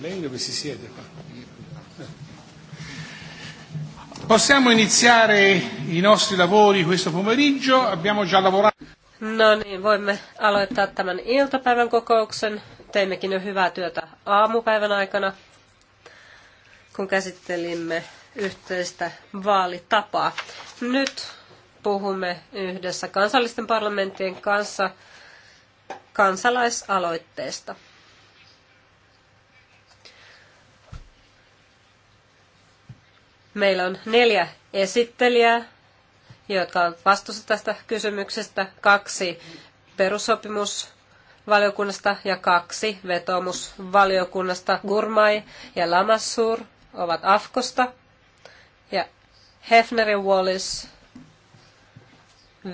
Lei dove si siede qua? Possiamo iniziare i nostri lavori questo pomeriggio. Abbiamo già lavorato. No niin, voimme aloittaa tämän iltapäivän kokouksen. Teimmekin jo hyvää työtä aamupäivän aikana, kun käsittelimme yhteistä vaalitapaa. Nyt puhumme yhdessä kansallisten parlamenttien kanssa kansalaisaloitteesta. Meillä on neljä esittelijää, jotka ovat vastuussa tästä kysymyksestä. Kaksi perussopimusvaliokunnasta ja kaksi vetoomusvaliokunnasta. Gurmai ja Lamassur ovat Afkosta ja Hefner ja Wallis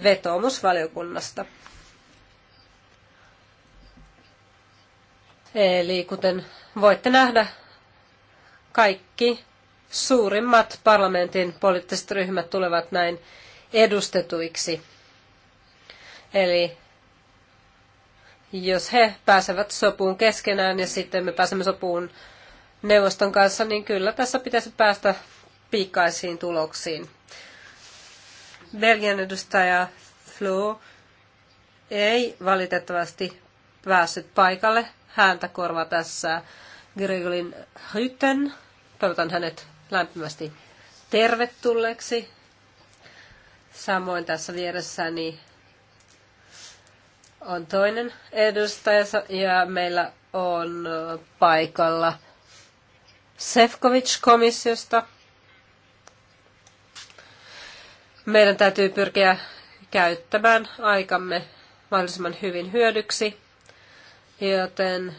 vetoomusvaliokunnasta. Eli kuten voitte nähdä, kaikki Suurimmat parlamentin poliittiset ryhmät tulevat näin edustetuiksi. Eli jos he pääsevät sopuun keskenään ja sitten me pääsemme sopuun neuvoston kanssa, niin kyllä tässä pitäisi päästä pikaisiin tuloksiin. Belgian edustaja Flo ei valitettavasti päässyt paikalle. Häntä korva tässä Gregolin Hytten. Toivotan hänet lämpimästi tervetulleeksi. Samoin tässä vieressäni on toinen edustaja ja meillä on paikalla Sefcovic-komissiosta. Meidän täytyy pyrkiä käyttämään aikamme mahdollisimman hyvin hyödyksi, joten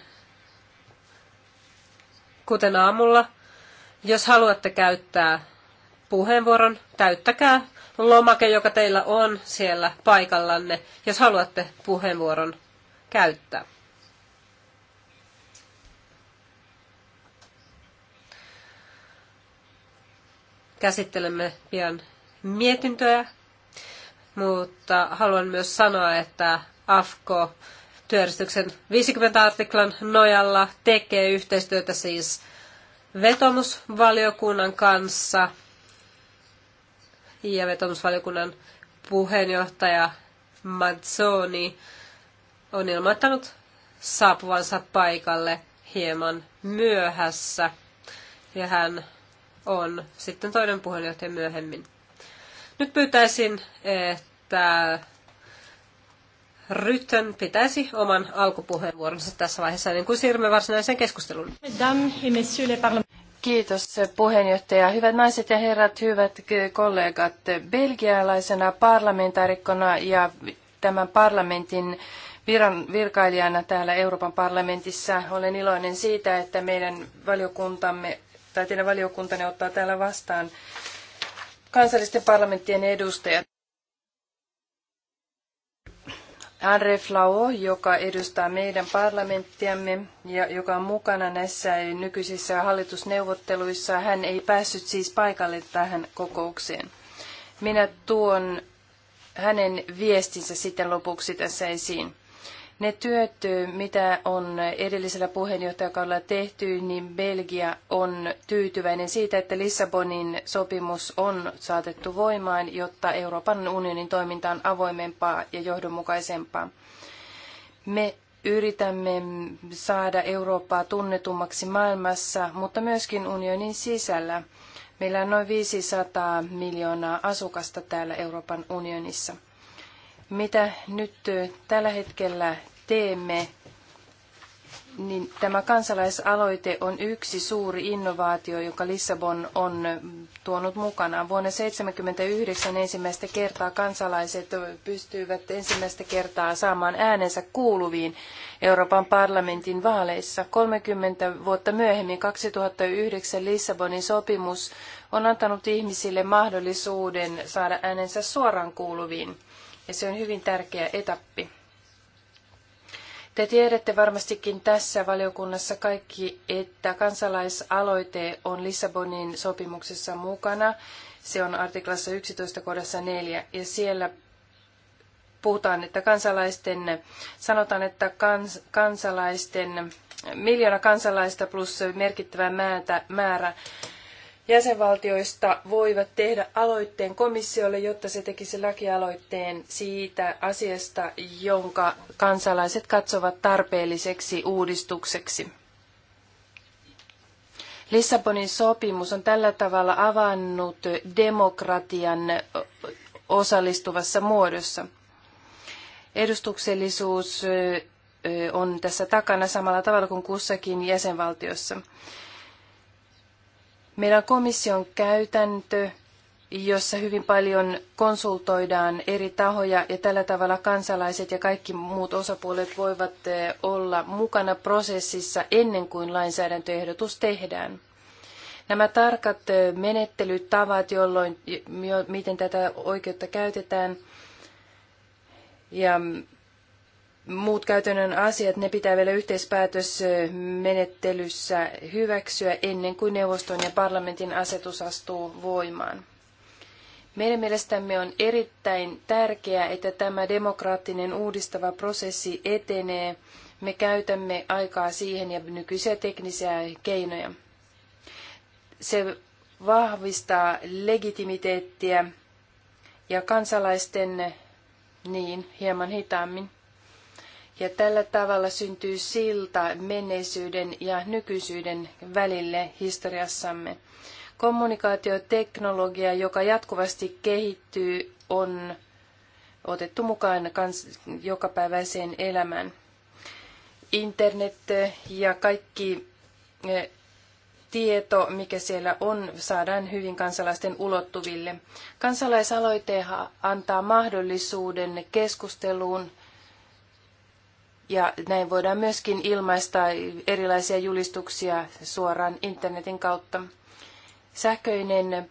kuten aamulla – jos haluatte käyttää puheenvuoron, täyttäkää lomake, joka teillä on siellä paikallanne, jos haluatte puheenvuoron käyttää. Käsittelemme pian mietintöjä, mutta haluan myös sanoa, että AFKO työjärjestyksen 50 artiklan nojalla tekee yhteistyötä siis vetomusvaliokunnan kanssa. Ja vetomusvaliokunnan puheenjohtaja Mazzoni on ilmoittanut saapuvansa paikalle hieman myöhässä. Ja hän on sitten toinen puheenjohtaja myöhemmin. Nyt pyytäisin, että Rytön pitäisi oman alkupuheenvuoronsa tässä vaiheessa, niin kuin siirrymme varsinaiseen keskusteluun. Kiitos puheenjohtaja. Hyvät naiset ja herrat, hyvät kollegat. Belgialaisena parlamentaarikkona ja tämän parlamentin viran, virkailijana täällä Euroopan parlamentissa olen iloinen siitä, että meidän valiokuntamme tai teidän valiokuntanne ottaa täällä vastaan kansallisten parlamenttien edustajat. Andre Flao, joka edustaa meidän parlamenttiamme ja joka on mukana näissä nykyisissä hallitusneuvotteluissa, hän ei päässyt siis paikalle tähän kokoukseen. Minä tuon hänen viestinsä sitten lopuksi tässä esiin. Ne työt, mitä on edellisellä puheenjohtajakaudella tehty, niin Belgia on tyytyväinen siitä, että Lissabonin sopimus on saatettu voimaan, jotta Euroopan unionin toiminta on avoimempaa ja johdonmukaisempaa. Me yritämme saada Eurooppaa tunnetummaksi maailmassa, mutta myöskin unionin sisällä. Meillä on noin 500 miljoonaa asukasta täällä Euroopan unionissa mitä nyt tällä hetkellä teemme, niin tämä kansalaisaloite on yksi suuri innovaatio, joka Lissabon on tuonut mukanaan. Vuonna 1979 ensimmäistä kertaa kansalaiset pystyivät ensimmäistä kertaa saamaan äänensä kuuluviin Euroopan parlamentin vaaleissa. 30 vuotta myöhemmin 2009 Lissabonin sopimus on antanut ihmisille mahdollisuuden saada äänensä suoraan kuuluviin ja se on hyvin tärkeä etappi. Te tiedätte varmastikin tässä valiokunnassa kaikki, että kansalaisaloite on Lissabonin sopimuksessa mukana. Se on artiklassa 11 kohdassa 4 ja siellä puhutaan, että kansalaisten, sanotaan, että kans, kansalaisten, miljoona kansalaista plus merkittävä määrä, määrä jäsenvaltioista voivat tehdä aloitteen komissiolle, jotta se tekisi lakialoitteen siitä asiasta, jonka kansalaiset katsovat tarpeelliseksi uudistukseksi. Lissabonin sopimus on tällä tavalla avannut demokratian osallistuvassa muodossa. Edustuksellisuus on tässä takana samalla tavalla kuin kussakin jäsenvaltiossa. Meillä on komission käytäntö, jossa hyvin paljon konsultoidaan eri tahoja ja tällä tavalla kansalaiset ja kaikki muut osapuolet voivat eh, olla mukana prosessissa ennen kuin lainsäädäntöehdotus tehdään. Nämä tarkat eh, menettelytavat, jolloin, miten tätä oikeutta käytetään ja mm, muut käytännön asiat, ne pitää vielä yhteispäätösmenettelyssä hyväksyä ennen kuin neuvoston ja parlamentin asetus astuu voimaan. Meidän mielestämme on erittäin tärkeää, että tämä demokraattinen uudistava prosessi etenee. Me käytämme aikaa siihen ja nykyisiä teknisiä keinoja. Se vahvistaa legitimiteettiä ja kansalaisten niin hieman hitaammin ja tällä tavalla syntyy silta menneisyyden ja nykyisyyden välille historiassamme. Kommunikaatioteknologia, joka jatkuvasti kehittyy, on otettu mukaan kans- jokapäiväiseen elämään. Internet ja kaikki eh, tieto, mikä siellä on, saadaan hyvin kansalaisten ulottuville. Kansalaisaloite antaa mahdollisuuden keskusteluun ja näin voidaan myöskin ilmaista erilaisia julistuksia suoraan internetin kautta. Sähköinen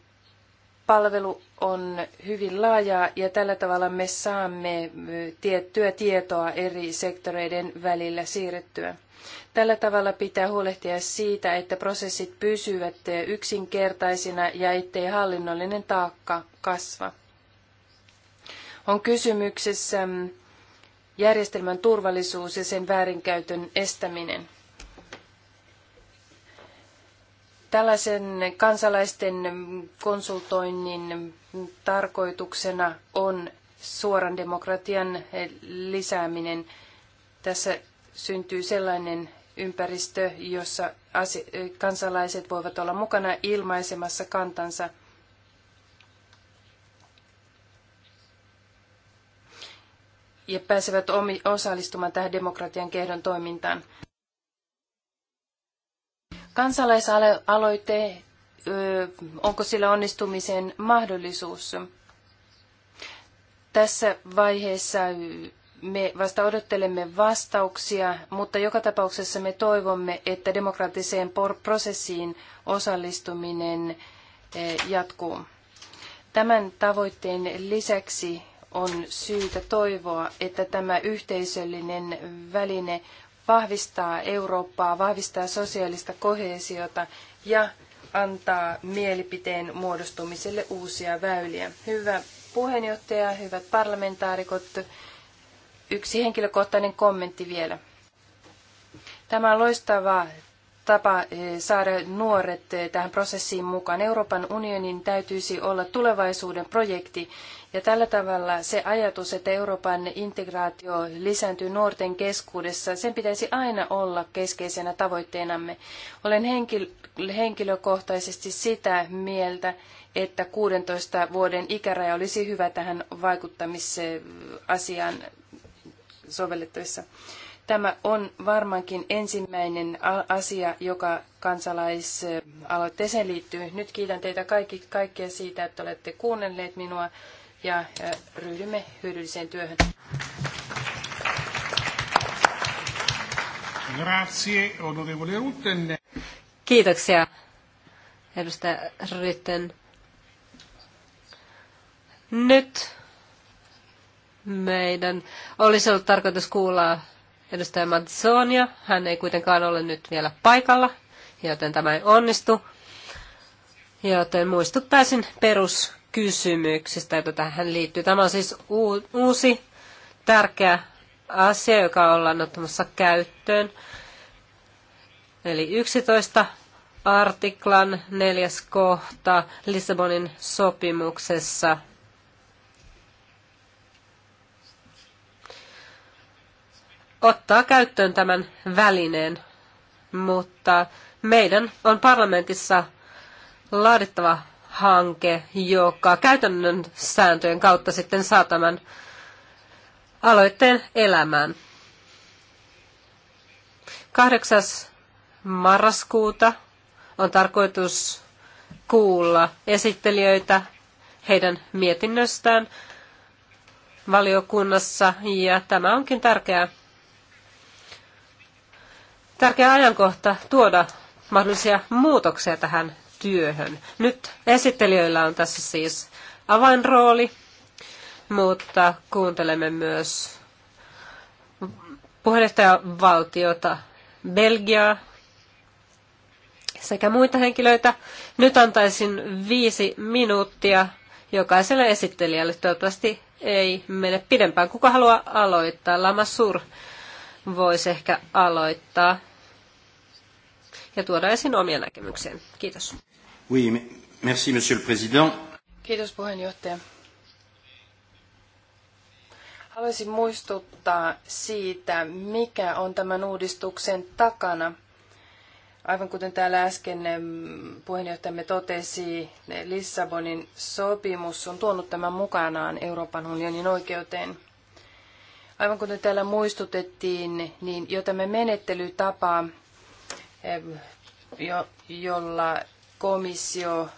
palvelu on hyvin laajaa ja tällä tavalla me saamme tiettyä tietoa eri sektoreiden välillä siirrettyä. Tällä tavalla pitää huolehtia siitä, että prosessit pysyvät yksinkertaisina ja ettei hallinnollinen taakka kasva. On kysymyksessä mm, järjestelmän turvallisuus ja sen väärinkäytön estäminen. Tällaisen kansalaisten konsultoinnin tarkoituksena on suoran demokratian lisääminen. Tässä syntyy sellainen ympäristö, jossa kansalaiset voivat olla mukana ilmaisemassa kantansa – ja pääsevät osallistumaan tähän demokratian kehdon toimintaan. Kansalaisaloite, onko sillä onnistumisen mahdollisuus? Tässä vaiheessa me vasta odottelemme vastauksia, mutta joka tapauksessa me toivomme, että demokraattiseen prosessiin osallistuminen jatkuu. Tämän tavoitteen lisäksi on syytä toivoa, että tämä yhteisöllinen väline vahvistaa Eurooppaa, vahvistaa sosiaalista kohesiota ja antaa mielipiteen muodostumiselle uusia väyliä. Hyvä puheenjohtaja, hyvät parlamentaarikot, yksi henkilökohtainen kommentti vielä. Tämä on loistava tapa eh, saada nuoret eh, tähän prosessiin mukaan. Euroopan unionin täytyisi olla tulevaisuuden projekti ja tällä tavalla se ajatus, että Euroopan integraatio lisääntyy nuorten keskuudessa, sen pitäisi aina olla keskeisenä tavoitteenamme. Olen henkilökohtaisesti sitä mieltä, että 16 vuoden ikäraja olisi hyvä tähän vaikuttamisasiaan sovellettavissa. Tämä on varmaankin ensimmäinen asia, joka kansalaisaloitteeseen liittyy. Nyt kiitän teitä kaikki, kaikkia siitä, että olette kuunnelleet minua ja ryhdymme hyödylliseen työhön. Grazie, Kiitoksia, edustaja Rytten. Nyt meidän olisi ollut tarkoitus kuulla edustaja Mazzonia. Hän ei kuitenkaan ole nyt vielä paikalla, joten tämä ei onnistu. Joten muistuttaisin peruskysymyksistä, joita tähän liittyy. Tämä on siis uusi tärkeä asia, joka ollaan ottamassa käyttöön. Eli 11 artiklan neljäs kohta Lissabonin sopimuksessa – ottaa käyttöön tämän välineen, mutta meidän on parlamentissa laadittava hanke, joka käytännön sääntöjen kautta sitten saa tämän aloitteen elämään. 8. marraskuuta on tarkoitus kuulla esittelijöitä heidän mietinnöstään valiokunnassa ja tämä onkin tärkeää tärkeä ajankohta tuoda mahdollisia muutoksia tähän työhön. Nyt esittelijöillä on tässä siis avainrooli, mutta kuuntelemme myös puheenjohtajavaltiota Belgiaa sekä muita henkilöitä. Nyt antaisin viisi minuuttia jokaiselle esittelijälle. Toivottavasti ei mene pidempään. Kuka haluaa aloittaa? Lama Sur voisi ehkä aloittaa ja tuoda esiin omia näkemyksiä. Kiitos. Oui, merci, monsieur le président. Kiitos puheenjohtaja. Haluaisin muistuttaa siitä, mikä on tämän uudistuksen takana. Aivan kuten täällä äsken puheenjohtajamme totesi, Lissabonin sopimus on tuonut tämän mukanaan Euroopan unionin oikeuteen. Aivan kuten täällä muistutettiin, niin jo tämä menettelytapa jo, jolla komissio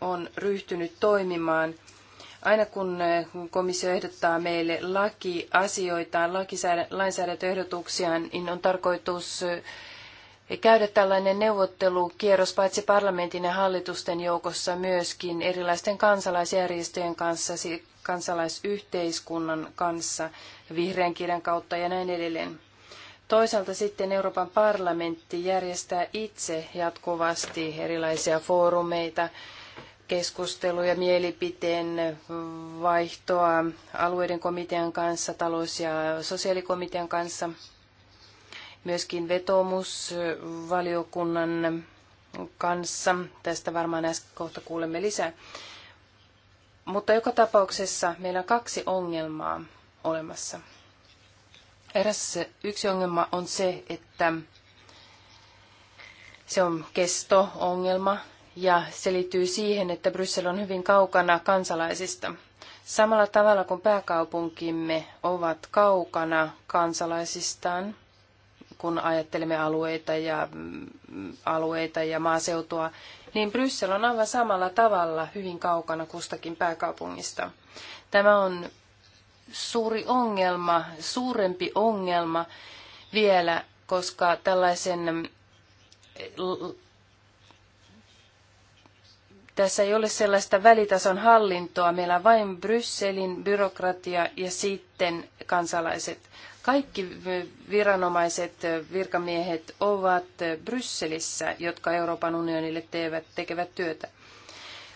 on ryhtynyt toimimaan. Aina kun eh, komissio ehdottaa meille lakiasioita, lainsäädäntöehdotuksia, niin on tarkoitus eh, käydä tällainen neuvottelukierros paitsi parlamentin ja hallitusten joukossa myöskin erilaisten kansalaisjärjestöjen kanssa, kansalaisyhteiskunnan kanssa, vihreän kirjan kautta ja näin edelleen. Toisaalta sitten Euroopan parlamentti järjestää itse jatkuvasti erilaisia foorumeita, keskusteluja, mielipiteen vaihtoa alueiden komitean kanssa, talous- ja sosiaalikomitean kanssa. Myöskin vetoomusvaliokunnan kanssa. Tästä varmaan äsken kohta kuulemme lisää. Mutta joka tapauksessa meillä on kaksi ongelmaa olemassa. Eräs yksi ongelma on se, että se on kesto-ongelma ja se liittyy siihen, että Bryssel on hyvin kaukana kansalaisista. Samalla tavalla kuin pääkaupunkimme ovat kaukana kansalaisistaan, kun ajattelemme alueita ja, mm, alueita ja maaseutua, niin Bryssel on aivan samalla tavalla hyvin kaukana kustakin pääkaupungista. Tämä on suuri ongelma, suurempi ongelma vielä, koska tällaisen tässä ei ole sellaista välitason hallintoa. Meillä on vain Brysselin byrokratia ja sitten kansalaiset. Kaikki viranomaiset, virkamiehet ovat Brysselissä, jotka Euroopan unionille tekevät työtä.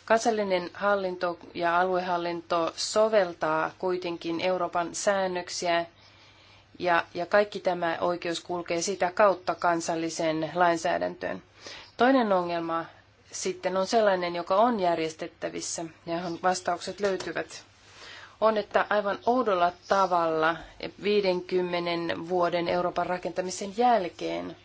Kansallinen hallinto ja aluehallinto soveltaa kuitenkin Euroopan säännöksiä ja, ja kaikki tämä oikeus kulkee sitä kautta kansalliseen lainsäädäntöön. Toinen ongelma sitten on sellainen, joka on järjestettävissä ja johon vastaukset löytyvät on, että aivan oudolla tavalla 50 vuoden Euroopan rakentamisen jälkeen,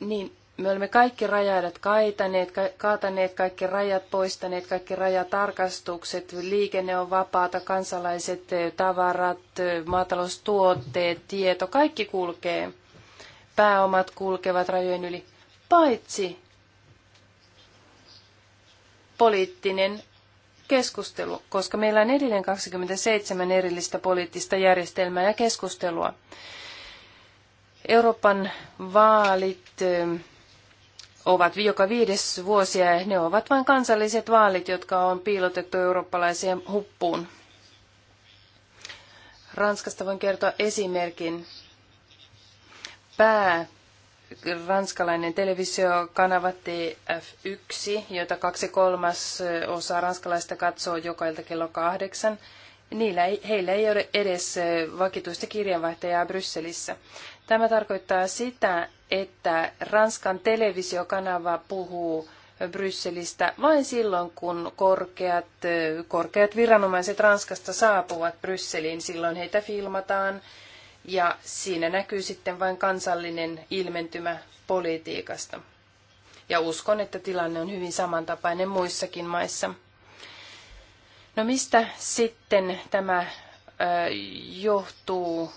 niin me olemme kaikki rajat kaitaneet, ka- kaataneet kaikki rajat, poistaneet kaikki rajatarkastukset, liikenne on vapaata, kansalaiset, eh, tavarat, eh, maataloustuotteet, tieto, kaikki kulkee. Pääomat kulkevat rajojen yli, paitsi poliittinen keskustelu, koska meillä on edelleen 27 erillistä poliittista järjestelmää ja keskustelua. Euroopan vaalit eh, ovat joka viides vuosia ja ne ovat vain kansalliset vaalit, jotka on piilotettu eurooppalaiseen huppuun. Ranskasta voin kertoa esimerkin. Pää ranskalainen televisiokanava TF1, jota kaksi kolmas osaa ranskalaista katsoo jokailta kello kahdeksan. Niillä ei, heillä ei ole edes vakituista kirjanvaihtajaa Brysselissä. Tämä tarkoittaa sitä, että Ranskan televisiokanava puhuu Brysselistä vain silloin, kun korkeat, korkeat viranomaiset Ranskasta saapuvat Brysseliin. Silloin heitä filmataan ja siinä näkyy sitten vain kansallinen ilmentymä politiikasta. Ja uskon, että tilanne on hyvin samantapainen muissakin maissa. No mistä sitten tämä johtuu?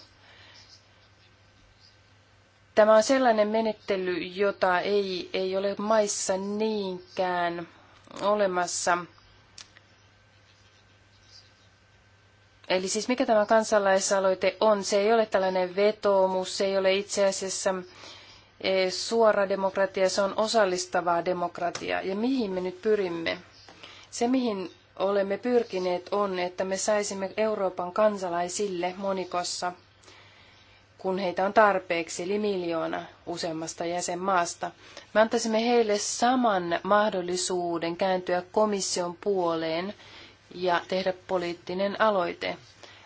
Tämä on sellainen menettely, jota ei, ei ole maissa niinkään olemassa. Eli siis mikä tämä kansalaisaloite on? Se ei ole tällainen vetoomus, se ei ole itse asiassa e, suora demokratia, se on osallistavaa demokratiaa. Ja mihin me nyt pyrimme? Se, mihin olemme pyrkineet, on, että me saisimme Euroopan kansalaisille monikossa – kun heitä on tarpeeksi, eli miljoona useammasta jäsenmaasta. Me antaisimme heille saman mahdollisuuden kääntyä komission puoleen ja tehdä poliittinen aloite.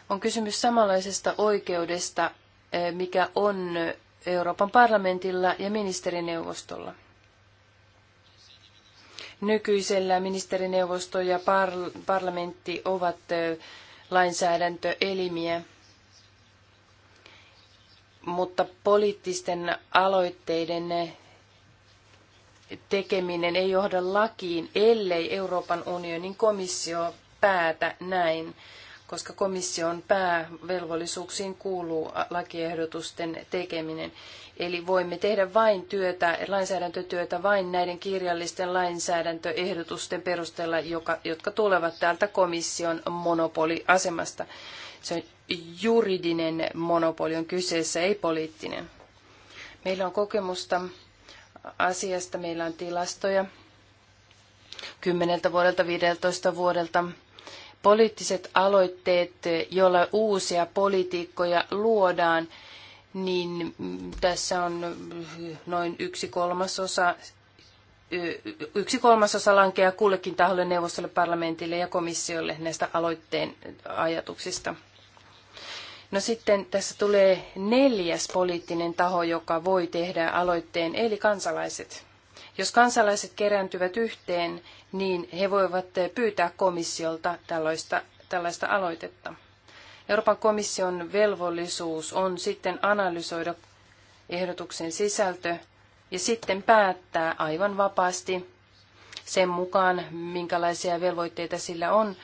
On kysymys samanlaisesta oikeudesta, eh, mikä on Euroopan parlamentilla ja ministerineuvostolla. Nykyisellä ministerineuvosto ja parlamentti ovat eh, lainsäädäntöelimiä mutta poliittisten aloitteiden tekeminen ei johda lakiin, ellei Euroopan unionin komissio päätä näin, koska komission päävelvollisuuksiin kuuluu lakiehdotusten tekeminen. Eli voimme tehdä vain työtä, lainsäädäntötyötä vain näiden kirjallisten lainsäädäntöehdotusten perusteella, jotka tulevat täältä komission monopoliasemasta. Se on juridinen monopoli on kyseessä, ei poliittinen. Meillä on kokemusta asiasta, meillä on tilastoja kymmeneltä vuodelta, 15 vuodelta. Poliittiset aloitteet, joilla uusia poliitikkoja luodaan, niin tässä on noin yksi kolmasosa yksi kolmasosa lankeaa kullekin taholle neuvostolle, parlamentille ja komissiolle näistä aloitteen ajatuksista. No sitten tässä tulee neljäs poliittinen taho, joka voi tehdä aloitteen, eli kansalaiset. Jos kansalaiset kerääntyvät yhteen, niin he voivat pyytää komissiolta tällaista, tällaista aloitetta. Euroopan komission velvollisuus on sitten analysoida ehdotuksen sisältö ja sitten päättää aivan vapaasti sen mukaan, minkälaisia velvoitteita sillä on,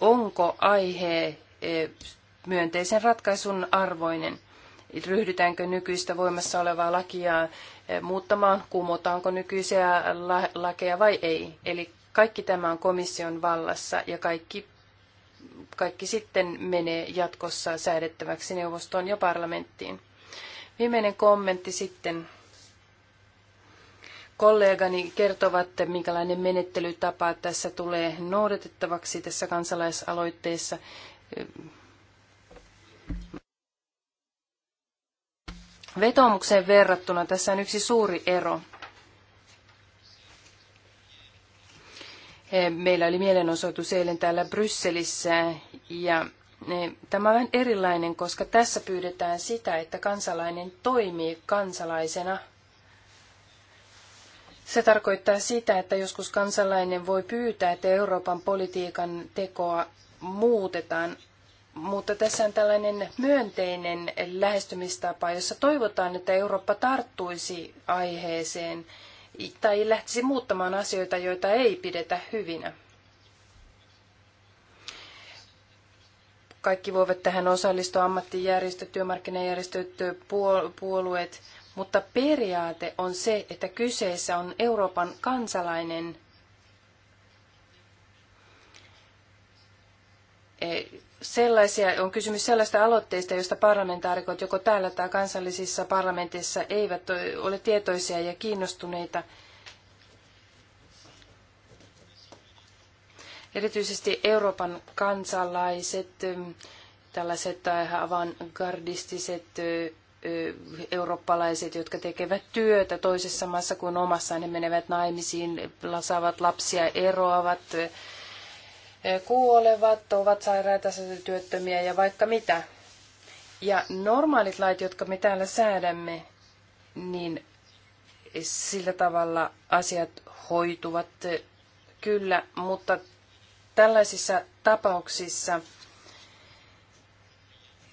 onko aihe eh, myönteisen ratkaisun arvoinen. Ryhdytäänkö nykyistä voimassa olevaa lakia eh, muuttamaan, kumotaanko nykyisiä lakeja vai ei. Eli kaikki tämä on komission vallassa ja kaikki, kaikki sitten menee jatkossa säädettäväksi neuvostoon ja parlamenttiin. Viimeinen kommentti sitten. Kollegani kertovat, minkälainen menettelytapa tässä tulee noudatettavaksi tässä kansalaisaloitteessa. Vetoomukseen verrattuna tässä on yksi suuri ero. Eh, meillä oli mielenosoitus eilen täällä Brysselissä ja eh, tämä on vähän erilainen, koska tässä pyydetään sitä, että kansalainen toimii kansalaisena. Se tarkoittaa sitä, että joskus kansalainen voi pyytää, että Euroopan politiikan tekoa muutetaan. Mutta tässä on tällainen myönteinen lähestymistapa, jossa toivotaan, että Eurooppa tarttuisi aiheeseen tai lähtisi muuttamaan asioita, joita ei pidetä hyvinä. Kaikki voivat tähän osallistua, ammattijärjestöt, työmarkkinajärjestöt, puolueet, mutta periaate on se, että kyseessä on Euroopan kansalainen e, sellaisia, on kysymys sellaista aloitteista, joista parlamentaarikot joko täällä tai kansallisissa parlamenteissa eivät ole tietoisia ja kiinnostuneita. Erityisesti Euroopan kansalaiset, tällaiset avantgardistiset eurooppalaiset, jotka tekevät työtä toisessa maassa kuin omassa, ne menevät naimisiin, saavat lapsia, eroavat, kuolevat, ovat sairaita, työttömiä ja vaikka mitä. Ja normaalit lait, jotka me täällä säädämme, niin sillä tavalla asiat hoituvat e, kyllä, mutta tällaisissa tapauksissa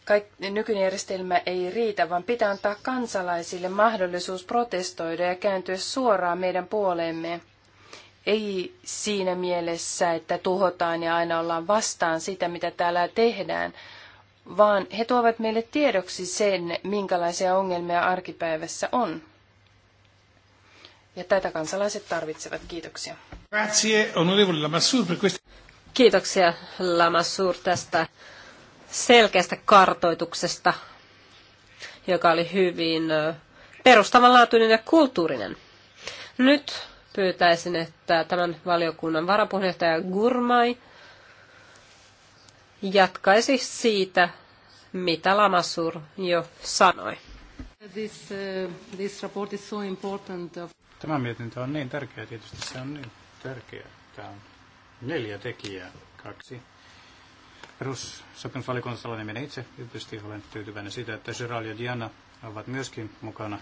kaik, nykyinen järjestelmä ei riitä, vaan pitää antaa kansalaisille mahdollisuus protestoida ja kääntyä suoraan meidän puoleemme. Ei siinä mielessä, että tuhotaan ja aina ollaan vastaan sitä, mitä täällä tehdään, vaan he tuovat meille tiedoksi sen, minkälaisia ongelmia arkipäivässä on. Ja tätä kansalaiset tarvitsevat. Kiitoksia. Kiitoksia Lamassur tästä selkeästä kartoituksesta, joka oli hyvin perustavanlaatuinen ja kulttuurinen. Nyt pyytäisin, että tämän valiokunnan varapuheenjohtaja Gurmai jatkaisi siitä, mitä Lamassur jo sanoi. This, uh, this report is so important. Tämä mietintö on niin tärkeä, tietysti se on niin tärkeä. Tämä on neljä tekijää, kaksi perussopimusvalikon salainen minä itse tietysti olen tyytyväinen siitä, että Gerald ja Diana ovat myöskin mukana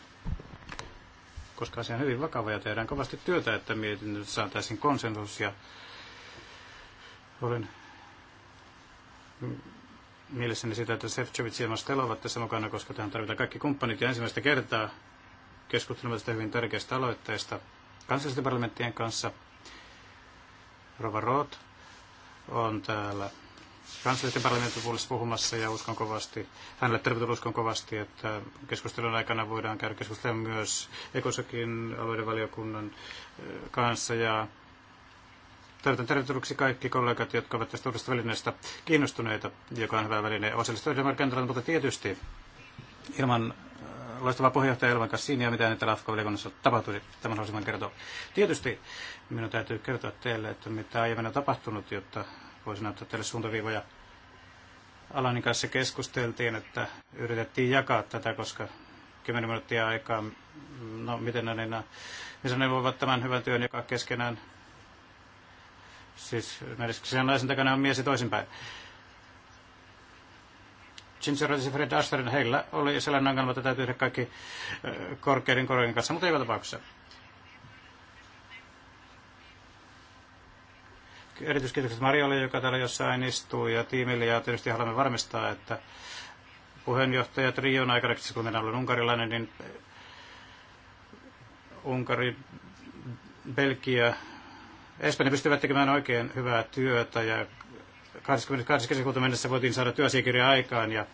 koska asia on hyvin vakava ja tehdään kovasti työtä, että mietinnössä saataisiin konsensus ja olen mielessäni sitä, että Sefcovic ja Mastelo ovat tässä mukana, koska tähän tarvitaan kaikki kumppanit ja ensimmäistä kertaa keskustelemme tästä hyvin tärkeästä aloitteesta kansallisten parlamenttien kanssa. Rova Roth on täällä kansallisten parlamentin puolesta puhumassa ja uskon kovasti, hänelle tervetuloa uskon kovasti, että keskustelun aikana voidaan käydä keskustelua myös Ekosokin alueiden valiokunnan eh, kanssa ja Toivotan tervetulleeksi kaikki kollegat, jotka ovat tästä uudesta välineestä kiinnostuneita, joka on hyvä väline osallistua Yhdenmarkkinoille, mutta tietysti ilman eh, loistavaa puheenjohtaja Elvan kanssa ja mitä nyt täällä Afko-valiokunnassa tapahtui, tämän haluaisin kertoa. Tietysti minun täytyy kertoa teille, että mitä aiemmin on tapahtunut, jotta Voisin antaa teille suuntaviivoja. Alanin kanssa keskusteltiin, että yritettiin jakaa tätä, koska 10 minuuttia aikaa, no miten ne, niin, missä ne voivat tämän hyvän työn jakaa keskenään. Siis sen naisen takana on mies ja toisinpäin. Ginger ja Fred Asterin, heillä oli sellainen ongelma, että täytyy tehdä kaikki korkeiden korojen kanssa, mutta ei tapauksessa. erityiskiitokset Marjalle, joka täällä jossain istuu, ja tiimille, ja tietysti haluamme varmistaa, että puheenjohtajat Rion aikana, kun minä olen unkarilainen, niin eh, Unkari, Belgia, Espanja pystyvät tekemään oikein hyvää työtä, ja 28. kesäkuuta mennessä voitiin saada työasiakirja aikaan, ja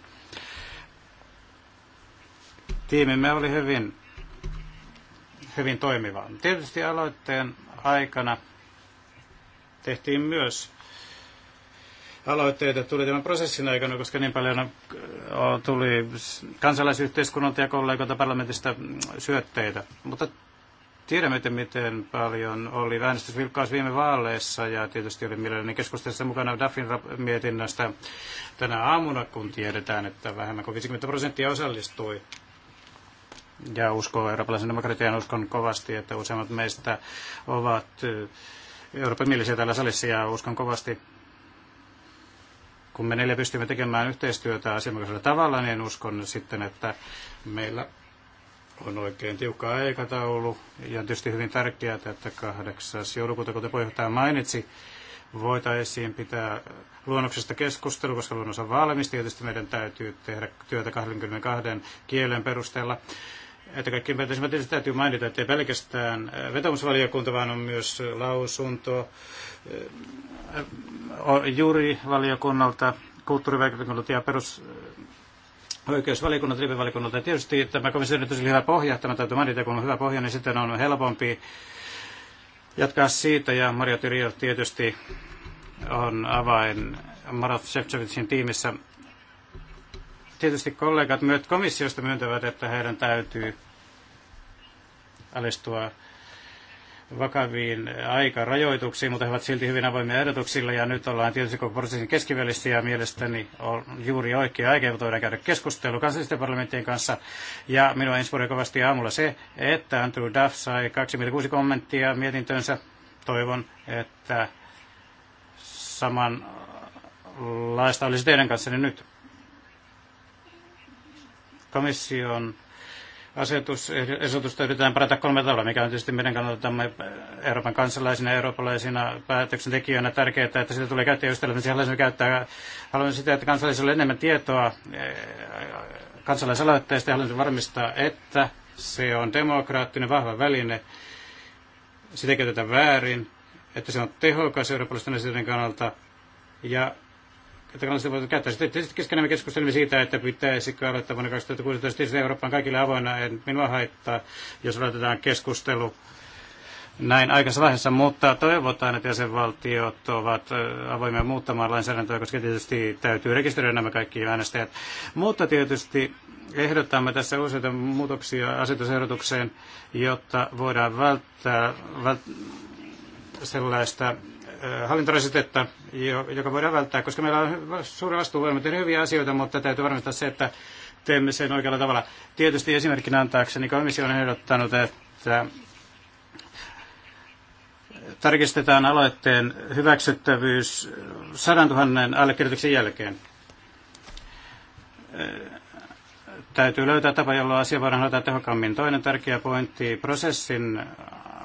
tiimimme oli hyvin, hyvin toimiva. Tietysti aloitteen aikana tehtiin myös aloitteita tuli tämän prosessin aikana, koska niin paljon tuli kansalaisyhteiskunnalta ja kollegoilta parlamentista syötteitä. Mutta tiedämme, että miten paljon oli äänestysvilkkaus viime vaaleissa ja tietysti oli mielelläni keskustelussa mukana Daffin mietinnästä tänä aamuna, kun tiedetään, että vähemmän kuin 50 prosenttia osallistui. Ja uskoo eurooppalaisen demokratian uskon kovasti, että useimmat meistä ovat Euroopan mielisiä täällä salissa ja uskon kovasti, kun me neljä pystymme tekemään yhteistyötä asianmukaisella tavalla, niin uskon sitten, että meillä on oikein tiukka aikataulu ja on tietysti hyvin tärkeää, että 8. joulukuuta, kuten puheenjohtaja mainitsi, voitaisiin pitää luonnoksesta keskustelu, koska luonnos on valmis. Tietysti meidän täytyy tehdä työtä 22 kielen perusteella että kaikkien päätösmä tietysti täytyy mainita, että ei pelkästään äh, vetomusvaliokunta, vaan on myös äh, lausunto äh, juuri valiokunnalta, kulttuurivaliokunnalta ja perus oikeusvaliokunnalta, rivivaliokunnalta. Tietysti tämä komissio on oli hyvä pohja, tämä täytyy mainita, kun on hyvä pohja, niin sitten on helpompi jatkaa siitä. Ja Maria Tyrio tietysti on avain Marat Shevchevitsin tiimissä tietysti kollegat myös komissiosta myöntävät, että heidän täytyy alistua vakaviin aikarajoituksiin, mutta he ovat silti hyvin avoimia ehdotuksilla ja nyt ollaan tietysti koko prosessin keskivälissä ja mielestäni on juuri oikea aika, jota voidaan käydä keskustelu kansallisten parlamenttien kanssa. Ja minua inspiroi kovasti aamulla se, että Andrew Duff sai 26 kommenttia mietintönsä. Toivon, että samanlaista olisi teidän kanssanne nyt. Komission asetus, asetusta yritetään parata kolme tavalla, mikä on tietysti meidän kannaltamme äh, Euroopan kansalaisina ja eurooppalaisina päätöksentekijöinä tärkeää, että sitä tulee käyttäjäystävällisiä. Haluaisimme käyttää, haluamme sitä, että kansalaisilla on enemmän tietoa äh, kansalaisaloitteesta ja haluamme varmistaa, että se on demokraattinen, vahva väline, sitä käytetään väärin, että se on tehokas eurooppalaisten asioiden kannalta ja että kansalaiset voivat käyttää. Sitten keskenään me keskustelimme siitä, että pitäisikö aloittaa vuonna 2016 tietysti Euroopan kaikille avoinna. En minua haittaa, jos aloitetaan keskustelu näin aikaisessa vaiheessa, mutta toivotaan, että jäsenvaltiot ovat avoimia muuttamaan lainsäädäntöä, koska tietysti täytyy rekisteröidä nämä kaikki äänestäjät. Mutta tietysti ehdotamme tässä useita muutoksia asetusehdotukseen, jotta voidaan välttää, välttää sellaista Äh, hallintorasitetta, joka voidaan välttää, koska meillä on suuri vastuu, voimme tehdä hyviä asioita, mutta täytyy varmistaa se, että teemme sen oikealla tavalla. Tietysti esimerkkinä antaakseni komissio on ehdottanut, että tarkistetaan aloitteen hyväksyttävyys 100 000 allekirjoituksen jälkeen. Äh, täytyy löytää tapa, jolla asia voidaan hoitaa tehokkaammin. Toinen tärkeä pointti prosessin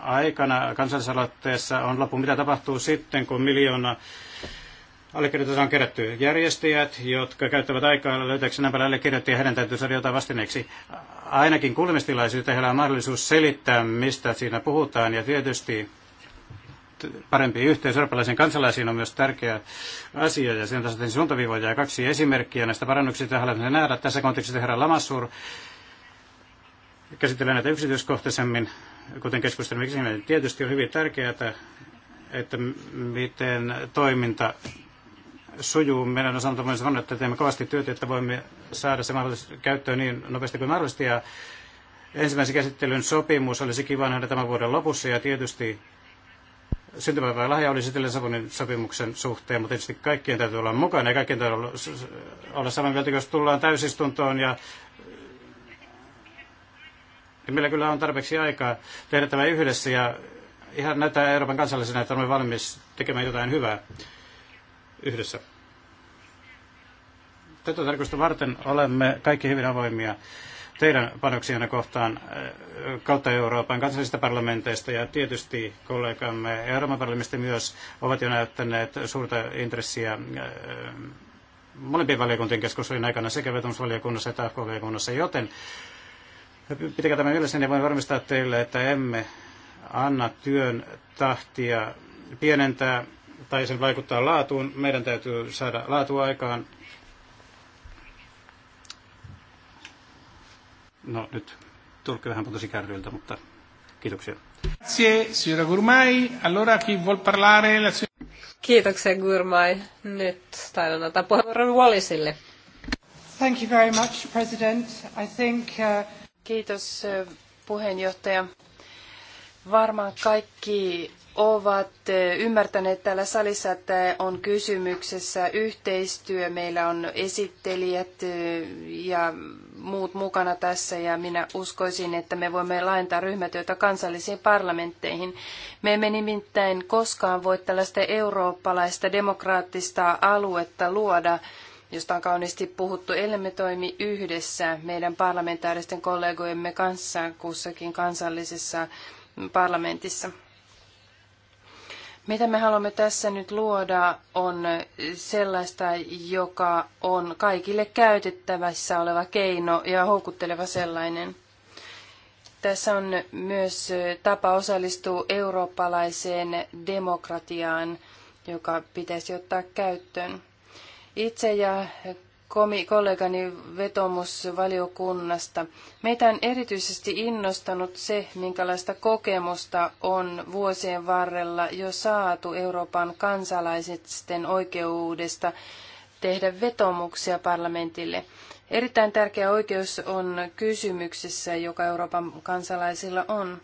aikana kansallisaloitteessa on loppu. Mitä tapahtuu sitten, kun miljoona on kerätty järjestäjät, jotka käyttävät aikaa löytääkseen nämä paljon allekirjoittajia, heidän täytyy saada jotain vastineeksi. Ainakin kuulemistilaisuuteen heillä on mahdollisuus selittää, mistä siinä puhutaan, ja tietysti parempi yhteys eurooppalaisiin kansalaisiin on myös tärkeä asia, ja sen tasoitin suuntaviivoja ja kaksi esimerkkiä näistä parannuksista haluamme nähdä. Tässä kontekstissa herra Lamassur käsittelee näitä yksityiskohtaisemmin kuten keskustelimme ensimmäinen, niin tietysti on hyvin tärkeää, että miten toiminta sujuu. Meidän on sanottu myös että teemme kovasti työtä, että voimme saada se mahdollisesti käyttöön niin nopeasti kuin mahdollisesti. Ja ensimmäisen käsittelyn sopimus olisi kiva nähdä tämän vuoden lopussa ja tietysti syntymäpäivän lahja oli sitten Savonin sopimuksen suhteen, mutta tietysti kaikkien täytyy olla mukana ja kaikkien täytyy olla, olla saman mieltä, jos tullaan täysistuntoon ja niin meillä kyllä on tarpeeksi aikaa tehdä tämä yhdessä ja ihan näyttää Euroopan kansallisena, että olemme valmis tekemään jotain hyvää yhdessä. Tätä tarkoitusta varten olemme kaikki hyvin avoimia teidän panoksianne kohtaan eh, kautta Euroopan kansallisista parlamenteista ja tietysti kollegamme Euroopan parlamentista myös ovat jo näyttäneet suurta intressiä eh, molempien valiokuntien keskustelujen aikana sekä vetomusvaliokunnassa että AFK-valiokunnassa, joten Pitäkää tämä mielessä, niin voin varmistaa teille, että emme anna työn tahtia pienentää tai sen vaikuttaa laatuun. Meidän täytyy saada laatua aikaan. No nyt tulkki vähän putosi kärryiltä, mutta kiitoksia. Grazie, Gurmai. Allora chi vuol parlare la Kiitoksia Gurmai. Nyt taidan antaa puheenvuoron Wallisille. Thank you very much, President. I think uh, Kiitos puheenjohtaja. Varmaan kaikki ovat ymmärtäneet täällä salissa, että on kysymyksessä yhteistyö. Meillä on esittelijät ja muut mukana tässä ja minä uskoisin, että me voimme laajentaa ryhmätyötä kansallisiin parlamentteihin. Me emme nimittäin koskaan voi tällaista eurooppalaista demokraattista aluetta luoda, josta on kauniisti puhuttu, ellemme toimi yhdessä meidän parlamentaaristen kollegojemme kanssa kussakin kansallisessa parlamentissa. Mitä me haluamme tässä nyt luoda on sellaista, joka on kaikille käytettävissä oleva keino ja houkutteleva sellainen. Tässä on myös tapa osallistua eurooppalaiseen demokratiaan, joka pitäisi ottaa käyttöön. Itse ja kollegani vetomusvaliokunnasta. Meitä on erityisesti innostanut se, minkälaista kokemusta on vuosien varrella jo saatu Euroopan kansalaisisten oikeudesta tehdä vetomuksia parlamentille. Erittäin tärkeä oikeus on kysymyksessä, joka Euroopan kansalaisilla on.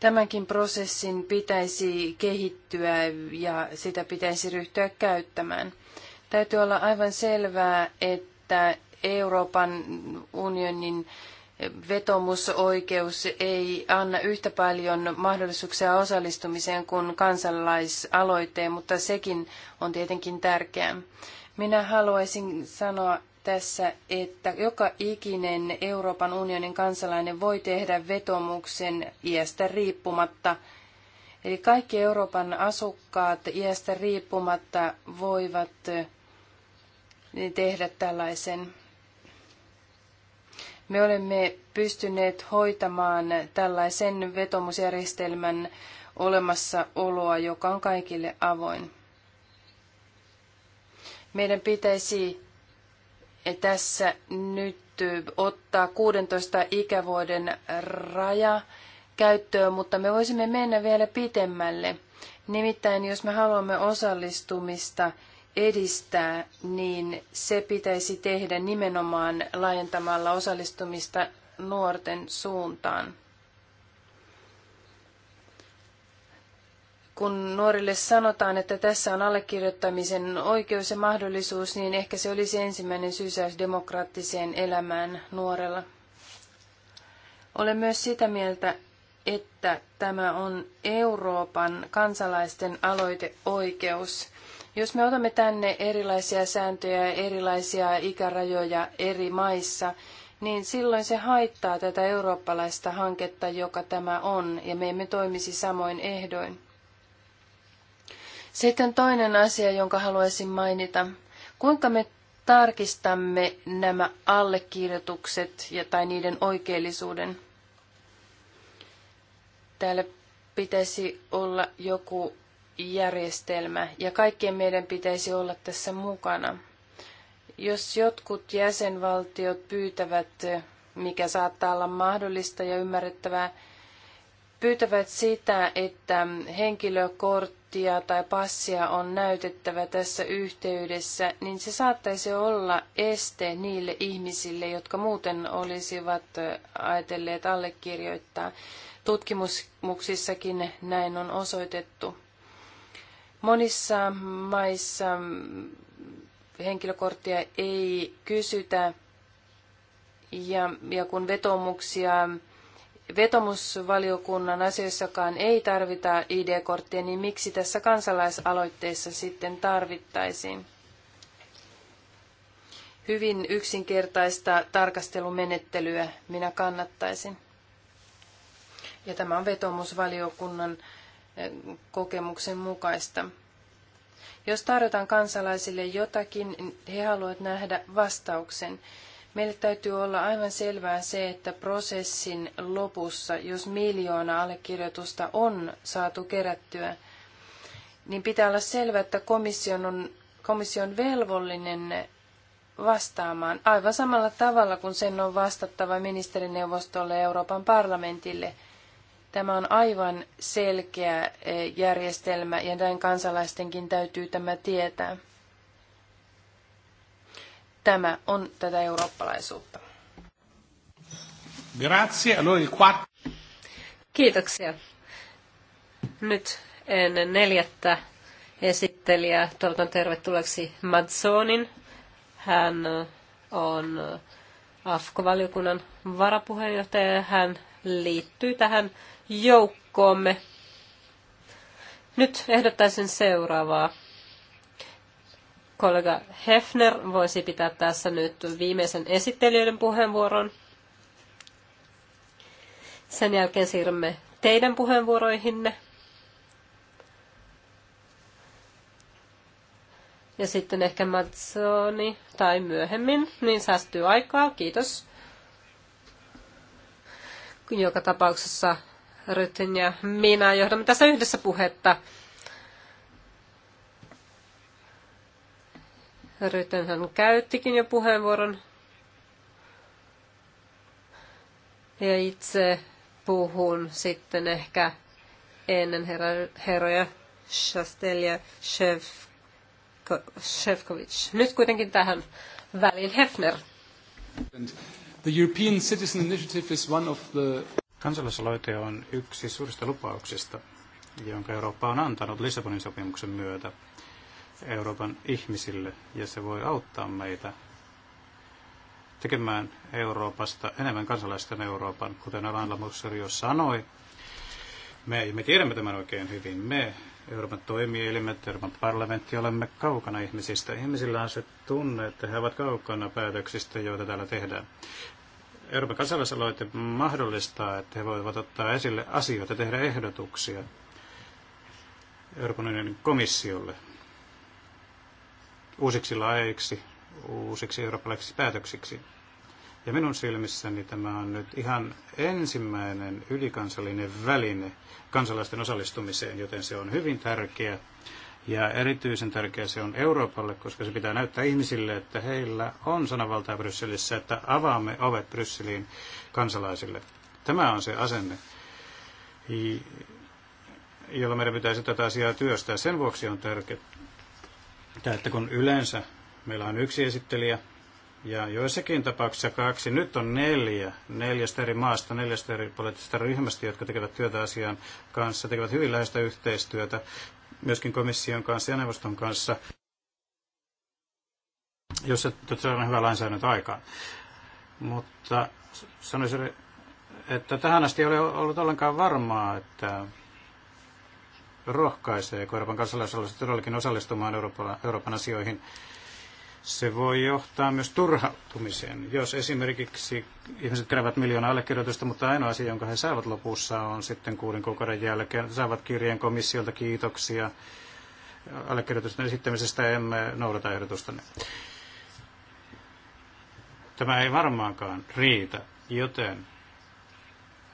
Tämänkin prosessin pitäisi kehittyä ja sitä pitäisi ryhtyä käyttämään. Täytyy olla aivan selvää, että Euroopan unionin vetomusoikeus ei anna yhtä paljon mahdollisuuksia osallistumiseen kuin kansalaisaloitteen, mutta sekin on tietenkin tärkeää. Minä haluaisin sanoa, tässä, että joka ikinen Euroopan unionin kansalainen voi tehdä vetomuksen iästä riippumatta. Eli kaikki Euroopan asukkaat iästä riippumatta voivat eh, tehdä tällaisen. Me olemme pystyneet hoitamaan tällaisen vetomusjärjestelmän olemassaoloa, joka on kaikille avoin. Meidän pitäisi tässä nyt ottaa 16 ikävuoden raja käyttöön, mutta me voisimme mennä vielä pitemmälle. Nimittäin jos me haluamme osallistumista edistää, niin se pitäisi tehdä nimenomaan laajentamalla osallistumista nuorten suuntaan. kun nuorille sanotaan, että tässä on allekirjoittamisen oikeus ja mahdollisuus, niin ehkä se olisi ensimmäinen sysäys demokraattiseen elämään nuorella. Olen myös sitä mieltä, että tämä on Euroopan kansalaisten aloiteoikeus. Jos me otamme tänne erilaisia sääntöjä ja erilaisia ikärajoja eri maissa, niin silloin se haittaa tätä eurooppalaista hanketta, joka tämä on, ja me emme toimisi samoin ehdoin. Sitten toinen asia, jonka haluaisin mainita. Kuinka me tarkistamme nämä allekirjoitukset ja, tai niiden oikeellisuuden? Täällä pitäisi olla joku järjestelmä ja kaikkien meidän pitäisi olla tässä mukana. Jos jotkut jäsenvaltiot pyytävät, mikä saattaa olla mahdollista ja ymmärrettävää, pyytävät sitä, että henkilökort korttia tai passia on näytettävä tässä yhteydessä, niin se saattaisi olla este niille ihmisille, jotka muuten olisivat ajatelleet allekirjoittaa. Tutkimuksissakin näin on osoitettu. Monissa maissa henkilökorttia ei kysytä ja, ja kun vetomuksia vetomusvaliokunnan asioissakaan ei tarvita ID-korttia, niin miksi tässä kansalaisaloitteessa sitten tarvittaisiin? Hyvin yksinkertaista tarkastelumenettelyä minä kannattaisin. Ja tämä on vetomusvaliokunnan eh, kokemuksen mukaista. Jos tarjotaan kansalaisille jotakin, niin he haluavat nähdä vastauksen. Meille täytyy olla aivan selvää se, että prosessin lopussa, jos miljoona allekirjoitusta on saatu kerättyä, niin pitää olla selvää, että komission on, komission velvollinen vastaamaan aivan samalla tavalla kuin sen on vastattava ministerineuvostolle ja Euroopan parlamentille. Tämä on aivan selkeä eh, järjestelmä ja näin kansalaistenkin täytyy tämä tietää. Tämä on tätä eurooppalaisuutta. Grazie. Allora il quatt- Kiitoksia. Nyt ennen neljättä esittelijää toivotan tervetulleeksi Madsonin. Hän on AFKO-valiokunnan varapuheenjohtaja ja hän liittyy tähän joukkoomme. Nyt ehdottaisin seuraavaa. Kollega Hefner voisi pitää tässä nyt viimeisen esittelijöiden puheenvuoron. Sen jälkeen siirrymme teidän puheenvuoroihinne. Ja sitten ehkä Matsoni tai myöhemmin, niin säästyy aikaa. Kiitos. Joka tapauksessa Rytin ja minä johdamme tässä yhdessä puhetta. Rytön hän käyttikin jo puheenvuoron. Ja itse puhun sitten ehkä ennen herra, herroja Shastelia Shevkovic. Nyt kuitenkin tähän väliin Hefner. The European Citizen Initiative is one of the... Kansalaisaloite on yksi suurista lupauksista, jonka Eurooppa on antanut Lissabonin sopimuksen myötä Euroopan ihmisille ja se voi auttaa meitä tekemään Euroopasta enemmän kansalaisten Euroopan, kuten Alan Lamusser jo sanoi. Me, me tiedämme tämän oikein hyvin. Me, Euroopan toimielimet, Euroopan parlamentti, olemme kaukana ihmisistä. Ihmisillä on se tunne, että he ovat kaukana päätöksistä, joita täällä tehdään. Euroopan kansalaisaloite mahdollistaa, että he voivat ottaa esille asioita, tehdä ehdotuksia Euroopan unionin komissiolle – uusiksi laeiksi, uusiksi eurooppalaisiksi päätöksiksi. Ja minun silmissäni tämä on nyt ihan ensimmäinen ylikansallinen väline kansalaisten osallistumiseen, joten se on hyvin tärkeä. Ja erityisen tärkeä se on Euroopalle, koska se pitää näyttää ihmisille, että heillä on sananvaltaa Brysselissä, että avaamme ovet Brysseliin kansalaisille. Tämä on se asenne, jolla meidän pitäisi tätä asiaa työstää. Sen vuoksi on Tää että kun yleensä meillä on yksi esittelijä ja joissakin tapauksissa kaksi, nyt on neljä, neljästä eri maasta, neljästä eri poliittisesta ryhmästä, jotka tekevät työtä asian kanssa, tekevät hyvin läheistä yhteistyötä myöskin komission kanssa ja neuvoston kanssa, jossa saadaan hyvä lainsäädäntö aikaan. Mutta sanoisin, että tähän asti ei ole ollut ollenkaan varmaa, että rohkaisee Euroopan kansalaisaloista todellakin osallistumaan Euroopan, Euroopan asioihin. Se voi johtaa myös turhautumiseen. Jos esimerkiksi ihmiset kerävät miljoona allekirjoitusta, mutta ainoa asia, jonka he saavat lopussa, on sitten kuuden kuukauden jälkeen, saavat kirjeen komissiolta kiitoksia allekirjoitusten esittämisestä, emme noudata ehdotusta. Tämä ei varmaankaan riitä, joten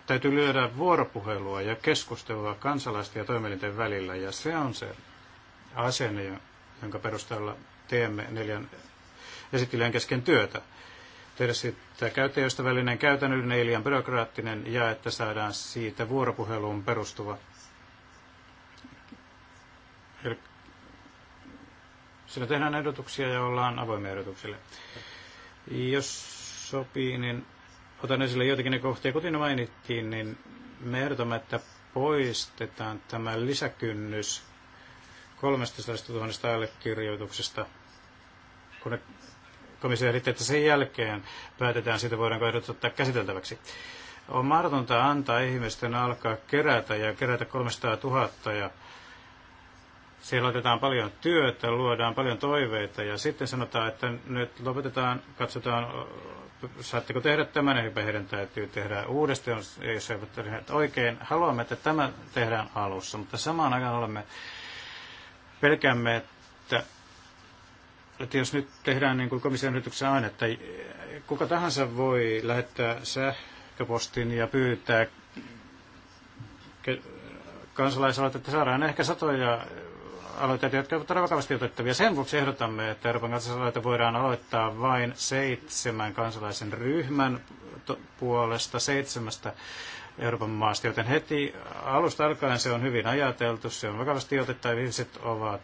Täytyy lyödä vuoropuhelua ja keskustelua kansalaisten ja toimielinten välillä, ja se on se asenne, jonka perusteella teemme neljän esittelijän kesken työtä. Tehdä siitä käyttäjäystävällinen, käytännöllinen, ei liian byrokraattinen, ja että saadaan siitä vuoropuheluun perustuva sillä tehdään ehdotuksia ja ollaan avoimia ehdotuksille. Jos sopii, niin Otan esille joitakin ne kohtia. Kuten mainittiin, niin me ehdotamme, että poistetaan tämä lisäkynnys 13 000 allekirjoituksesta, kun komissio ehditti, että sen jälkeen päätetään siitä, voidaanko ehdottaa käsiteltäväksi. On mahdotonta antaa ihmisten alkaa kerätä ja kerätä 300 000 ja siellä otetaan paljon työtä, luodaan paljon toiveita ja sitten sanotaan, että nyt lopetetaan, katsotaan saatteko tehdä tämän, eli heidän täytyy tehdä uudestaan, jos he eivät tehneet oikein. Haluamme, että tämä tehdään alussa, mutta samaan aikaan olemme pelkäämme, että, että jos nyt tehdään niin kuin komission yrityksen aina, että kuka tahansa voi lähettää sähköpostin ja pyytää kansalaisaloitetta, että saadaan ehkä satoja aloitteita, jotka ovat vakavasti otettavia. Sen vuoksi ehdotamme, että Euroopan kansalaisaloite voidaan aloittaa vain seitsemän kansalaisen ryhmän puolesta seitsemästä Euroopan maasta, joten heti alusta alkaen se on hyvin ajateltu, se on vakavasti otettava, ihmiset ovat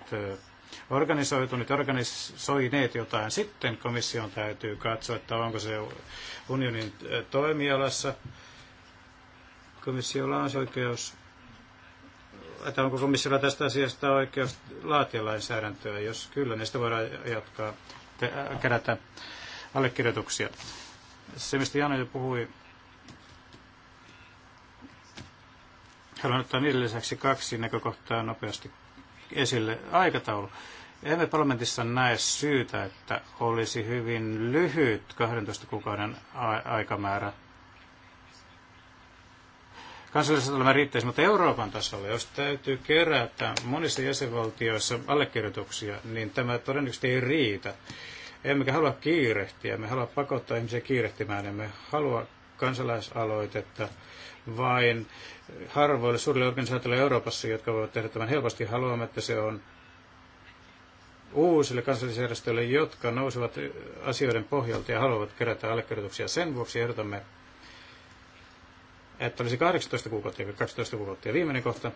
organisoitunut, organisoineet jotain. Sitten komission täytyy katsoa, että onko se unionin toimialassa. Komissiolla on se oikeus että onko komissiolla tästä asiasta oikeus laatia lainsäädäntöä, jos kyllä, niin sitä voidaan jatkaa, te, äh, kerätä allekirjoituksia. Se, mistä Jano jo puhui, haluan ottaa niiden lisäksi kaksi näkökohtaa nopeasti esille. Aikataulu. Emme parlamentissa näe syytä, että olisi hyvin lyhyt 12 kuukauden aikamäärä kansallisella tasolla riittäisi, mutta Euroopan tasolla, jos täytyy kerätä monissa jäsenvaltioissa allekirjoituksia, niin tämä todennäköisesti ei riitä. Emmekä halua kiirehtiä, me halua pakottaa ihmisiä kiirehtimään, emme halua kansalaisaloitetta vain harvoille suurille organisaatioille Euroopassa, jotka voivat tehdä tämän helposti. Haluamme, että se on uusille kansallisjärjestöille, jotka nousevat asioiden pohjalta ja haluavat kerätä allekirjoituksia. Sen vuoksi ehdotamme että olisi 18 kuukautta ja 12 kuukautta. Ja viimeinen kohta,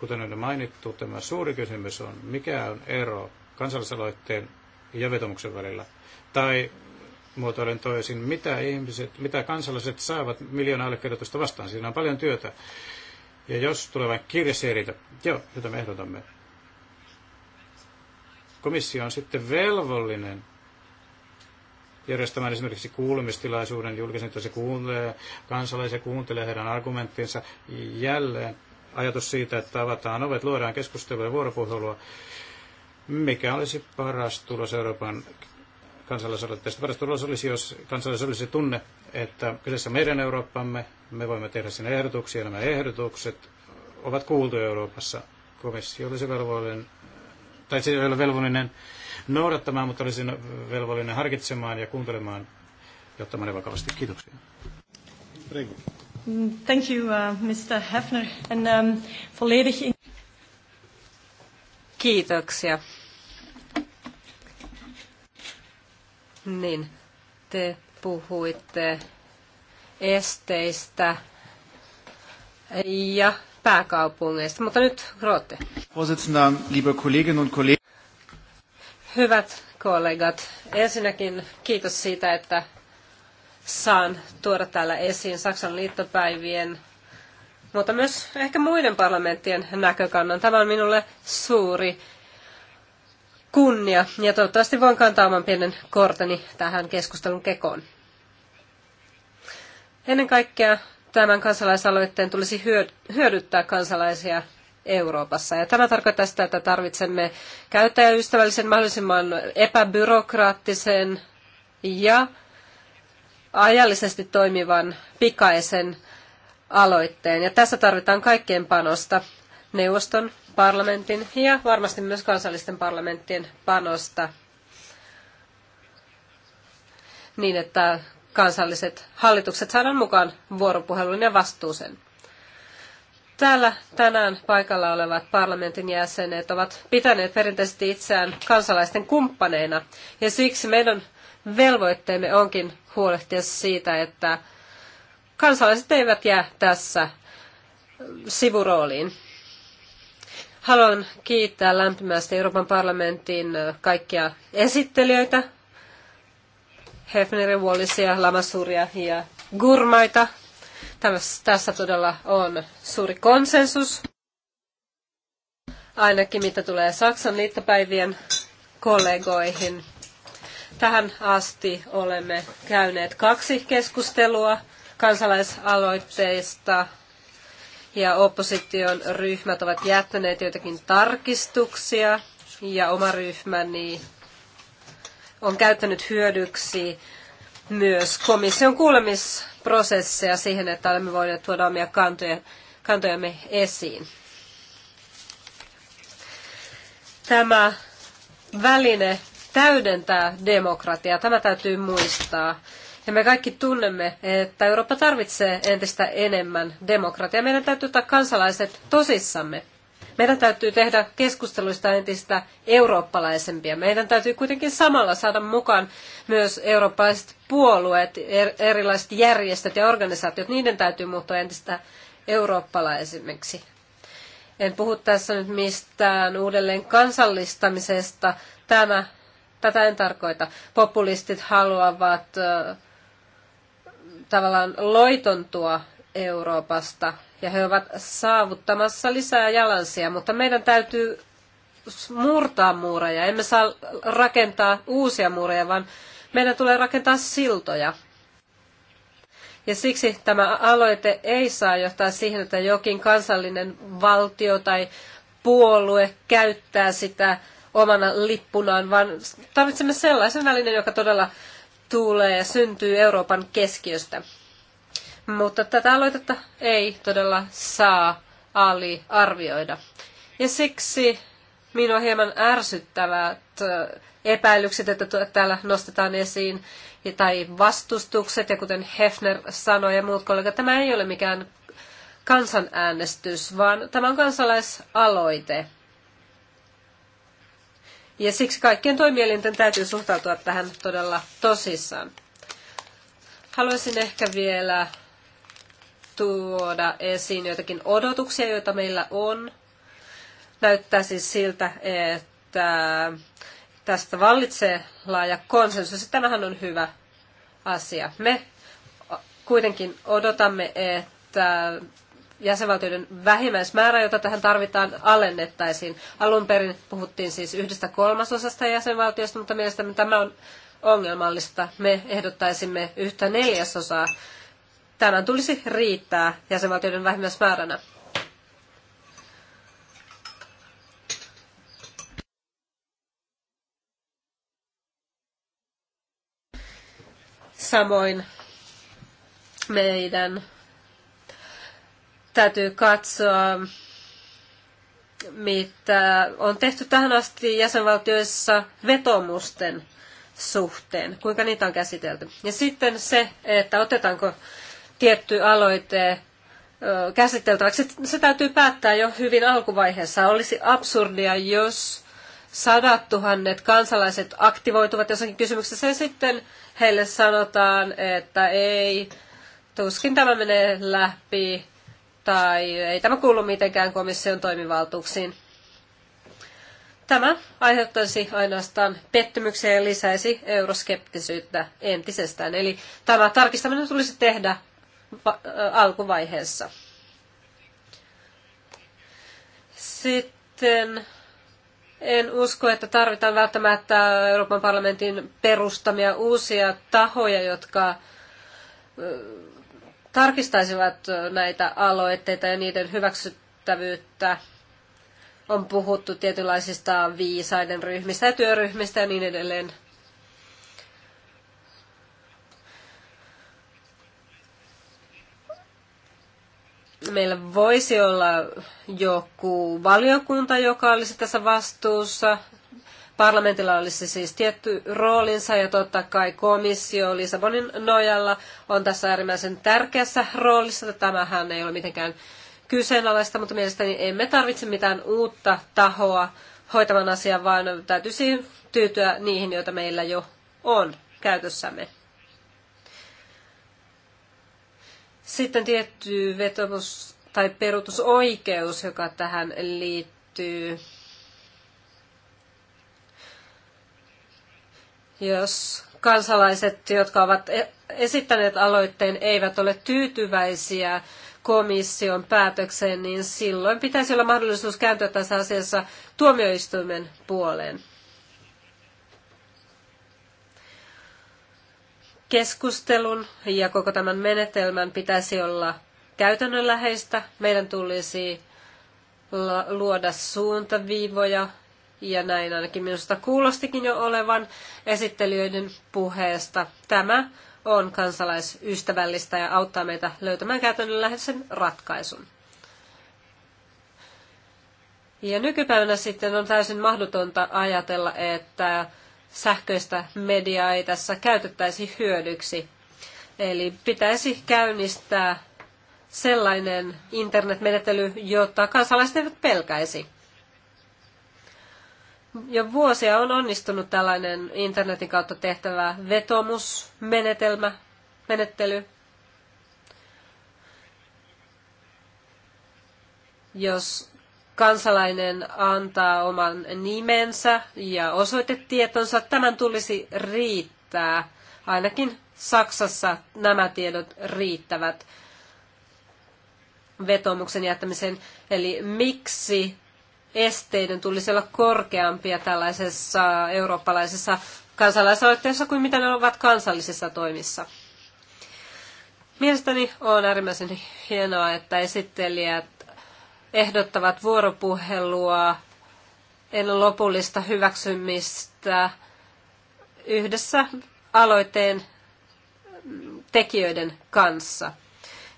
kuten on mainittu, tämä suuri kysymys on, mikä on ero kansalaisaloitteen ja vetomuksen välillä. Tai muotoilen toisin, mitä ihmiset, mitä kansalaiset saavat miljoona allekirjoitusta vastaan. Siinä on paljon työtä. Ja jos tulee kirje se joo, jota me ehdotamme, komissio on sitten velvollinen järjestämään esimerkiksi kuulemistilaisuuden, julkisen se kuuntelee, kansalaisia kuuntelee heidän argumenttinsa jälleen. Ajatus siitä, että avataan ovet, luodaan keskustelua ja vuoropuhelua. Mikä olisi paras tulos Euroopan kansalaisaloitteesta? Paras tulos olisi, jos kansalaisilla olisi tunne, että kyseessä meidän Eurooppamme, me voimme tehdä sinne ehdotuksia, nämä ehdotukset ovat kuultu Euroopassa. Komissio olisi velvollinen, tai se ei ole velvollinen noudattamaan, mutta olisin velvollinen harkitsemaan ja kuuntelemaan ja ottamaan vakavasti. Kiitoksia. Mm, thank you, uh, Mr. Hefner. And, um, volledig in... Kiitoksia. Niin, te puhuitte esteistä ja pääkaupungeista, mutta nyt Rote. Vorsitzender, liebe Kolleginnen und Kollegen. Hyvät kollegat, ensinnäkin kiitos siitä, että saan tuoda täällä esiin Saksan liittopäivien, mutta myös ehkä muiden parlamenttien näkökannan. Tämä on minulle suuri kunnia ja toivottavasti voin kantaa oman pienen korteni tähän keskustelun kekoon. Ennen kaikkea tämän kansalaisaloitteen tulisi hyödyttää kansalaisia Euroopassa. Ja tämä tarkoittaa sitä, että tarvitsemme käyttäjäystävällisen, mahdollisimman epäbyrokraattisen ja ajallisesti toimivan pikaisen aloitteen. Ja tässä tarvitaan kaikkien panosta, neuvoston, parlamentin ja varmasti myös kansallisten parlamenttien panosta niin, että kansalliset hallitukset saadaan mukaan vuoropuheluun ja vastuuseen. Täällä tänään paikalla olevat parlamentin jäsenet ovat pitäneet perinteisesti itseään kansalaisten kumppaneina, ja siksi meidän velvoitteemme onkin huolehtia siitä, että kansalaiset eivät jää tässä sivurooliin. Haluan kiittää lämpimästi Euroopan parlamentin kaikkia esittelijöitä, Hefnerin Wallisia, Lamasuria ja Gurmaita tässä todella on suuri konsensus, ainakin mitä tulee Saksan liittopäivien kollegoihin. Tähän asti olemme käyneet kaksi keskustelua kansalaisaloitteista ja opposition ryhmät ovat jättäneet joitakin tarkistuksia ja oma ryhmäni on käyttänyt hyödyksi myös komission kuulemis prosesseja siihen, että olemme voineet tuoda omia kantoja, kantojamme esiin. Tämä väline täydentää demokratiaa. Tämä täytyy muistaa. Ja me kaikki tunnemme, että Eurooppa tarvitsee entistä enemmän demokratiaa. Meidän täytyy ottaa kansalaiset tosissamme. Meidän täytyy tehdä keskusteluista entistä eurooppalaisempia. Meidän täytyy kuitenkin samalla saada mukaan myös eurooppalaiset puolueet, er, erilaiset järjestöt ja organisaatiot. Niiden täytyy muuttua entistä eurooppalaisemmiksi. En puhu tässä nyt mistään uudelleen kansallistamisesta. Tämä, tätä en tarkoita. Populistit haluavat tavallaan loitontua Euroopasta ja he ovat saavuttamassa lisää jalansia, mutta meidän täytyy murtaa muureja. Emme saa rakentaa uusia muureja, vaan meidän tulee rakentaa siltoja. Ja siksi tämä aloite ei saa johtaa siihen, että jokin kansallinen valtio tai puolue käyttää sitä omana lippunaan, vaan tarvitsemme sellaisen välinen, joka todella tulee ja syntyy Euroopan keskiöstä. Mutta tätä aloitetta ei todella saa aliarvioida. Ja siksi minua hieman ärsyttävät äh, epäilykset, että täällä nostetaan esiin, tai vastustukset, ja kuten Hefner sanoi ja muut kollegat, tämä ei ole mikään kansanäänestys, vaan tämä on kansalaisaloite. Ja siksi kaikkien toimielinten täytyy suhtautua tähän todella tosissaan. Haluaisin ehkä vielä tuoda esiin joitakin odotuksia, joita meillä on. Näyttää siis siltä, että tästä vallitsee laaja konsensus, tämähän on hyvä asia. Me kuitenkin odotamme, että jäsenvaltioiden vähimmäismäärä, jota tähän tarvitaan, alennettaisiin. Alun perin puhuttiin siis yhdestä kolmasosasta jäsenvaltiosta, mutta mielestäni tämä on ongelmallista. Me ehdottaisimme yhtä neljäsosaa tämän tulisi riittää jäsenvaltioiden vähimmäismääränä. Samoin meidän täytyy katsoa, mitä on tehty tähän asti jäsenvaltioissa vetomusten suhteen, kuinka niitä on käsitelty. Ja sitten se, että otetaanko tietty aloite käsiteltäväksi. Se täytyy päättää jo hyvin alkuvaiheessa. Olisi absurdia, jos sadat tuhannet kansalaiset aktivoituvat jossakin kysymyksessä ja sitten heille sanotaan, että ei, tuskin tämä menee läpi tai ei tämä kuulu mitenkään komission toimivaltuuksiin. Tämä aiheuttaisi ainoastaan pettymyksiä ja lisäisi euroskeptisyyttä entisestään. Eli tämä tarkistaminen tulisi tehdä Äh, alkuvaiheessa. Sitten en usko, että tarvitaan välttämättä Euroopan parlamentin perustamia uusia tahoja, jotka äh, tarkistaisivat näitä aloitteita ja niiden hyväksyttävyyttä. On puhuttu tietynlaisista viisaiden ryhmistä ja työryhmistä ja niin edelleen. meillä voisi olla joku valiokunta, joka olisi tässä vastuussa. Parlamentilla olisi siis tietty roolinsa ja totta kai komissio Lisabonin nojalla on tässä äärimmäisen tärkeässä roolissa. Tämähän ei ole mitenkään kyseenalaista, mutta mielestäni emme tarvitse mitään uutta tahoa hoitavan asiaa, vaan täytyisi tyytyä niihin, joita meillä jo on käytössämme. Sitten tietty vetomus tai perutusoikeus joka tähän liittyy. Jos kansalaiset, jotka ovat e- esittäneet aloitteen, eivät ole tyytyväisiä komission päätökseen, niin silloin pitäisi olla mahdollisuus kääntyä tässä asiassa tuomioistuimen puoleen. keskustelun ja koko tämän menetelmän pitäisi olla käytännönläheistä. Meidän tulisi luoda suuntaviivoja ja näin ainakin minusta kuulostikin jo olevan esittelijöiden puheesta. Tämä on kansalaisystävällistä ja auttaa meitä löytämään käytännönläheisen ratkaisun. Ja nykypäivänä sitten on täysin mahdotonta ajatella, että sähköistä mediaa ei tässä käytettäisi hyödyksi. Eli pitäisi käynnistää sellainen internetmenetely, jota kansalaiset eivät pelkäisi. Jo vuosia on onnistunut tällainen internetin kautta tehtävä vetomusmenetelmä, menettely. Jos kansalainen antaa oman nimensä ja osoitetietonsa, tämän tulisi riittää. Ainakin Saksassa nämä tiedot riittävät vetomuksen jättämiseen. Eli miksi esteiden tulisi olla korkeampia tällaisessa eurooppalaisessa kansalaisaloitteessa kuin mitä ne ovat kansallisissa toimissa? Mielestäni on äärimmäisen hienoa, että esittelijät ehdottavat vuoropuhelua ennen lopullista hyväksymistä yhdessä aloitteen tekijöiden kanssa.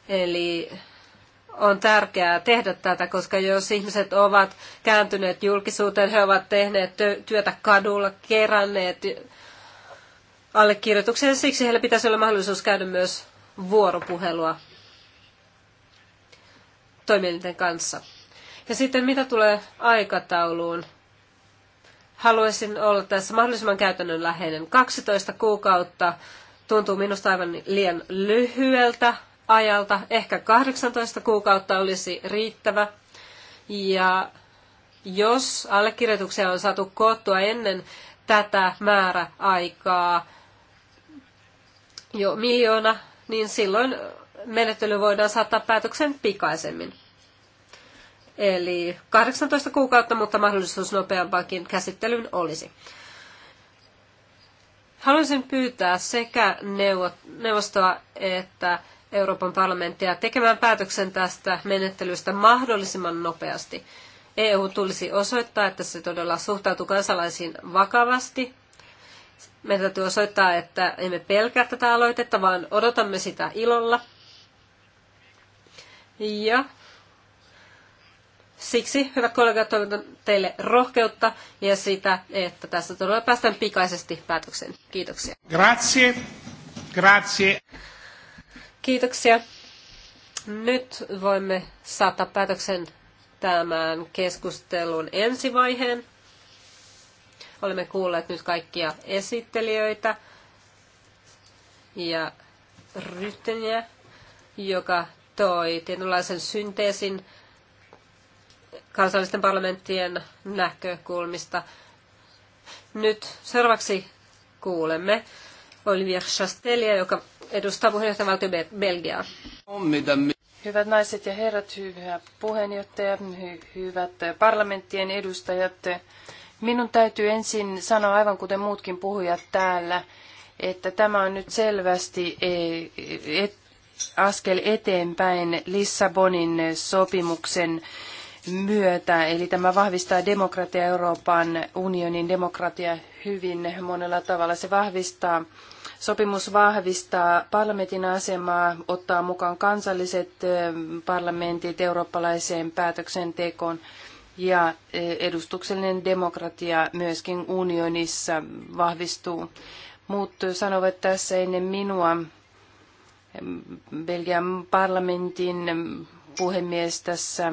Eli on tärkeää tehdä tätä, koska jos ihmiset ovat kääntyneet julkisuuteen, he ovat tehneet työtä kadulla, keränneet allekirjoituksia, siksi heillä pitäisi olla mahdollisuus käydä myös vuoropuhelua toimielinten kanssa. Ja sitten mitä tulee aikatauluun, haluaisin olla tässä mahdollisimman käytännönläheinen. 12 kuukautta tuntuu minusta aivan liian lyhyeltä ajalta. Ehkä 18 kuukautta olisi riittävä. Ja jos allekirjoituksia on saatu koottua ennen tätä määräaikaa jo miljoona, niin silloin menettely voidaan saattaa päätöksen pikaisemmin. Eli 18 kuukautta, mutta mahdollisuus nopeampaankin käsittelyyn olisi. Haluaisin pyytää sekä neuvostoa että Euroopan parlamenttia tekemään päätöksen tästä menettelystä mahdollisimman nopeasti. EU tulisi osoittaa, että se todella suhtautuu kansalaisiin vakavasti. Meidän täytyy osoittaa, että emme pelkää tätä aloitetta, vaan odotamme sitä ilolla – ja siksi, hyvät kollegat, toivotan teille rohkeutta ja sitä, että tässä todella päästään pikaisesti päätökseen. Kiitoksia. Grazie. Grazie. Kiitoksia. Nyt voimme saattaa päätöksen tämän keskustelun ensivaiheen. Olemme kuulleet nyt kaikkia esittelijöitä ja Rytteniä, joka toi tietynlaisen synteesin kansallisten parlamenttien näkökulmista. Nyt seuraavaksi kuulemme Olivier Chastelia, joka edustaa puheenjohtajavaltio Belgiaa. Hyvät naiset ja herrat, hyvä puheenjohtaja, hy- hyvät parlamenttien edustajat. Minun täytyy ensin sanoa, aivan kuten muutkin puhujat täällä, että tämä on nyt selvästi e- askel eteenpäin Lissabonin sopimuksen myötä. Eli tämä vahvistaa demokratia Euroopan unionin demokratia hyvin monella tavalla. Se vahvistaa, sopimus vahvistaa parlamentin asemaa, ottaa mukaan kansalliset parlamentit eurooppalaiseen päätöksentekoon ja edustuksellinen demokratia myöskin unionissa vahvistuu. Muut sanovat tässä ennen minua, Belgian parlamentin puhemies tässä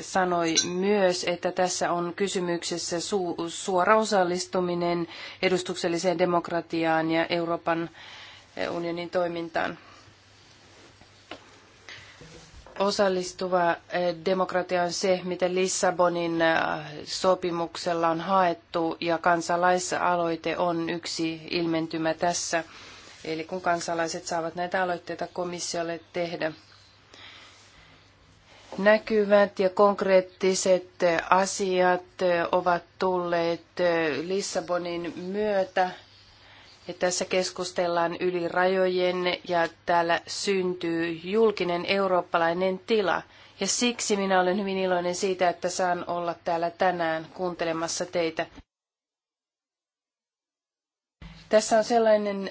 sanoi myös, että tässä on kysymyksessä su- suora osallistuminen edustukselliseen demokratiaan ja Euroopan eh, unionin toimintaan. Osallistuva eh, demokratia on se, mitä Lissabonin eh, sopimuksella on haettu, ja kansalaisaloite on yksi ilmentymä tässä Eli kun kansalaiset saavat näitä aloitteita komissiolle tehdä. Näkyvät ja konkreettiset asiat ovat tulleet Lissabonin myötä. Ja tässä keskustellaan yli rajojen ja täällä syntyy julkinen eurooppalainen tila. Ja siksi minä olen hyvin iloinen siitä, että saan olla täällä tänään kuuntelemassa teitä. Tässä on sellainen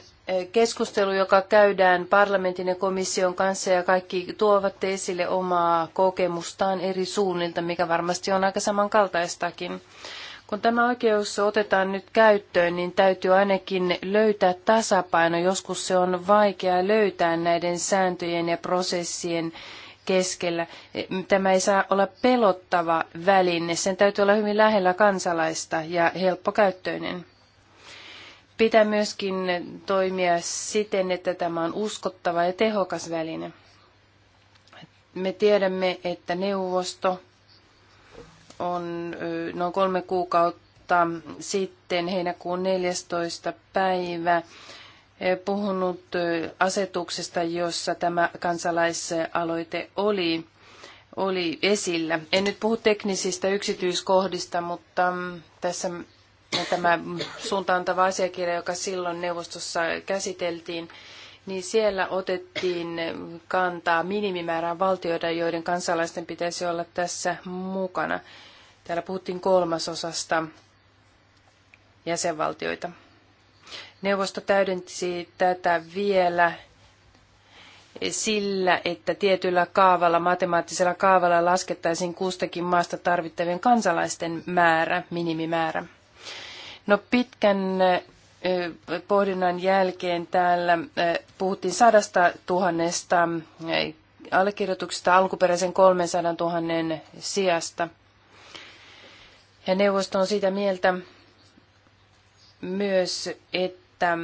keskustelu, joka käydään parlamentin ja komission kanssa ja kaikki tuovat esille omaa kokemustaan eri suunnilta, mikä varmasti on aika samankaltaistakin. Kun tämä oikeus otetaan nyt käyttöön, niin täytyy ainakin löytää tasapaino. Joskus se on vaikea löytää näiden sääntöjen ja prosessien keskellä. Tämä ei saa olla pelottava väline. Sen täytyy olla hyvin lähellä kansalaista ja helppokäyttöinen. Pitää myöskin toimia siten, että tämä on uskottava ja tehokas väline. Me tiedämme, että neuvosto on noin kolme kuukautta sitten, heinäkuun 14. päivä, puhunut asetuksesta, jossa tämä kansalaisaloite oli, oli esillä. En nyt puhu teknisistä yksityiskohdista, mutta mm, tässä tämä suuntaantava asiakirja, joka silloin neuvostossa käsiteltiin, niin siellä otettiin kantaa minimimäärään valtioita, joiden kansalaisten pitäisi olla tässä mukana. Täällä puhuttiin kolmasosasta jäsenvaltioita. Neuvosto täydensi tätä vielä sillä, että tietyllä kaavalla, matemaattisella kaavalla laskettaisiin kustakin maasta tarvittavien kansalaisten määrä, minimimäärä. No pitkän pohdinnan jälkeen täällä puhuttiin sadasta tuhannesta allekirjoituksesta alkuperäisen 300 000 sijasta. Ja neuvosto on sitä mieltä myös, että,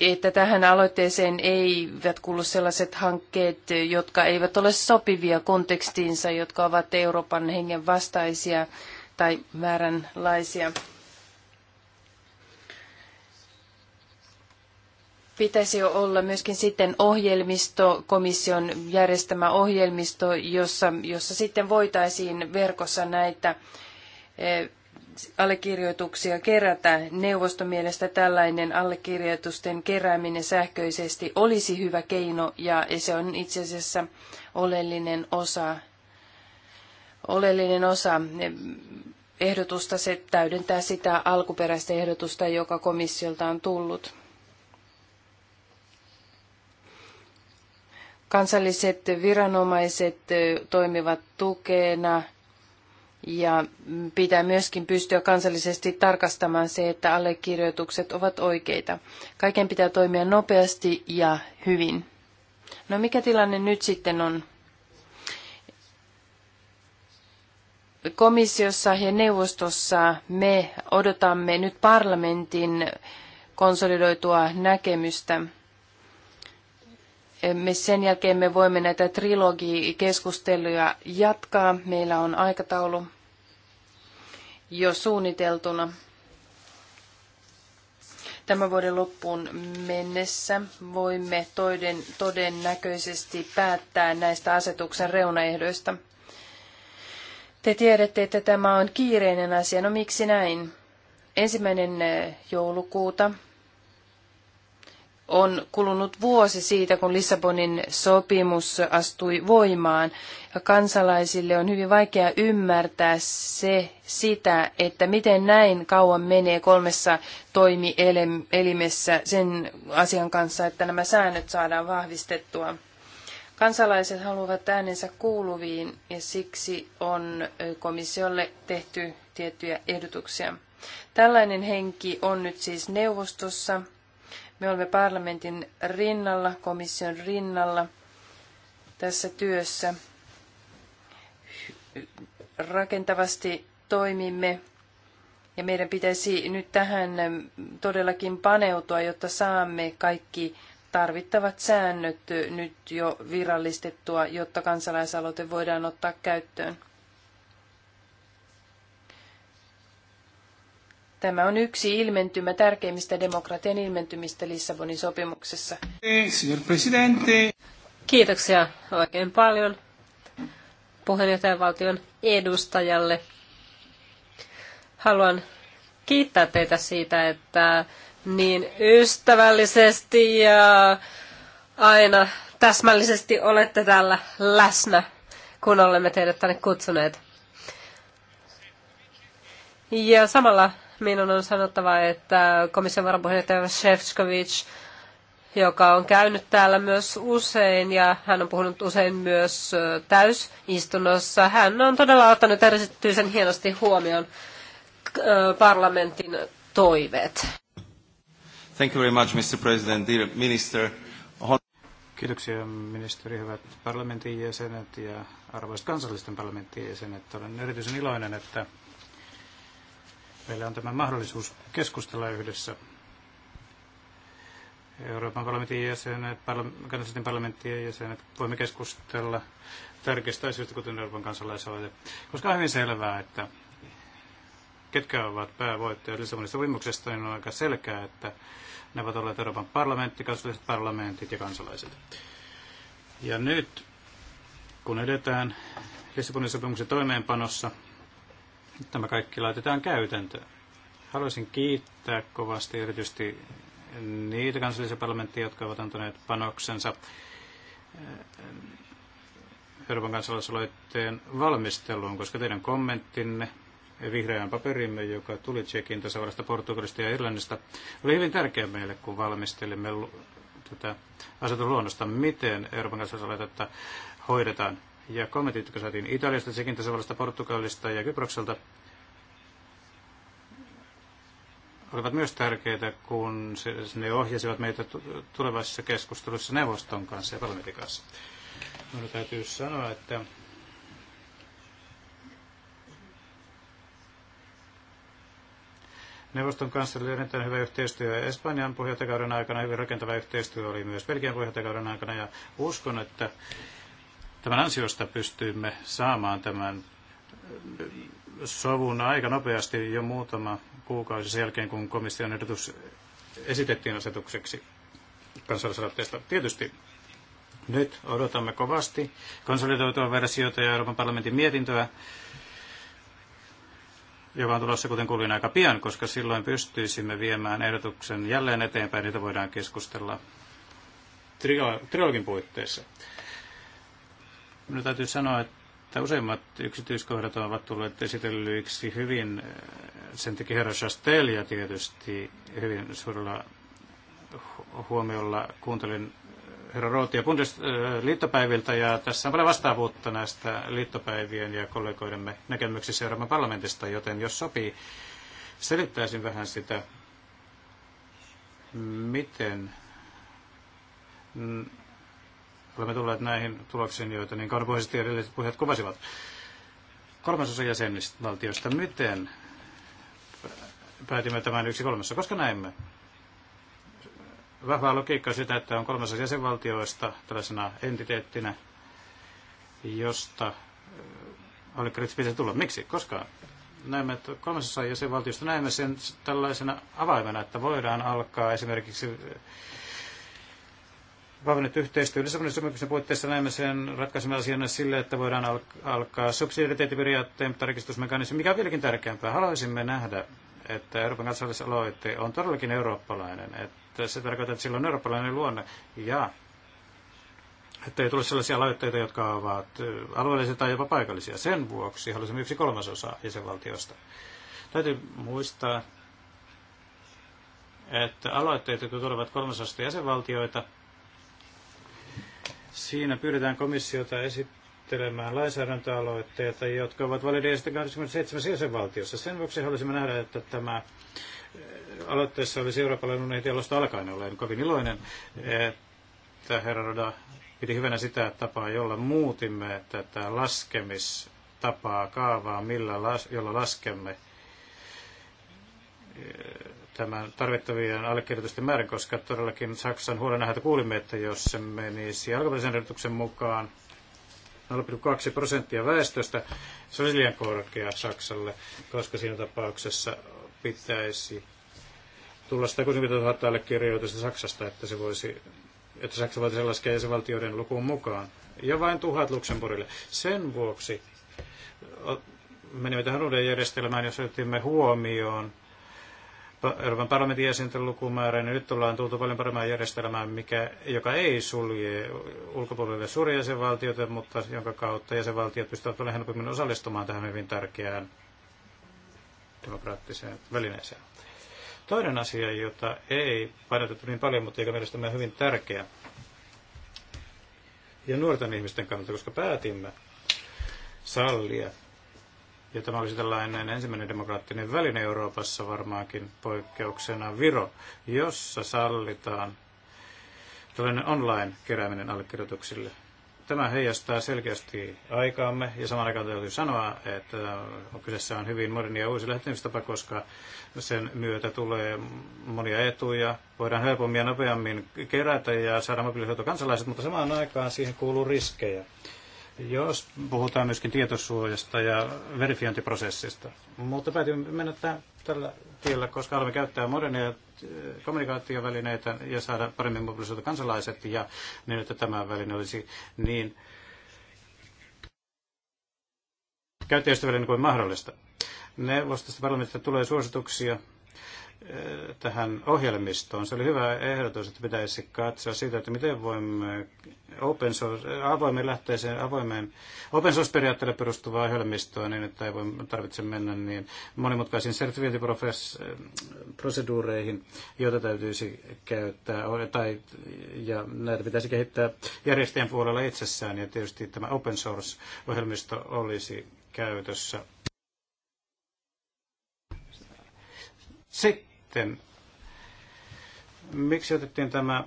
että tähän aloitteeseen eivät kuulu sellaiset hankkeet, jotka eivät ole sopivia kontekstiinsa, jotka ovat Euroopan hengen vastaisia tai vääränlaisia. Pitäisi jo olla myöskin sitten ohjelmisto, komission järjestämä ohjelmisto, jossa, jossa sitten voitaisiin verkossa näitä e, allekirjoituksia kerätä. Neuvoston mielestä tällainen allekirjoitusten kerääminen sähköisesti olisi hyvä keino ja se on itse asiassa oleellinen osa, oleellinen osa ehdotusta. Se täydentää sitä alkuperäistä ehdotusta, joka komissiolta on tullut. Kansalliset viranomaiset toimivat tukena ja pitää myöskin pystyä kansallisesti tarkastamaan se, että allekirjoitukset ovat oikeita. Kaiken pitää toimia nopeasti ja hyvin. No mikä tilanne nyt sitten on? Komissiossa ja neuvostossa me odotamme nyt parlamentin konsolidoitua näkemystä. Me sen jälkeen me voimme näitä trilogikeskusteluja jatkaa. Meillä on aikataulu jo suunniteltuna tämän vuoden loppuun mennessä voimme toden, todennäköisesti päättää näistä asetuksen reunaehdoista. Te tiedätte, että tämä on kiireinen asia. No miksi näin? Ensimmäinen eh, joulukuuta on kulunut vuosi siitä, kun Lissabonin sopimus astui voimaan. Ja kansalaisille on hyvin vaikea ymmärtää se, sitä, että miten näin kauan menee kolmessa toimielimessä sen asian kanssa, että nämä säännöt saadaan vahvistettua. Kansalaiset haluavat äänensä kuuluviin ja siksi on komissiolle tehty tiettyjä ehdotuksia. Tällainen henki on nyt siis neuvostossa. Me olemme parlamentin rinnalla, komission rinnalla tässä työssä. Rakentavasti toimimme ja meidän pitäisi nyt tähän todellakin paneutua, jotta saamme kaikki tarvittavat säännöt nyt jo virallistettua, jotta kansalaisaloite voidaan ottaa käyttöön. Tämä on yksi ilmentymä tärkeimmistä demokratian ilmentymistä Lissabonin sopimuksessa. Kiitoksia oikein paljon puheenjohtajavaltion edustajalle. Haluan kiittää teitä siitä, että niin ystävällisesti ja aina täsmällisesti olette täällä läsnä, kun olemme teidät tänne kutsuneet. Ja samalla minun on sanottava, että komission varapuheenjohtaja Shevchkovic, joka on käynyt täällä myös usein ja hän on puhunut usein myös täysistunnossa, hän on todella ottanut erityisen hienosti huomioon parlamentin toiveet. Thank you very much, Mr. President, dear Minister. Kiitoksia ministeri, hyvät parlamentin jäsenet ja arvoisat kansallisten parlamenttien jäsenet. Olen erityisen iloinen, että meillä on tämä mahdollisuus keskustella yhdessä. Euroopan parlamentin jäsenet, kansallisten parlamenttien jäsenet, voimme keskustella tärkeistä asioista, kuten Euroopan kansalaisaloite. Koska on hyvin selvää, että ketkä ovat päävoittajat Lissabonin sopimuksesta, niin on aika selkeää, että ne ovat olleet Euroopan parlamentti, kansalliset parlamentit ja kansalaiset. Ja nyt, kun edetään Lissabonin sopimuksen toimeenpanossa, tämä kaikki laitetaan käytäntöön. Haluaisin kiittää kovasti erityisesti niitä kansallisia parlamentteja, jotka ovat antaneet panoksensa eh, Euroopan kansalaisaloitteen valmisteluun, koska teidän kommenttinne vihreään paperimme, joka tuli Tsekin tasavallasta, Portugalista ja Irlannista, oli hyvin tärkeä meille, kun valmistelimme tätä asetusluonnosta, miten Euroopan kansalaisuusaloitetta hoidetaan. Ja kommentit, jotka saatiin Italiasta, Tsekin tasavallasta, Portugalista ja Kyprokselta, olivat myös tärkeitä, kun ne ohjasivat meitä tulevaisessa keskustelussa neuvoston kanssa ja parlamentin kanssa. Minun täytyy sanoa, että Neuvoston kanssa oli erittäin hyvä yhteistyö ja Espanjan puheenjohtajakauden aikana hyvin rakentava yhteistyö oli myös Belgian puheenjohtajakauden aikana ja uskon, että tämän ansiosta pystyimme saamaan tämän sovun aika nopeasti jo muutama kuukausi sen jälkeen, kun komission ehdotus esitettiin asetukseksi kansalaisaloitteesta. Tietysti nyt odotamme kovasti konsolidoitua versiota ja Euroopan parlamentin mietintöä joka on tulossa kuten kuulin aika pian, koska silloin pystyisimme viemään ehdotuksen jälleen eteenpäin, niitä voidaan keskustella trilogin puitteissa. Minun täytyy sanoa, että useimmat yksityiskohdat ovat tulleet esitellyiksi hyvin, eh, sen teki herra Chastelia tietysti hyvin suurella huomiolla. Kuuntelin herra Bundes, liittopäiviltä ja tässä on paljon vastaavuutta näistä liittopäivien ja kollegoidemme näkemyksissä Euroopan parlamentista, joten jos sopii, selittäisin vähän sitä, miten olemme tulleet näihin tuloksiin, joita niin kaunopuheisesti edelliset puheet kuvasivat. Kolmasosa jäsenistä miten päätimme tämän yksi kolmessa, koska näemme vahvaa logiikkaa sitä, että on kolmasosa jäsenvaltioista tällaisena entiteettinä, josta oli äh, kriittisesti tulla. Miksi? Koska näemme, että kolmasosa jäsenvaltiosta näemme sen tällaisena avaimena, että voidaan alkaa esimerkiksi äh, vahvennet yhteistyö Lissabonin sopimuksen puitteissa näemme sen ratkaisemaan asiana sille, että voidaan al- alkaa subsidiariteettiperiaatteen tarkistusmekanismi, mikä on vieläkin tärkeämpää. Haluaisimme nähdä, että Euroopan kansalaisaloite on todellakin eurooppalainen, että tässä tarkoittaa, että sillä on eurooppalainen luonne ja että ei tule sellaisia laitteita, jotka ovat alueellisia tai jopa paikallisia. Sen vuoksi halusimme yksi kolmasosa jäsenvaltiosta. Täytyy muistaa, että aloitteet, jotka tulevat kolmasosasta jäsenvaltioita, siinä pyydetään komissiota esittelemään lainsäädäntöaloitteita, jotka ovat valideja 27 jäsenvaltiossa. Sen vuoksi haluaisimme nähdä, että tämä aloitteessa olisi eurooppalainen unehti alusta alkaen. Olen kovin iloinen, että herra Roda piti hyvänä sitä tapaa, jolla muutimme tätä laskemistapaa, kaavaa, millä las, jolla laskemme eh, tämän tarvittavien allekirjoitusten määrän, koska todellakin Saksan huolenaiheita kuulimme, että jos se menisi alkuperäisen ehdotuksen mukaan 0,2 prosenttia väestöstä, se olisi liian korkea Saksalle, koska siinä tapauksessa pitäisi tulla 160 000 allekirjoitusta Saksasta, että, se voisi, että Saksa voitaisiin laskea jäsenvaltioiden lukuun mukaan. Ja vain tuhat Luxemburgille. Sen vuoksi menimme tähän uuden järjestelmään, jos otimme huomioon Euroopan parlamentin jäsenten lukumäärä, niin nyt ollaan tultu paljon paremmin järjestelmään, mikä, joka ei sulje ulkopuolelle suuria jäsenvaltioita, mutta jonka kautta jäsenvaltiot pystyvät paljon helpommin osallistumaan tähän hyvin tärkeään demokraattiseen välineeseen. Toinen asia, jota ei painotettu niin paljon, mutta eikä mielestäni on hyvin tärkeä, ja nuorten ihmisten kannalta, koska päätimme sallia, ja tämä olisi tällainen ensimmäinen demokraattinen väline Euroopassa varmaankin poikkeuksena Viro, jossa sallitaan tällainen online kerääminen allekirjoituksille Tämä heijastaa selkeästi aikaamme ja samaan aikaan täytyy sanoa, että kyseessä on hyvin moderni ja uusi lähestymistapa, koska sen myötä tulee monia etuja. Voidaan helpommin ja nopeammin kerätä ja saada mobilisoitua kansalaiset, mutta samaan aikaan siihen kuuluu riskejä. Jos puhutaan myöskin tietosuojasta ja verifiointiprosessista, mutta päätin mennä tämän, tällä tiellä, koska haluamme käyttää moderneja eh, kommunikaatiovälineitä ja saada paremmin mobilisoitua kansalaiset ja niin, että tämä väline olisi niin käyttäjäystävällinen kuin mahdollista. Neuvostosta parlamentista tulee suosituksia tähän ohjelmistoon. Se oli hyvä ehdotus, että pitäisi katsoa siitä, että miten voimme open source, avoimen lähteeseen, avoimeen open source-periaatteelle perustuvaa ohjelmistoa, niin että ei voi, tarvitse mennä niin monimutkaisiin sertifiointiproseduureihin, joita täytyisi käyttää, tai, ja näitä pitäisi kehittää järjestäjän puolella itsessään, ja tietysti tämä open source-ohjelmisto olisi käytössä. Sitten sitten, miksi otettiin tämä,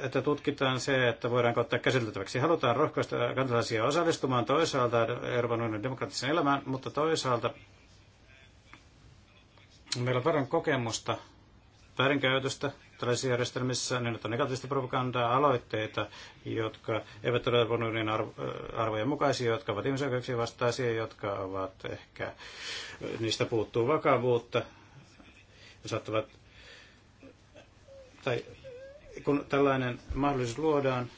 että tutkitaan se, että voidaan ottaa käsiteltäväksi. Halutaan rohkaista kansalaisia osallistumaan toisaalta Euroopan unionin demokraattiseen elämään, mutta toisaalta meillä on paljon kokemusta väärinkäytöstä tällaisissa järjestelmissä, niin että on negatiivista propagandaa, aloitteita, jotka eivät ole Euroopan unionin arvojen mukaisia, jotka ovat ihmisoikeuksien vastaisia, jotka ovat ehkä, niistä puuttuu vakavuutta, ja saattavat, tai kun tällainen mahdollisuus luodaan,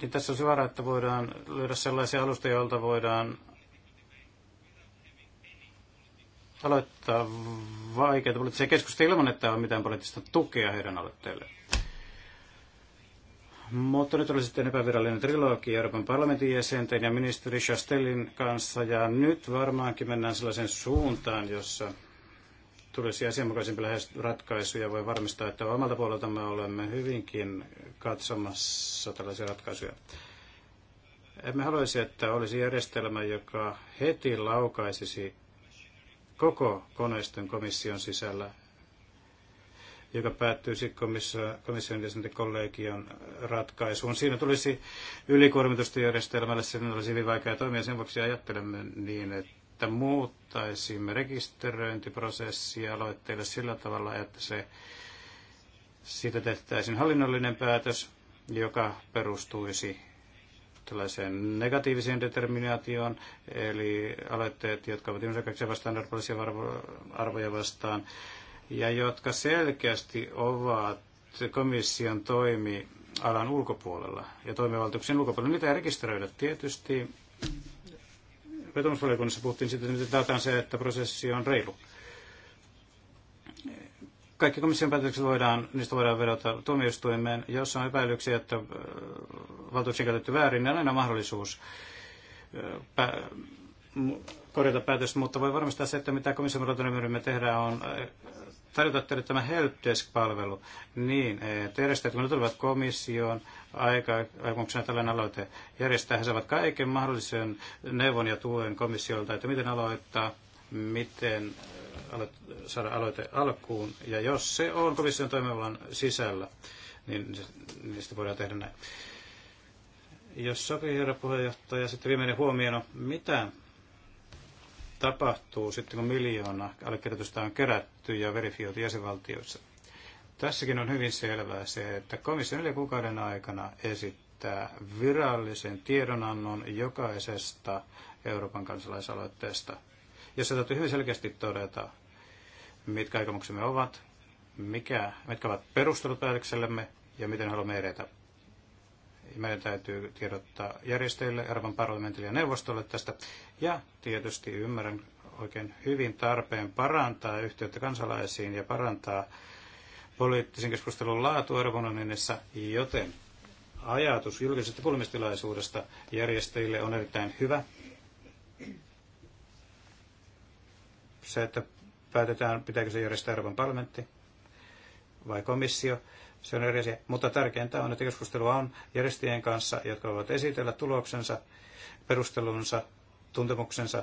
niin tässä on se vaara, että voidaan löydä sellaisia alustoja, joilta voidaan aloittaa vaikeita poliittisia keskusteluja ilman, että on mitään poliittista tukea heidän aloitteelleen. Mutta oli sitten epävirallinen trilogia Euroopan parlamentin jäsenten ja ministeri Chastelin kanssa. Ja nyt varmaankin mennään sellaisen suuntaan, jossa tulisi asianmukaisempi lähes ratkaisuja. voi varmistaa, että omalta puolelta me olemme hyvinkin katsomassa tällaisia ratkaisuja. Emme haluaisi, että olisi järjestelmä, joka heti laukaisisi koko koneiston komission sisällä joka päättyy komissio, komission jäsenkollegion ratkaisuun. Siinä tulisi ylikuormitusta sen olisi hyvin vaikea toimia. Sen vuoksi ajattelemme niin, että muuttaisimme rekisteröintiprosessia aloitteille sillä tavalla, että se, siitä tehtäisiin hallinnollinen päätös, joka perustuisi tällaiseen negatiiviseen determinaatioon, eli aloitteet, jotka ovat ihmisoikeuksia vastaan, arvoja vastaan, ja jotka selkeästi ovat komission toimialan ulkopuolella ja toimivaltuuksien ulkopuolella. Niitä ei rekisteröidä tietysti. Vetomusvaliokunnassa puhuttiin siitä, että taataan se, että prosessi on reilu. Kaikki komission päätökset voidaan, niistä voidaan vedota tuomioistuimeen, jos on epäilyksiä, että äh, valtuuksia käytetty väärin, niin on aina mahdollisuus äh, korjata päätös, mutta voi varmistaa se, että mitä komission me tehdään on äh, tarjota teille tämä helpdesk-palvelu niin järjestää, että kun ne tulevat komissioon aika, aikomuksena tällainen aloite järjestää, he saavat kaiken mahdollisen neuvon ja tuen komissiolta, että miten aloittaa, miten saada aloite alkuun, ja jos se on komission toimivallan sisällä, niin niistä voidaan tehdä näin. Jos sopii, herra puheenjohtaja, sitten viimeinen huomio, no, mitä tapahtuu sitten, kun miljoona allekirjoitusta on kerätty ja verifioitu jäsenvaltioissa. Tässäkin on hyvin selvää se, että komissio neljän kuukauden aikana esittää virallisen tiedonannon jokaisesta Euroopan kansalaisaloitteesta, jossa täytyy hyvin selkeästi todeta, mitkä aikomuksemme ovat, mikä, mitkä ovat perustelut päätöksellemme ja miten haluamme edetä. Meidän täytyy tiedottaa järjestöille, Euroopan parlamentille ja neuvostolle tästä. Ja tietysti ymmärrän oikein hyvin tarpeen parantaa yhteyttä kansalaisiin ja parantaa poliittisen keskustelun laatu Euroopan unionissa, joten ajatus julkisesta kuulemistilaisuudesta järjestäjille on erittäin hyvä. Se, että päätetään, pitääkö se järjestää Euroopan parlamentti vai komissio, se on eri asia. Mutta tärkeintä on, että keskustelua on järjestäjien kanssa, jotka voivat esitellä tuloksensa, perustelunsa, tuntemuksensa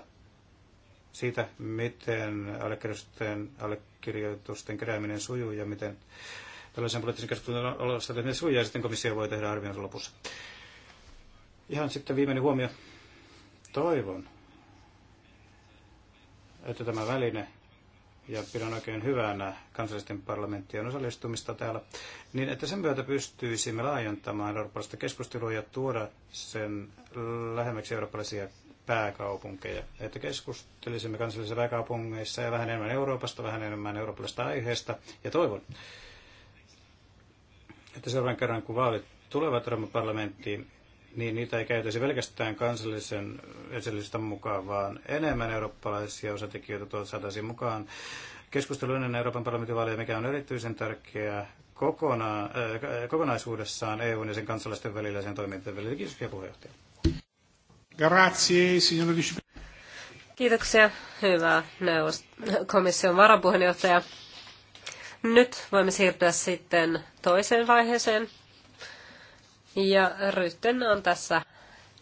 siitä, miten allekirjoitusten, allekirjoitusten kerääminen sujuu ja miten tällaisen poliittisen keskustelun olosta ne sujuu ja sitten komissio voi tehdä arvionsa lopussa. Ihan sitten viimeinen huomio. Toivon, että tämä väline ja pidän oikein hyvänä kansallisten parlamenttien osallistumista täällä, niin että sen myötä pystyisimme laajentamaan eurooppalaista keskustelua ja tuoda sen lähemmäksi eurooppalaisia pääkaupunkeja. Että keskustelisimme kansallisissa pääkaupungeissa ja vähän enemmän Euroopasta, vähän enemmän eurooppalaisesta aiheesta. Ja toivon, että seuraavan kerran kun vaalit tulevat Euroopan parlamenttiin, niin niitä ei käytäisi pelkästään kansallisen esillistä mukaan, vaan enemmän eurooppalaisia osatekijöitä tuolta saataisiin mukaan. Keskustelu ennen Euroopan parlamentin vaaleja, mikä on erityisen tärkeää kokonaan, äh, kokonaisuudessaan EUn ja sen kansalaisten välillä ja sen toimintojen välillä. Kiitoksia puheenjohtaja. Grazie, Kiitoksia, hyvä neuvost- komission varapuheenjohtaja. Nyt voimme siirtyä sitten toiseen vaiheeseen, ja Rytten on tässä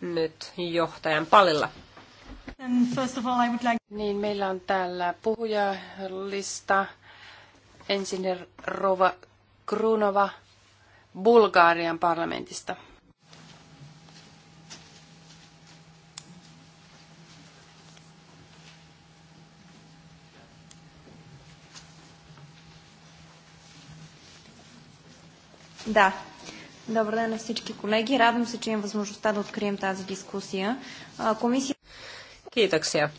nyt johtajan palilla. All, like... Niin, meillä on täällä puhujalista. Ensin Rova Krunova Bulgarian parlamentista. Da, Добър ден на всички колеги. Радвам се, че имам възможността да открием тази дискусия. Комисия... Kiitoksia.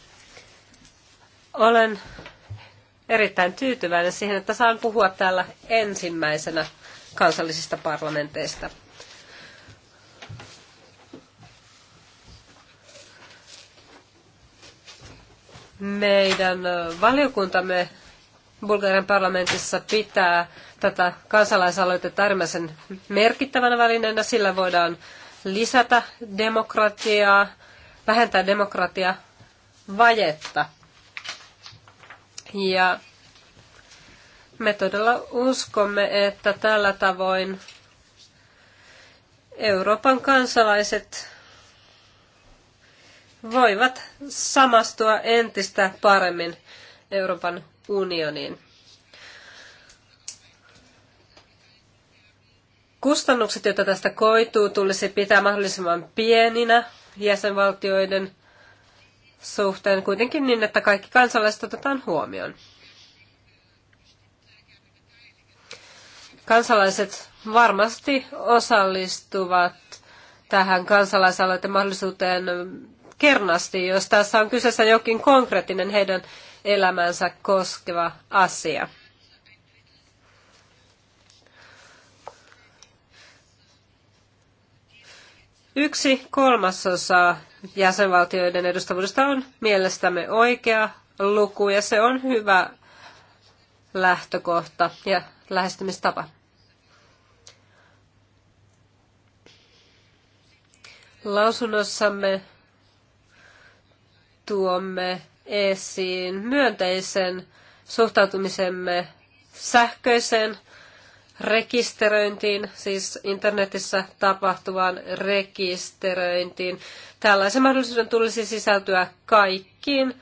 Olen erittäin tyytyväinen siihen, että saan puhua täällä ensimmäisenä kansallisista parlamenteista. Meidän valiokuntamme Bulgarian parlamentissa pitää tätä kansalaisaloitetta äärimmäisen merkittävänä välineenä. Sillä voidaan lisätä demokratiaa, vähentää demokratiaa vajetta. Ja me todella uskomme, että tällä tavoin Euroopan kansalaiset voivat samastua entistä paremmin Euroopan unioniin. Kustannukset, joita tästä koituu, tulisi pitää mahdollisimman pieninä jäsenvaltioiden suhteen kuitenkin niin, että kaikki kansalaiset otetaan huomioon. Kansalaiset varmasti osallistuvat tähän mahdollisuuteen kernasti, jos tässä on kyseessä jokin konkreettinen heidän elämänsä koskeva asia. Yksi kolmasosa jäsenvaltioiden edustavuudesta on mielestämme oikea luku ja se on hyvä lähtökohta ja lähestymistapa. Lausunnossamme tuomme esiin myönteisen suhtautumisemme sähköiseen rekisteröintiin, siis internetissä tapahtuvaan rekisteröintiin. Tällaisen mahdollisuuden tulisi sisältyä kaikkiin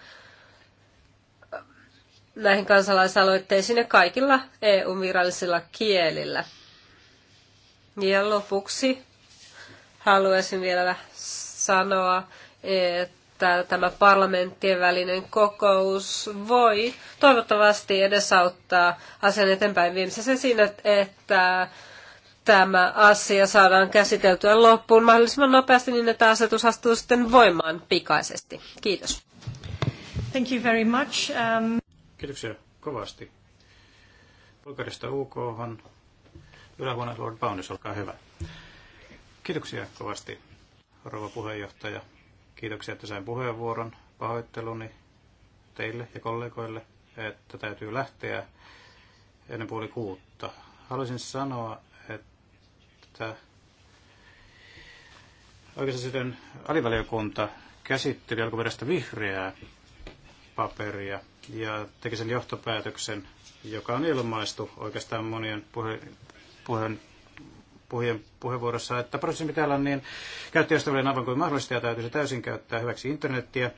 näihin kansalaisaloitteisiin ja kaikilla EU-virallisilla kielillä. Ja lopuksi haluaisin vielä sanoa, että että tämä parlamenttien välinen kokous voi toivottavasti edesauttaa asian eteenpäin viemisessä siinä, että tämä asia saadaan käsiteltyä loppuun mahdollisimman nopeasti niin, että asetus astuu sitten voimaan pikaisesti. Kiitos. Thank you very much. Um... Kiitoksia kovasti. Bulgarista UK on ylähuone Lord Baunis, olkaa hyvä. Kiitoksia kovasti, rouva puheenjohtaja. Kiitoksia, että sain puheenvuoron. Pahoitteluni teille ja kollegoille, että täytyy lähteä ennen puoli kuutta. Haluaisin sanoa, että sitten alivaliokunta käsitteli alkuperäistä vihreää paperia ja teki sen johtopäätöksen, joka on ilmaistu oikeastaan monien puheen, puheen puhujen puheenvuorossa, että prosessi pitää olla niin käyttäjäystävällinen aivan kuin mahdollista ja se täysin käyttää hyväksi internettiä,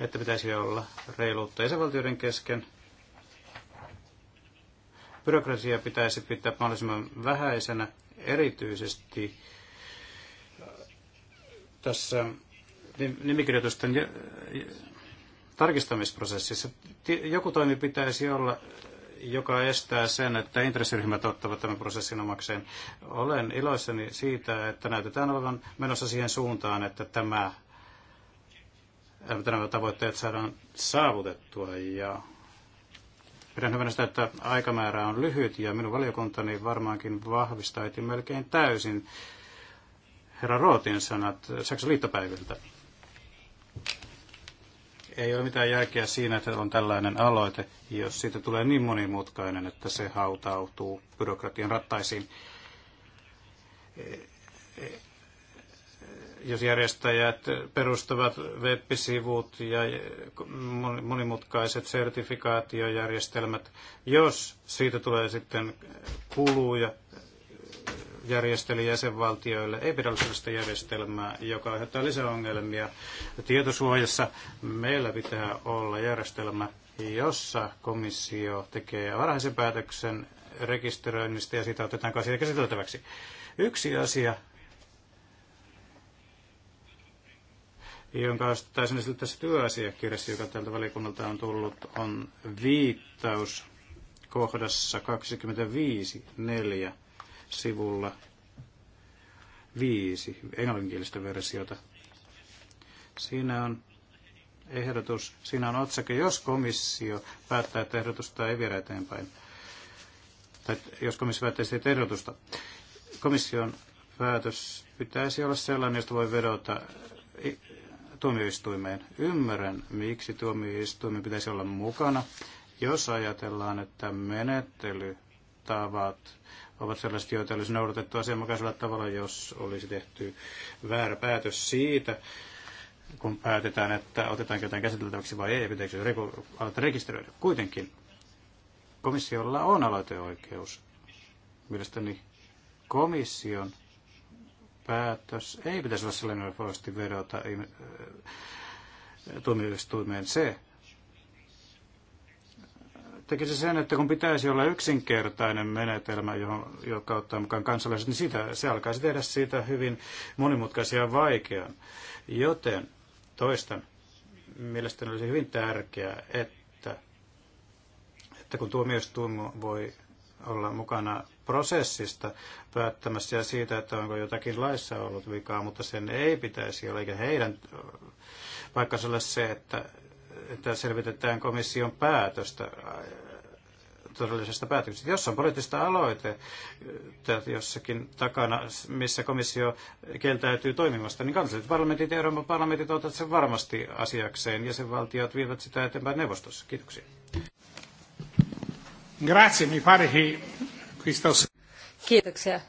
että pitäisi olla reiluutta jäsenvaltioiden kesken. Byrokratia pitäisi pitää mahdollisimman vähäisenä, erityisesti äh, tässä nimikirjoitusten tarkistamisprosessissa. Joku toimi pitäisi olla joka estää sen, että intressiryhmät ottavat tämän prosessin omakseen. Olen iloissani siitä, että näytetään olevan menossa siihen suuntaan, että tämä että nämä tavoitteet saadaan saavutettua ja pidän hyvänä sitä, että aikamäärä on lyhyt ja minun valiokuntani varmaankin vahvistaiti melkein täysin herra Rootin sanat Saksan liittopäiviltä. Ei ole mitään järkeä siinä, että on tällainen aloite, jos siitä tulee niin monimutkainen, että se hautautuu byrokratian rattaisiin. Jos järjestäjät perustavat web-sivut ja monimutkaiset sertifikaatiojärjestelmät, jos siitä tulee sitten kuluja järjesteli jäsenvaltioille ei järjestelmää, joka aiheuttaa lisäongelmia. Tietosuojassa meillä pitää olla järjestelmä, jossa komissio tekee varhaisen päätöksen rekisteröinnistä ja sitä otetaan asia käsiteltäväksi. Yksi asia, jonka taisin esille tässä työasiakirjassa, joka tältä valikunnalta on tullut, on viittaus kohdassa 25.4 sivulla viisi englanninkielistä versiota. Siinä on ehdotus, siinä on otsake, jos komissio päättää, että ehdotusta ei viedä eteenpäin. Tai jos komissio päättää siitä ehdotusta. Komission päätös pitäisi olla sellainen, josta voi vedota tuomioistuimeen. Ymmärrän, miksi tuomioistuimen pitäisi olla mukana, jos ajatellaan, että menettelytavat ovat sellaiset, joita olisi noudatettu asianmukaisella tavalla, jos olisi tehty väärä päätös siitä, kun päätetään, että otetaanko jotain käsiteltäväksi vai ei, pitäisi aloittaa rekisteröidä. Kuitenkin komissiolla on aloiteoikeus. Mielestäni komission päätös ei pitäisi olla sellainen, joka vedota äh, tuomioistuimeen se, tekisi sen, että kun pitäisi olla yksinkertainen menetelmä, johon, joka ottaa mukaan kansalaiset, niin sitä, se alkaisi tehdä siitä hyvin monimutkaisia ja vaikean. Joten toistan, mielestäni olisi hyvin tärkeää, että, että kun tuomioistuin voi olla mukana prosessista päättämässä ja siitä, että onko jotakin laissa ollut vikaa, mutta sen ei pitäisi olla, eikä heidän paikkansa ole se, että että selvitetään komission päätöstä todellisesta päätöksestä. Jos on poliittista aloite jossakin takana, missä komissio kieltäytyy toimimasta, niin kansalliset parlamentit ja Euroopan parlamentit ottavat sen varmasti asiakseen. Jäsenvaltiot vievät sitä eteenpäin neuvostossa. Kiitoksia. Grazie, mi pare Kiitoksia.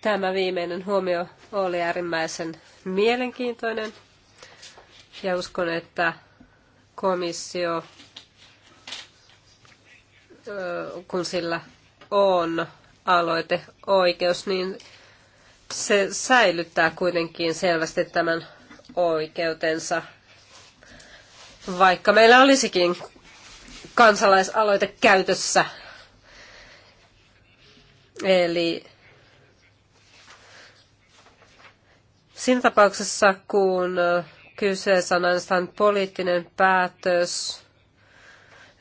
Tämä viimeinen huomio oli äärimmäisen mielenkiintoinen. Ja uskon, että komissio, kun sillä on aloiteoikeus, niin se säilyttää kuitenkin selvästi tämän oikeutensa, vaikka meillä olisikin kansalaisaloite käytössä. Eli siinä tapauksessa, kun kyseessä on ainoastaan poliittinen päätös,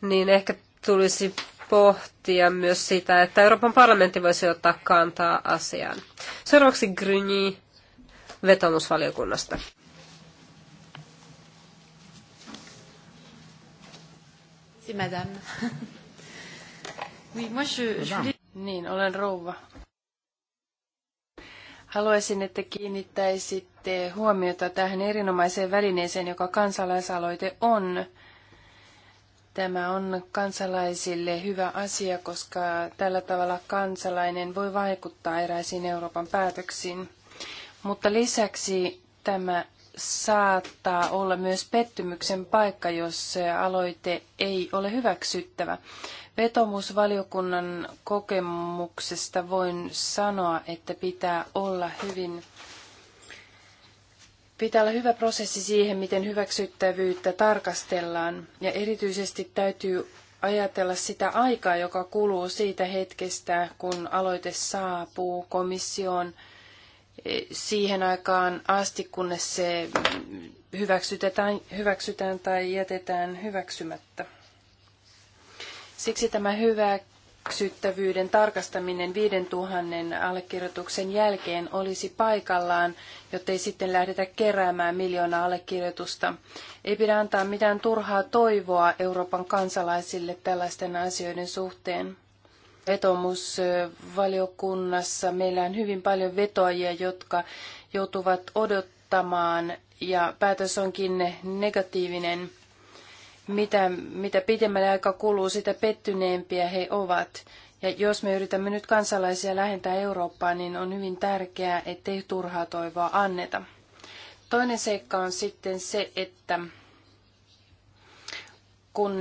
niin ehkä tulisi pohtia myös sitä, että Euroopan parlamentti voisi ottaa kantaa asiaan. Seuraavaksi Gryni vetomusvaliokunnasta. Niin, olen rouva. Haluaisin, että kiinnittäisitte huomiota tähän erinomaiseen välineeseen, joka kansalaisaloite on. Tämä on kansalaisille hyvä asia, koska tällä tavalla kansalainen voi vaikuttaa eräisiin Euroopan päätöksiin. Mutta lisäksi tämä saattaa olla myös pettymyksen paikka, jos aloite ei ole hyväksyttävä. Vetomusvaliokunnan kokemuksesta voin sanoa, että pitää olla hyvin Pitää olla hyvä prosessi siihen, miten hyväksyttävyyttä tarkastellaan, ja erityisesti täytyy ajatella sitä aikaa, joka kuluu siitä hetkestä, kun aloite saapuu komissioon e, siihen aikaan asti, kunnes se hyväksytään, hyväksytään tai jätetään hyväksymättä. Siksi tämä hyväksyttävyyden tarkastaminen 5000 allekirjoituksen jälkeen olisi paikallaan, jottei sitten lähdetä keräämään miljoonaa allekirjoitusta. Ei pidä antaa mitään turhaa toivoa Euroopan kansalaisille tällaisten asioiden suhteen vetomusvaliokunnassa. Meillä on hyvin paljon vetoajia, jotka joutuvat odottamaan ja päätös onkin negatiivinen mitä, mitä pidemmälle aika kuluu, sitä pettyneempiä he ovat. Ja jos me yritämme nyt kansalaisia lähentää Eurooppaan, niin on hyvin tärkeää, ettei turhaa toivoa anneta. Toinen seikka on sitten se, että kun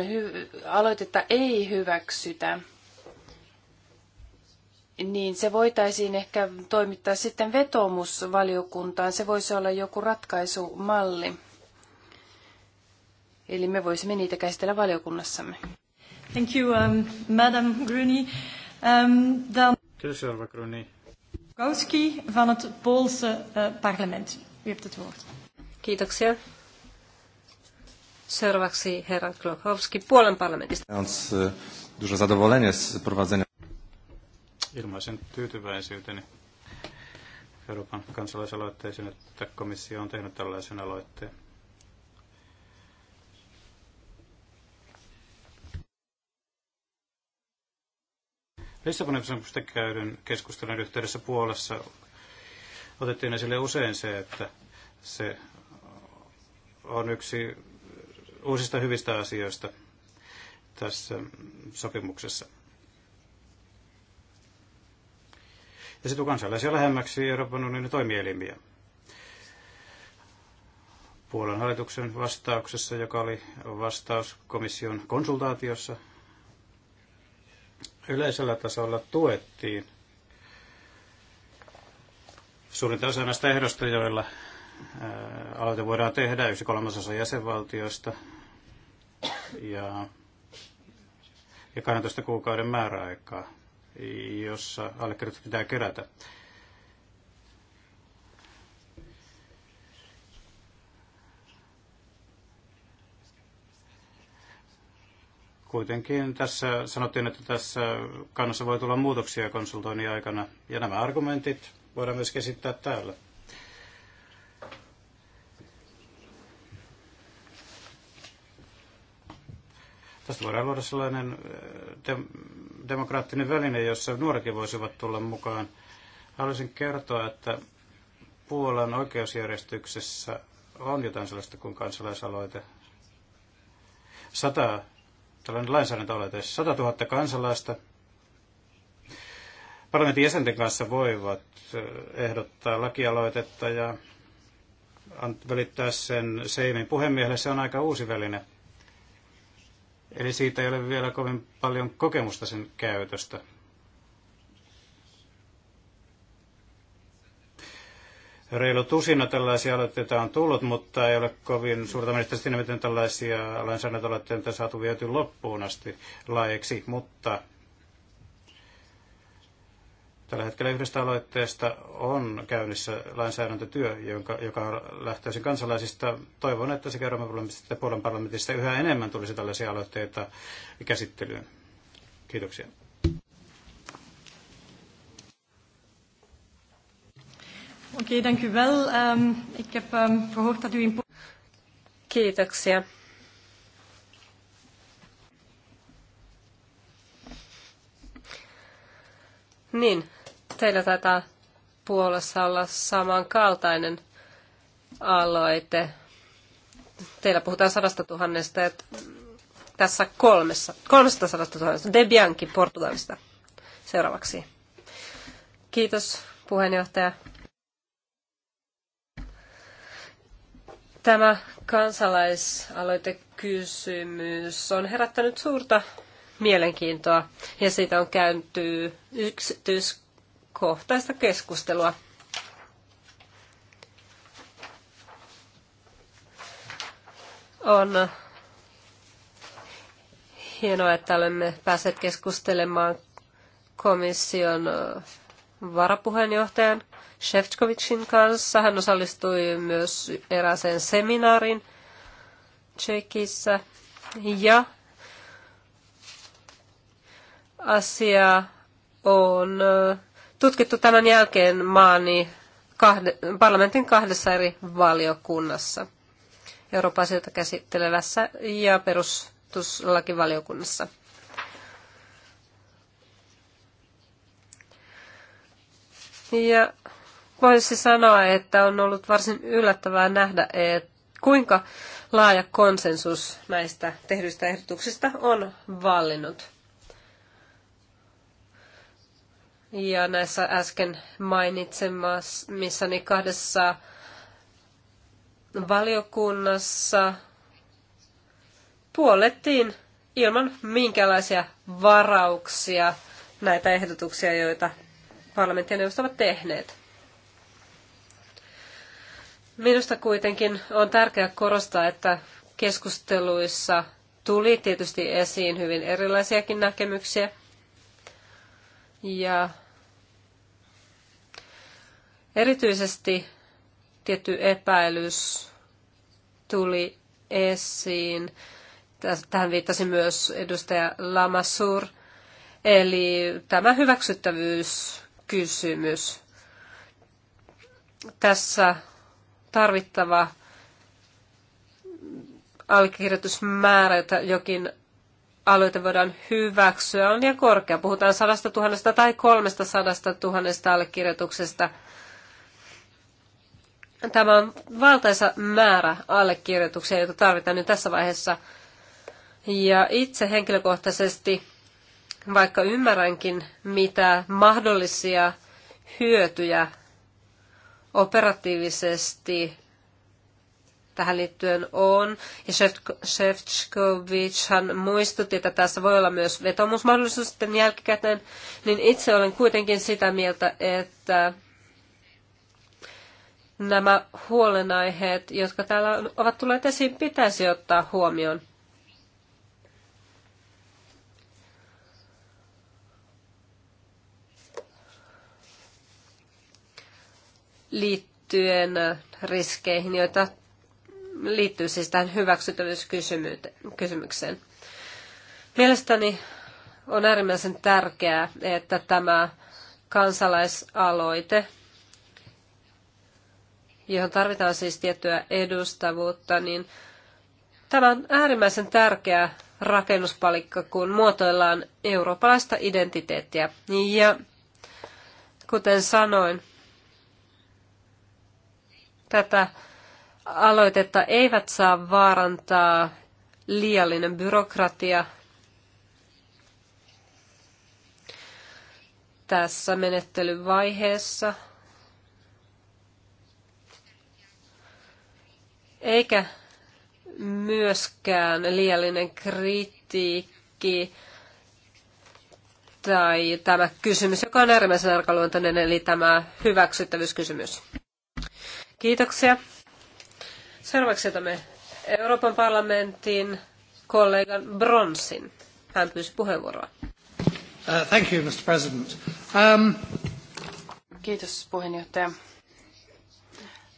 aloitetta ei hyväksytä, niin se voitaisiin ehkä toimittaa sitten vetomusvaliokuntaan. Se voisi olla joku ratkaisumalli. Eli me voisimme niitä käsitellä valiokunnassamme. Thank you, um, Madam Gruny. Um, dan... Kiitos, Jorva Gruny. Kowski van het Poolse uh, parlement. U hebt het woord. Kiitoksia. Seuraavaksi herra Klokowski Puolen parlamentista. E, duże zadowolenie z prowadzenia. Ilmaisen tyytyväisyyteni Euroopan kansalaisaloitteeseen, että komissio on tehnyt tällaisen aloitteen. Lissabonin sopimuksesta käydyn keskustelun yhteydessä Puolassa otettiin esille usein se, että se on yksi uusista hyvistä asioista tässä sopimuksessa. Ja se tuo kansalaisia lähemmäksi Euroopan unionin toimielimiä. Puolan hallituksen vastauksessa, joka oli vastaus komission konsultaatiossa yleisellä tasolla tuettiin suurin osa näistä ehdosta, joilla aloite voidaan tehdä, yksi kolmasosa jäsenvaltioista ja, ja 12 kuukauden määräaikaa, jossa allekirjoitus pitää kerätä. Kuitenkin tässä sanottiin, että tässä kannassa voi tulla muutoksia konsultoinnin aikana, ja nämä argumentit voidaan myös esittää täällä. Tästä voidaan luoda sellainen eh, de- demokraattinen väline, jossa nuoretkin voisivat tulla mukaan. Haluaisin kertoa, että Puolan oikeusjärjestyksessä on jotain sellaista kuin kansalaisaloite. Sata tällainen lainsäädäntöaloite. 100 000 kansalaista parlamentin jäsenten kanssa voivat eh, ehdottaa lakialoitetta ja välittää sen Seimin puhemiehelle. Se on aika uusi väline. Eli siitä ei ole vielä kovin paljon kokemusta sen käytöstä. reilu tusina tällaisia aloitteita on tullut, mutta ei ole kovin suurta menestystä siinä, miten tällaisia lainsäädäntöaloitteita on saatu viety loppuun asti laeksi, mutta tällä hetkellä yhdestä aloitteesta on käynnissä lainsäädäntötyö, jonka, joka on lähtöisin kansalaisista. Toivon, että sekä Euroopan parlamentista että Puolan parlamentista yhä enemmän tulisi tällaisia aloitteita käsittelyyn. Kiitoksia. Okei, dank u wel. Um, ik heb um, ehm, gehoord dat u in... Kiitoksia. Niin, teillä taitaa puolessa olla samankaltainen aloite. Teillä puhutaan sadasta tuhannesta että tässä kolmessa, kolmesta sadasta tuhannesta. De Bianchi Portugalista seuraavaksi. Kiitos puheenjohtaja. Tämä kansalaisaloitekysymys on herättänyt suurta mielenkiintoa ja siitä on käynty yksityiskohtaista keskustelua. On hienoa, että olemme päässeet keskustelemaan komission varapuheenjohtajan Shevchkovicin kanssa. Hän osallistui myös erääseen seminaarin Tsekissä ja asia on tutkittu tämän jälkeen maani kahde, parlamentin kahdessa eri valiokunnassa, Euroopan asioita käsittelevässä ja perustuslakivaliokunnassa. Ja voisi sanoa, että on ollut varsin yllättävää nähdä, että kuinka laaja konsensus näistä tehdyistä ehdotuksista on vallinnut. Ja näissä äsken niin kahdessa valiokunnassa puolettiin ilman minkälaisia varauksia näitä ehdotuksia, joita parlamenttien ja neuvosto ovat tehneet. Minusta kuitenkin on tärkeää korostaa, että keskusteluissa tuli tietysti esiin hyvin erilaisiakin näkemyksiä. Ja erityisesti tietty epäilys tuli esiin. Tähän viittasi myös edustaja Lamassur. Eli tämä hyväksyttävyys kysymys. Tässä tarvittava allekirjoitusmäärä, jota jokin aloite voidaan hyväksyä, on liian korkea. Puhutaan sadasta tuhannesta tai kolmesta sadasta tuhannesta allekirjoituksesta. Tämä on valtaisa määrä allekirjoituksia, joita tarvitaan nyt tässä vaiheessa. Ja itse henkilökohtaisesti vaikka ymmärränkin, mitä mahdollisia hyötyjä operatiivisesti tähän liittyen on. Ja Shevchkovic muistutti, että tässä voi olla myös vetomusmahdollisuus sitten jälkikäteen, niin itse olen kuitenkin sitä mieltä, että nämä huolenaiheet, jotka täällä ovat tulleet esiin, pitäisi ottaa huomioon. liittyen riskeihin, joita liittyy siis tähän hyväksyttävyyskysymykseen. Mielestäni on äärimmäisen tärkeää, että tämä kansalaisaloite, johon tarvitaan siis tiettyä edustavuutta, niin tämä on äärimmäisen tärkeä rakennuspalikka, kun muotoillaan eurooppalaista identiteettiä. Ja kuten sanoin, Tätä aloitetta eivät saa vaarantaa liiallinen byrokratia. Tässä menettelyvaiheessa eikä myöskään liiallinen kritiikki tai tämä kysymys, joka on äärimmäisen arkaluontoinen, eli tämä hyväksyttävyyskysymys. Kiitoksia. Seuraavaksi otamme Euroopan parlamentin kollegan Bronsin. Hän pyysi puheenvuoroa. Uh, thank you, Mr. President. Um... Kiitos puheenjohtaja.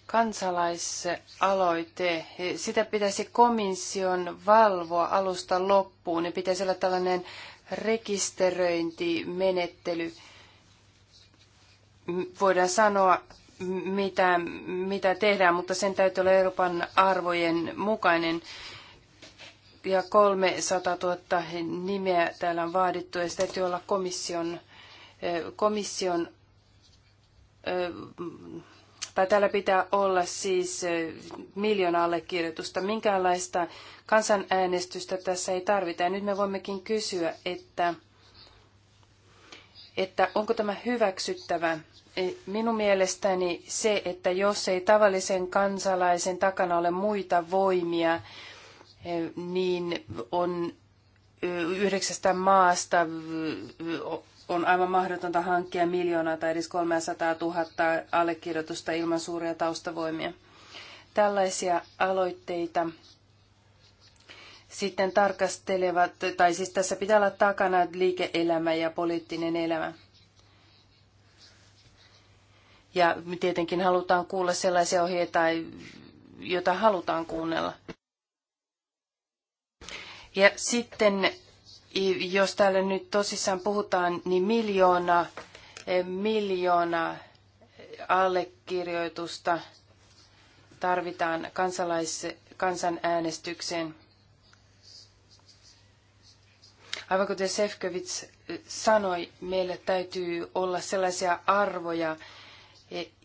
Kansalaisaloite, sitä pitäisi komission valvoa alusta loppuun. Ne pitäisi olla tällainen rekisteröintimenettely. Voidaan sanoa, mitä, mitä tehdään, mutta sen täytyy olla Euroopan arvojen mukainen. Ja 300 000 nimeä täällä on vaadittu, ja se täytyy olla komission, komission tai täällä pitää olla siis miljoona allekirjoitusta. Minkäänlaista kansanäänestystä tässä ei tarvita. Ja nyt me voimmekin kysyä, että, että onko tämä hyväksyttävä E, minun mielestäni se, että jos ei tavallisen kansalaisen takana ole muita voimia, e, niin on e, yhdeksästä maasta on aivan mahdotonta hankkia miljoonaa tai edes 300 000 allekirjoitusta ilman suuria taustavoimia. Tällaisia aloitteita sitten tarkastelevat, tai siis tässä pitää olla takana liike-elämä ja poliittinen elämä. Ja tietenkin halutaan kuulla sellaisia ohjeita, joita halutaan kuunnella. Ja sitten, jos täällä nyt tosissaan puhutaan, niin miljoona, miljoona allekirjoitusta tarvitaan kansalais, kansanäänestykseen. Aivan kuten Sefkovits sanoi, meillä täytyy olla sellaisia arvoja,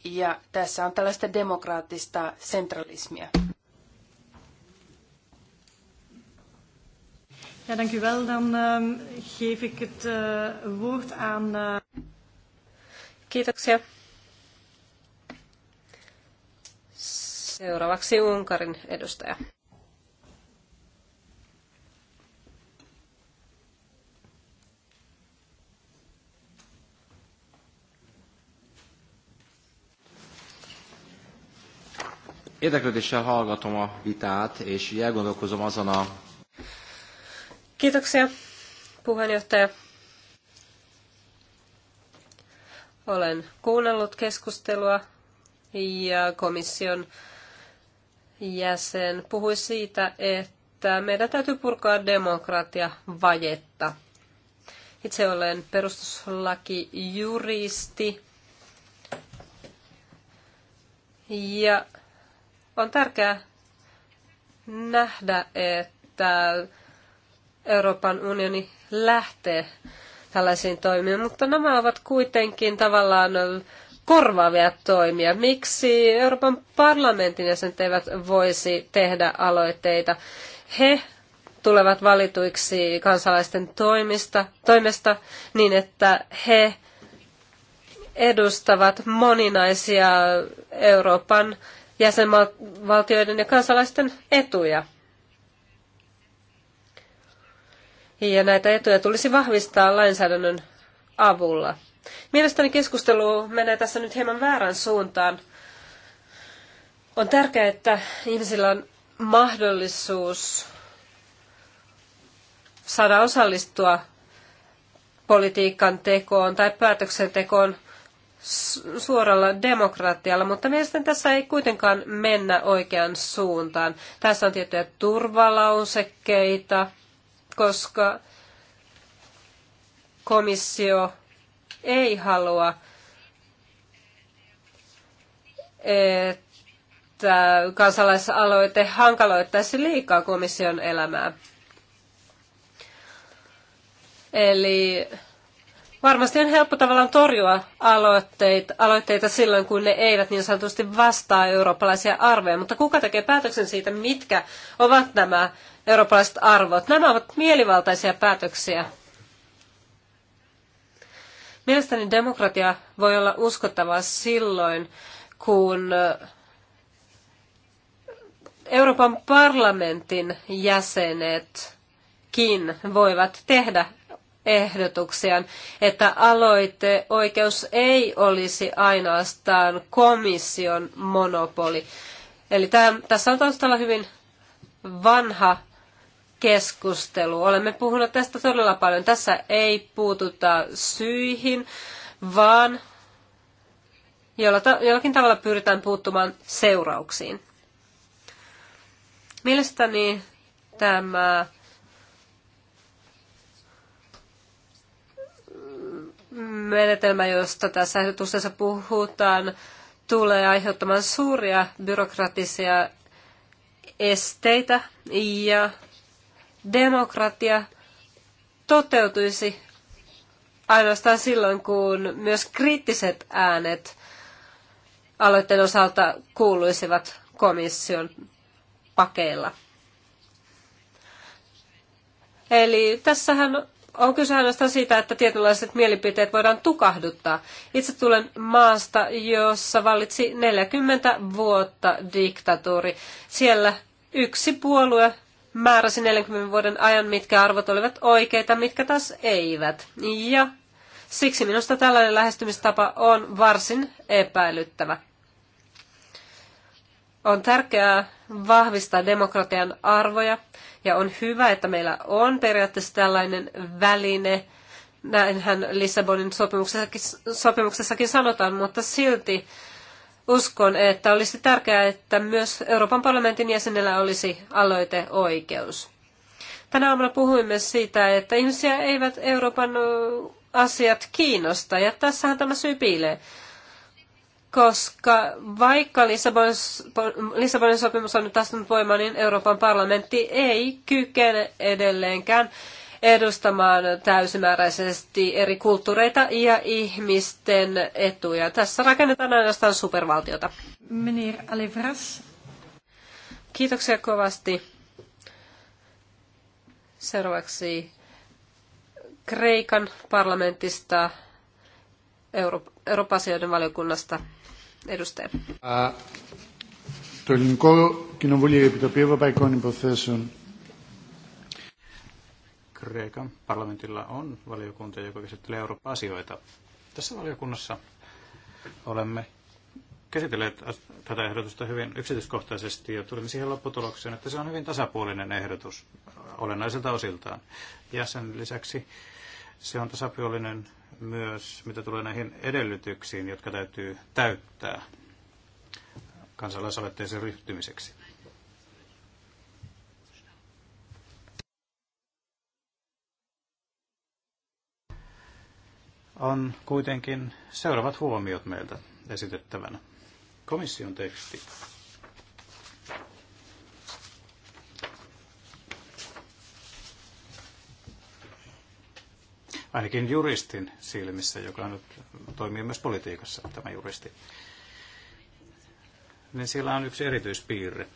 ja tässä on tällaista demokraattista sentralismia. Ja, dank u wel. Dan uh, geef ik het uh, woord aan. Uh... Kiitoksia. Seuraavaksi Unkarin edustaja. Érdeklődéssel hallgatom a vitát, és elgondolkozom azon a... jött el. Olen kuunnellut keskustelua ja komission jäsen puhui siitä, että meidän täytyy purkaa demokratia vajetta. Itse olen perustuslakijuristi ja on tärkeää nähdä, että Euroopan unioni lähtee tällaisiin toimiin, mutta nämä ovat kuitenkin tavallaan korvaavia toimia. Miksi Euroopan parlamentin jäsenet eivät voisi tehdä aloitteita? He tulevat valituiksi kansalaisten toimista, toimesta niin, että he edustavat moninaisia Euroopan jäsenvaltioiden ja kansalaisten etuja. Ja näitä etuja tulisi vahvistaa lainsäädännön avulla. Mielestäni keskustelu menee tässä nyt hieman väärän suuntaan. On tärkeää, että ihmisillä on mahdollisuus saada osallistua politiikan tekoon tai päätöksentekoon suoralla demokratialla, mutta mielestäni tässä ei kuitenkaan mennä oikeaan suuntaan. Tässä on tiettyjä turvalausekkeita, koska komissio ei halua, että kansalaisaloite hankaloittaisi liikaa komission elämää. Eli Varmasti on helppo tavallaan torjua aloitteita, aloitteita silloin, kun ne eivät niin sanotusti vastaa eurooppalaisia arvoja. Mutta kuka tekee päätöksen siitä, mitkä ovat nämä eurooppalaiset arvot? Nämä ovat mielivaltaisia päätöksiä. Mielestäni demokratia voi olla uskottavaa silloin, kun Euroopan parlamentin jäsenetkin voivat tehdä ehdotuksiaan, että aloiteoikeus ei olisi ainoastaan komission monopoli. Eli tämän, tässä on taustalla hyvin vanha keskustelu. Olemme puhuneet tästä todella paljon. Tässä ei puututa syihin, vaan jollakin tavalla pyritään puuttumaan seurauksiin. Mielestäni tämä menetelmä, josta tässä ehdotuksessa puhutaan, tulee aiheuttamaan suuria byrokratisia esteitä ja demokratia toteutuisi ainoastaan silloin, kun myös kriittiset äänet aloitteen osalta kuuluisivat komission pakeilla. Eli tässähän on kyse ainoastaan siitä, että tietynlaiset mielipiteet voidaan tukahduttaa. Itse tulen maasta, jossa vallitsi 40 vuotta diktatuuri. Siellä yksi puolue määräsi 40 vuoden ajan, mitkä arvot olivat oikeita, mitkä taas eivät. Ja siksi minusta tällainen lähestymistapa on varsin epäilyttävä. On tärkeää vahvistaa demokratian arvoja ja on hyvä, että meillä on periaatteessa tällainen väline. Näinhän Lissabonin sopimuksessakin, sopimuksessakin sanotaan, mutta silti uskon, että olisi tärkeää, että myös Euroopan parlamentin jäsenellä olisi aloiteoikeus. Tänä aamuna puhuimme siitä, että ihmisiä eivät Euroopan asiat kiinnosta, ja tässähän tämä piilee koska vaikka Lissabonin, Lissabonin sopimus on nyt astunut voimaan, niin Euroopan parlamentti ei kykene edelleenkään edustamaan täysimääräisesti eri kulttuureita ja ihmisten etuja. Tässä rakennetaan ainoastaan supervaltiota. Meneer Alivras? Kiitoksia kovasti. Seuraavaksi Kreikan parlamentista Euroopan asioiden valiokunnasta edustaja. Το Ελληνικό Κοινοβούλιο για Επιτροπή Ευρωπαϊκών Υποθέσεων. Kreikan parlamentilla on valiokunta, joka käsittelee Eurooppa-asioita. Tässä valiokunnassa olemme käsitelleet tätä ehdotusta hyvin yksityiskohtaisesti ja tulimme siihen lopputulokseen, että se on hyvin tasapuolinen ehdotus olennaisilta osiltaan. Ja sen lisäksi se on tasapuolinen myös, mitä tulee näihin edellytyksiin, jotka täytyy täyttää kansalaisaloitteeseen ryhtymiseksi. On kuitenkin seuraavat huomiot meiltä esitettävänä. Komission teksti ainakin juristin silmissä, joka nyt toimii myös politiikassa, tämä juristi. Niin siellä on yksi erityispiirre.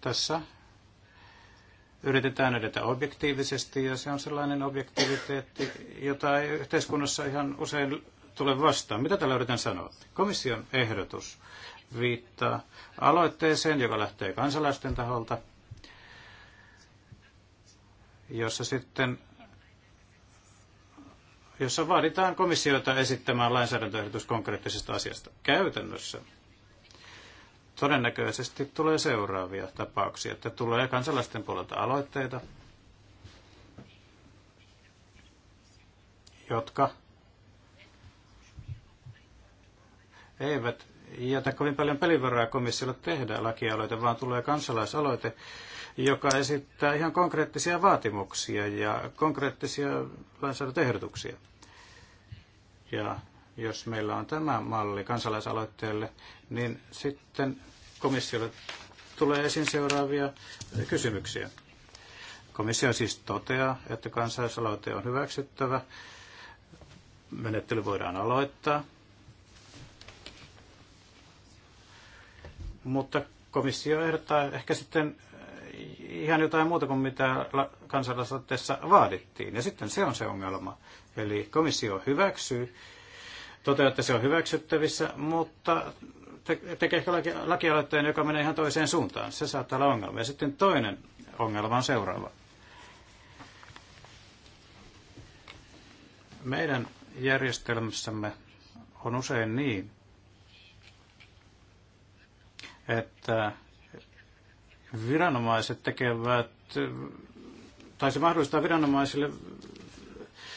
Tässä yritetään edetä objektiivisesti ja se on sellainen objektiiviteetti, jota ei yhteiskunnassa ihan usein tule vastaan. Mitä tällä yritän sanoa? Komission ehdotus viittaa aloitteeseen, joka lähtee kansalaisten taholta – jossa sitten jossa vaaditaan komissiota esittämään lainsäädäntöehdotus konkreettisesta asiasta. Käytännössä todennäköisesti tulee seuraavia tapauksia, että tulee kansalaisten puolelta aloitteita, jotka eivät jätä kovin paljon pelivaraa komissiolle tehdä lakialoite, vaan tulee kansalaisaloite, joka esittää ihan konkreettisia vaatimuksia ja konkreettisia lainsäädäntöehdotuksia. Ja jos meillä on tämä malli kansalaisaloitteelle, niin sitten komissiolle tulee esiin seuraavia kysymyksiä. Komissio siis toteaa, että kansalaisaloite on hyväksyttävä, menettely voidaan aloittaa, Mutta komissio ehdottaa ehkä sitten eh, ihan jotain muuta kuin mitä kansalaisaloitteessa vaadittiin. Ja sitten se on se ongelma. Eli komissio hyväksyy, toteaa, että se on hyväksyttävissä, mutta tekee ehkä lakialoitteen, joka menee ihan toiseen suuntaan. Se saattaa olla ongelma. Ja sitten toinen ongelma on seuraava. Meidän järjestelmässämme on usein niin, että viranomaiset tekevät, tai se mahdollistaa viranomaisille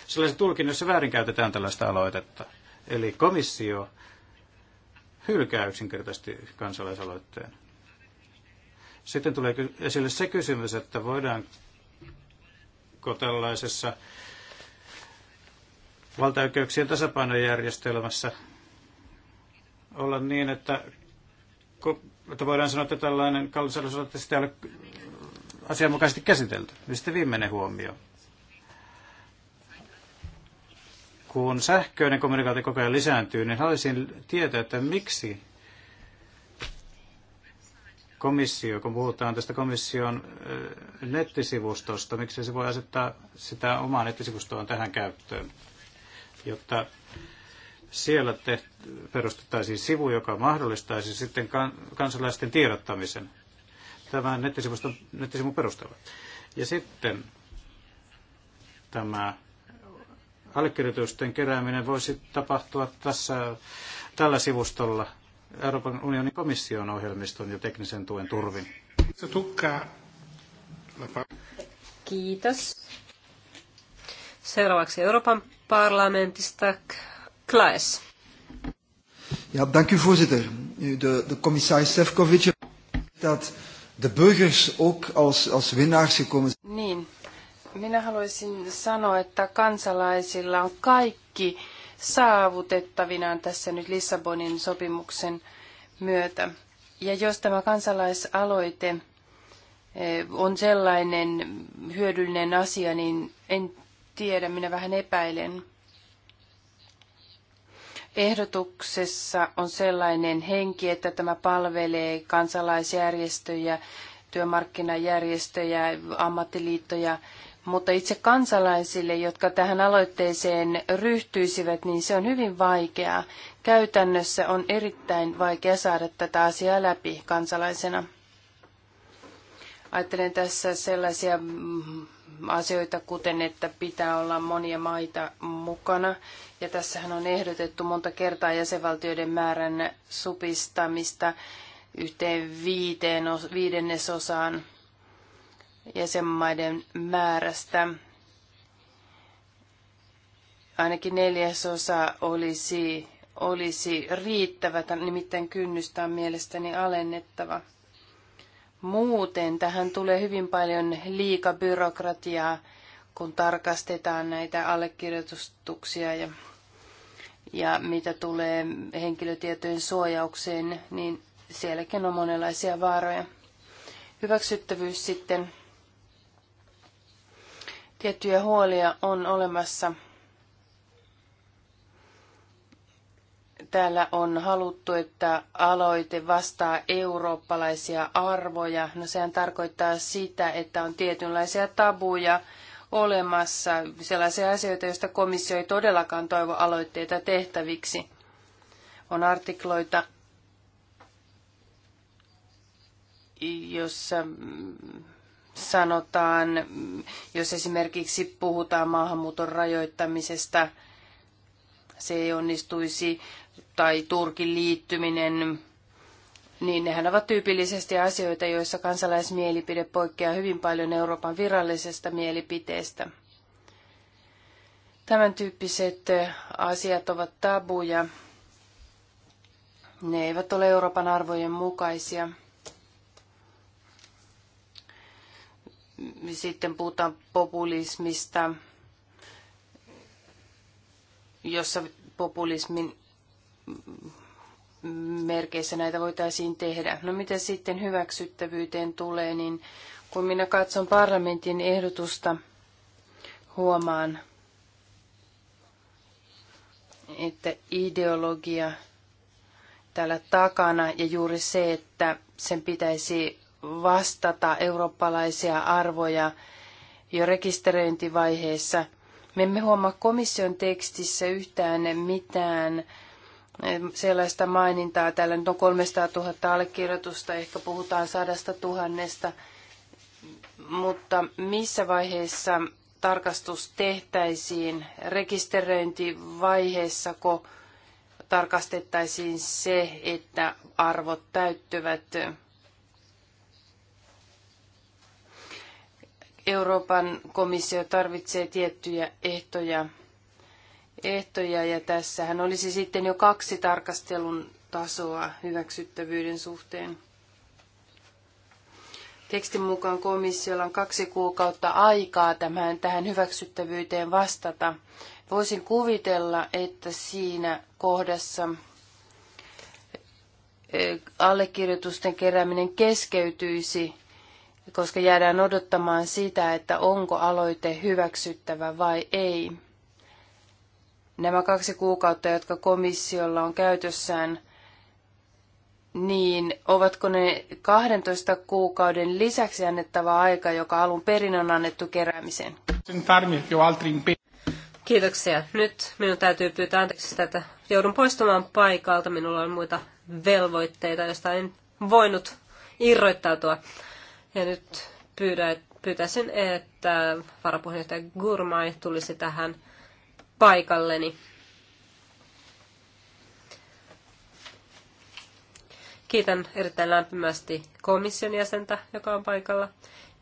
sellaisen tulkinnon, jossa väärinkäytetään tällaista aloitetta. Eli komissio hylkää yksinkertaisesti kansalaisaloitteen. Sitten tulee esille se kysymys, että voidaanko tällaisessa valtaoikeuksien tasapainojärjestelmässä olla niin, että että voidaan sanoa, että tällainen on sitä ole asianmukaisesti käsitelty. Ja sitten viimeinen huomio. Kun sähköinen kommunikaatio koko ajan lisääntyy, niin haluaisin tietää, että miksi komissio, kun puhutaan tästä komission nettisivustosta, miksi se voi asettaa sitä omaa nettisivustoon tähän käyttöön, jotta siellä tehty, perustettaisiin sivu, joka mahdollistaisi sitten kansalaisten tiedottamisen tämän nettisivuston, nettisivun perusteella. Ja sitten tämä allekirjoitusten kerääminen voisi tapahtua tässä, tällä sivustolla Euroopan unionin komission ohjelmiston ja teknisen tuen turvin. Kiitos. Seuraavaksi Euroopan parlamentista Klaes. Ja, dank u voorzitter. De, de commissaris Sefcovic dat de burgers ook als, als winnaars gekomen zijn. Niin. Minä haluaisin sanoa, että kansalaisilla on kaikki saavutettavinaan tässä nyt Lissabonin sopimuksen myötä. Ja jos tämä kansalaisaloite eh, on sellainen hyödyllinen asia, niin en tiedä, minä vähän epäilen ehdotuksessa on sellainen henki, että tämä palvelee kansalaisjärjestöjä, työmarkkinajärjestöjä, ammattiliittoja, mutta itse kansalaisille, jotka tähän aloitteeseen ryhtyisivät, niin se on hyvin vaikeaa. Käytännössä on erittäin vaikea saada tätä asiaa läpi kansalaisena. Ajattelen tässä sellaisia mm, asioita, kuten että pitää olla monia maita mukana. Ja tässähän on ehdotettu monta kertaa jäsenvaltioiden määrän supistamista yhteen viiteen, viidennesosaan jäsenmaiden määrästä. Ainakin neljäsosa olisi, olisi riittävä, nimittäin kynnystä on mielestäni alennettava. Muuten tähän tulee hyvin paljon liikabyrokratiaa, kun tarkastetaan näitä allekirjoitustuksia ja, ja mitä tulee henkilötietojen suojaukseen, niin sielläkin on monenlaisia vaaroja. Hyväksyttävyys sitten. Tiettyjä huolia on olemassa Täällä on haluttu, että aloite vastaa eurooppalaisia arvoja. No sehän tarkoittaa sitä, että on tietynlaisia tabuja olemassa, sellaisia asioita, joista komissio ei todellakaan toivo aloitteita tehtäviksi. On artikloita, jossa sanotaan, jos esimerkiksi puhutaan maahanmuuton rajoittamisesta, se ei onnistuisi tai Turkin liittyminen, niin nehän ovat tyypillisesti asioita, joissa kansalaismielipide poikkeaa hyvin paljon Euroopan virallisesta mielipiteestä. Tämän tyyppiset asiat ovat tabuja. Ne eivät ole Euroopan arvojen mukaisia. Sitten puhutaan populismista, jossa populismin merkeissä näitä voitaisiin tehdä. No mitä sitten hyväksyttävyyteen tulee, niin kun minä katson parlamentin ehdotusta, huomaan, että ideologia täällä takana ja juuri se, että sen pitäisi vastata eurooppalaisia arvoja jo rekisteröintivaiheessa. Me emme huomaa komission tekstissä yhtään mitään sellaista mainintaa. Täällä nyt on 300 000 allekirjoitusta, ehkä puhutaan sadasta tuhannesta. Mutta missä vaiheessa tarkastus tehtäisiin? Rekisteröintivaiheessako tarkastettaisiin se, että arvot täyttyvät? Euroopan komissio tarvitsee tiettyjä ehtoja ehtoja ja tässähän olisi sitten jo kaksi tarkastelun tasoa hyväksyttävyyden suhteen. Tekstin mukaan komissiolla on kaksi kuukautta aikaa tämän, tähän hyväksyttävyyteen vastata. Voisin kuvitella, että siinä kohdassa e, allekirjoitusten kerääminen keskeytyisi, koska jäädään odottamaan sitä, että onko aloite hyväksyttävä vai ei nämä kaksi kuukautta, jotka komissiolla on käytössään, niin ovatko ne 12 kuukauden lisäksi annettava aika, joka alun perin on annettu keräämiseen? Kiitoksia. Nyt minun täytyy pyytää anteeksi sitä, että joudun poistumaan paikalta. Minulla on muita velvoitteita, joista en voinut irroittautua. Ja nyt pyydä, pyytäisin, että varapuheenjohtaja Gurmai tulisi tähän paikalleni. Kiitän erittäin lämpimästi komission jäsentä, joka on paikalla,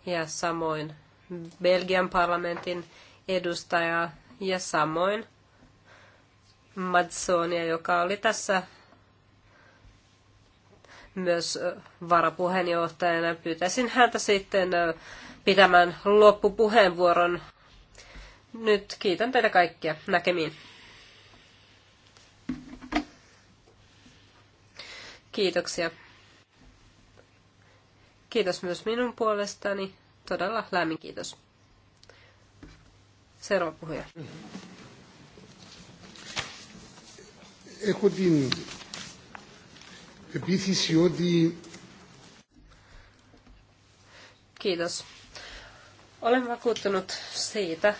ja samoin Belgian parlamentin edustajaa ja samoin Madsonia, joka oli tässä myös varapuheenjohtajana. Pyytäisin häntä sitten pitämään loppupuheenvuoron nyt kiitän teitä kaikkia. Näkemiin. Kiitoksia. Kiitos myös minun puolestani. Todella lämmin kiitos. Seuraava puhuja. Kiitos. Olen vakuuttunut siitä,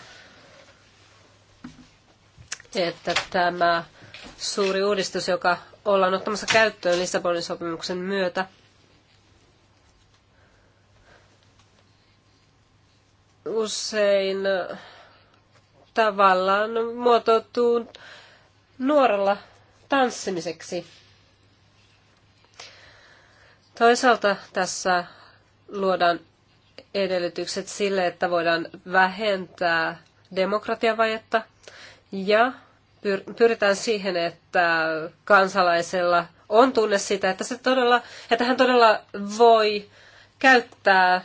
että tämä suuri uudistus, joka ollaan ottamassa käyttöön Lissabonin sopimuksen myötä, usein tavallaan muotoutuu nuorella tanssimiseksi. Toisaalta tässä luodaan edellytykset sille, että voidaan vähentää demokratiavajetta ja pyritään siihen, että kansalaisella on tunne sitä, että, se todella, että hän todella voi käyttää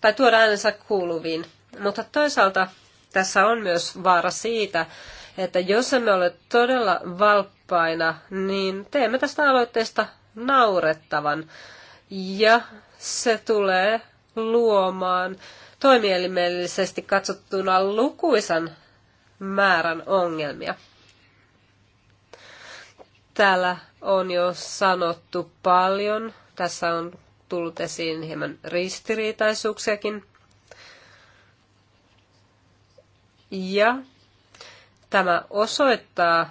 tai tuoda äänensä kuuluviin. Mutta toisaalta tässä on myös vaara siitä, että jos emme ole todella valppaina, niin teemme tästä aloitteesta naurettavan. Ja se tulee luomaan toimielimellisesti katsottuna lukuisan määrän ongelmia. Täällä on jo sanottu paljon. Tässä on tullut esiin hieman ristiriitaisuuksiakin. Ja tämä osoittaa,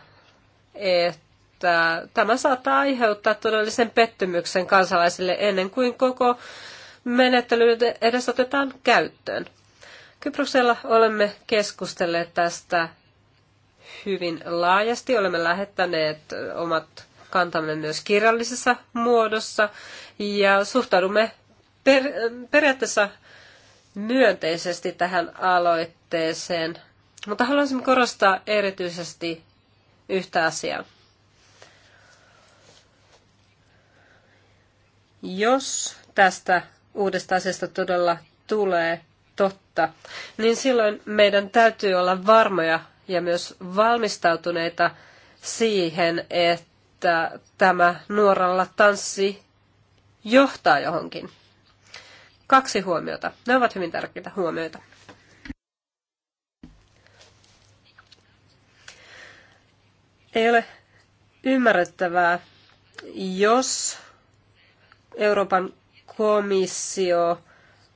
että tämä saattaa aiheuttaa todellisen pettymyksen kansalaisille ennen kuin koko menettely edes otetaan käyttöön. Kyproksella olemme keskustelleet tästä hyvin laajasti. Olemme lähettäneet omat kantamme myös kirjallisessa muodossa ja suhtaudumme per, periaatteessa myönteisesti tähän aloitteeseen, mutta haluaisin korostaa erityisesti yhtä asiaa. Jos tästä uudesta asiasta todella tulee totta, niin silloin meidän täytyy olla varmoja ja myös valmistautuneita siihen, että tämä nuoralla tanssi johtaa johonkin. Kaksi huomiota. Ne ovat hyvin tärkeitä huomioita. Ei ole ymmärrettävää, jos Euroopan komissio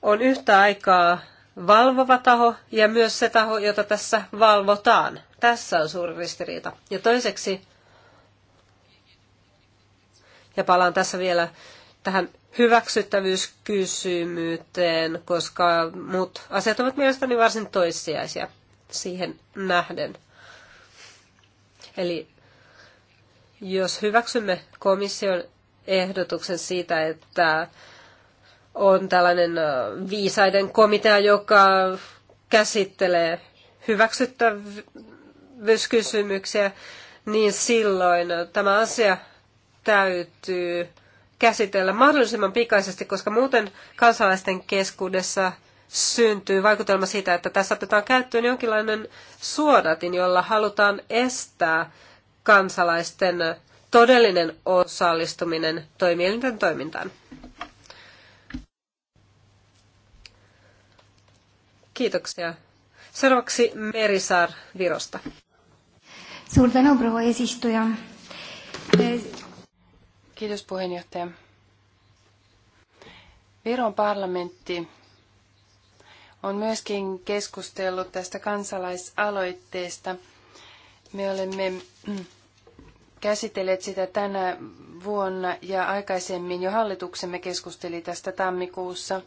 on yhtä aikaa valvova taho ja myös se taho, jota tässä valvotaan. Tässä on suuri ristiriita. Ja toiseksi, ja palaan tässä vielä tähän hyväksyttävyyskysymyteen, koska muut asiat ovat mielestäni varsin toissijaisia siihen nähden. Eli jos hyväksymme komission ehdotuksen siitä, että on tällainen viisaiden komitea, joka käsittelee hyväksyttävyyskysymyksiä, niin silloin tämä asia täytyy käsitellä mahdollisimman pikaisesti, koska muuten kansalaisten keskuudessa syntyy vaikutelma siitä, että tässä otetaan käyttöön jonkinlainen suodatin, jolla halutaan estää kansalaisten todellinen osallistuminen toimielinten toimintaan. Kiitoksia. Seuraavaksi Merisar Virosta. Suur tänu, proua eesistuja. Kiitos puheenjohtaja. Viron parlamentti on myöskin keskustellut tästä kansalaisaloitteesta. Me olemme käsitelleet sitä tänä vuonna ja aikaisemmin jo hallituksemme keskusteli tästä tammikuussa.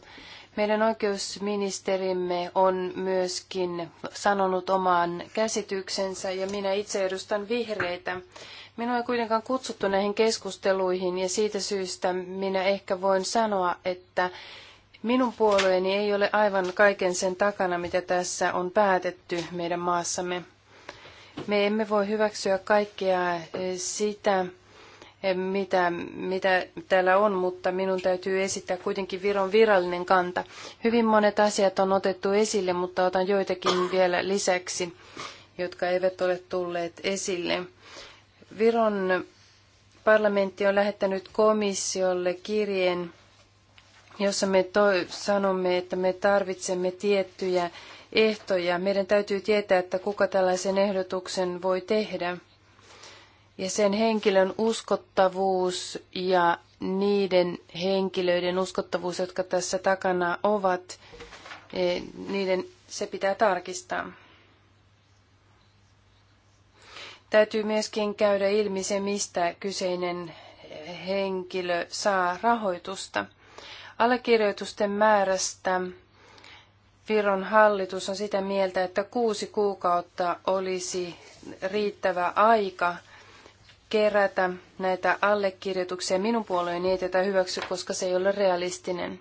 Meidän oikeusministerimme on myöskin sanonut oman käsityksensä ja minä itse edustan vihreitä. Minua ei kuitenkaan kutsuttu näihin keskusteluihin ja siitä syystä minä ehkä voin sanoa, että minun puolueeni ei ole aivan kaiken sen takana, mitä tässä on päätetty meidän maassamme. Me emme voi hyväksyä kaikkea eh, sitä, mitä, mitä täällä on, mutta minun täytyy esittää kuitenkin Viron virallinen kanta. Hyvin monet asiat on otettu esille, mutta otan joitakin vielä lisäksi, jotka eivät ole tulleet esille. Viron parlamentti on lähettänyt komissiolle kirjeen, jossa me sanomme, että me tarvitsemme tiettyjä ehtoja. Meidän täytyy tietää, että kuka tällaisen ehdotuksen voi tehdä ja sen henkilön uskottavuus ja niiden henkilöiden uskottavuus, jotka tässä takana ovat, e, niiden se pitää tarkistaa. Täytyy myöskin käydä ilmi se, mistä kyseinen henkilö saa rahoitusta. Allekirjoitusten määrästä Viron hallitus on sitä mieltä, että kuusi kuukautta olisi riittävä aika – kerätä näitä allekirjoituksia. Minun puolueeni ei tätä hyväksy, koska se ei ole realistinen.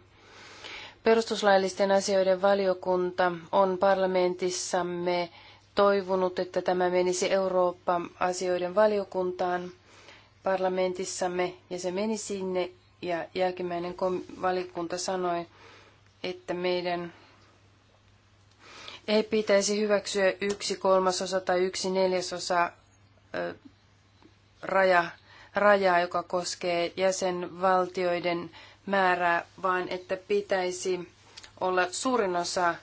Perustuslaillisten asioiden valiokunta on parlamentissamme toivonut, että tämä menisi Euroopan asioiden valiokuntaan parlamentissamme, ja se meni sinne, ja jälkimmäinen valiokunta sanoi, että meidän ei pitäisi hyväksyä yksi kolmasosa tai yksi neljäsosa raja, rajaa, joka koskee jäsenvaltioiden määrää, vaan että pitäisi olla suurin osa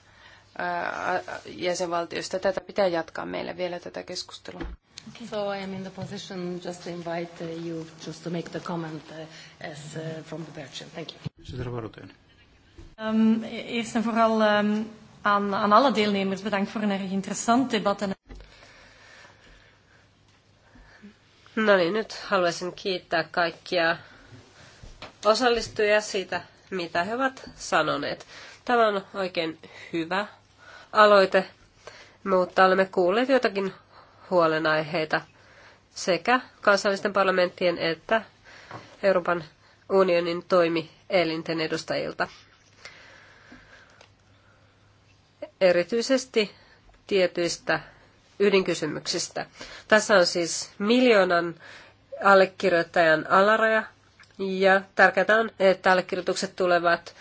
jäsenvaltioista. Tätä pitää jatkaa meillä vielä tätä keskustelua. Okay. So I am in the position just to invite uh, you just to make the comment uh, as uh, from the Belgian. Thank you. Zit er wat in? Um, e-, eerst en vooral um, aan, aan alle deelnemers bedankt voor een erg interessant debat en No niin, nyt haluaisin kiittää kaikkia osallistujia siitä, mitä he ovat sanoneet. Tämä on oikein hyvä aloite, mutta olemme kuulleet jotakin huolenaiheita sekä kansallisten parlamenttien että Euroopan unionin toimielinten edustajilta. Erityisesti tietyistä ydinkysymyksistä. Tässä on siis miljoonan allekirjoittajan alaraja, ja tärkeää on, että allekirjoitukset tulevat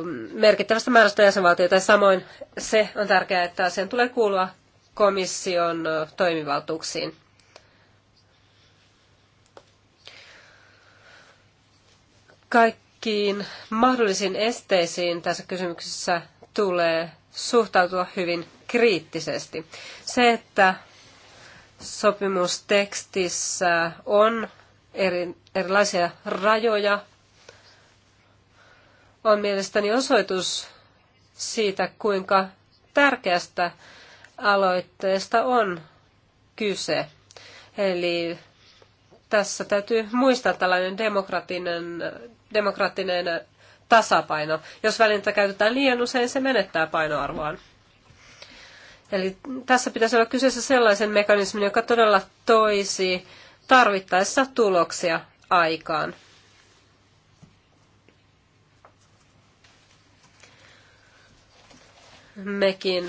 um, merkittävästä määrästä jäsenvaltioita. Ja samoin se on tärkeää, että asian tulee kuulua komission toimivaltuuksiin. Kaikkiin mahdollisiin esteisiin tässä kysymyksessä tulee suhtautua hyvin kriittisesti. Se, että sopimustekstissä on eri, erilaisia rajoja, on mielestäni osoitus siitä, kuinka tärkeästä aloitteesta on kyse. Eli tässä täytyy muistaa tällainen demokratinen demokratinen tasapaino. Jos välintä käytetään liian usein, se menettää painoarvoaan. Eli tässä pitäisi olla kyseessä sellaisen mekanismin, joka todella toisi tarvittaessa tuloksia aikaan. Mekin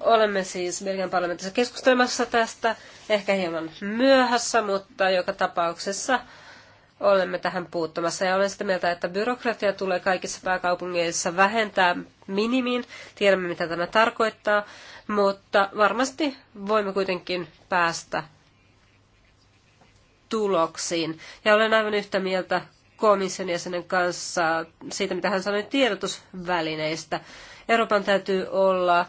olemme siis Belgian parlamentissa keskustelemassa tästä, ehkä hieman myöhässä, mutta joka tapauksessa olemme tähän puuttumassa. Ja olen sitä mieltä, että byrokratia tulee kaikissa pääkaupungeissa vähentää minimiin. Tiedämme, mitä tämä tarkoittaa, mutta varmasti voimme kuitenkin päästä tuloksiin. Ja olen aivan yhtä mieltä komission jäsenen kanssa siitä, mitä hän sanoi tiedotusvälineistä. Euroopan täytyy olla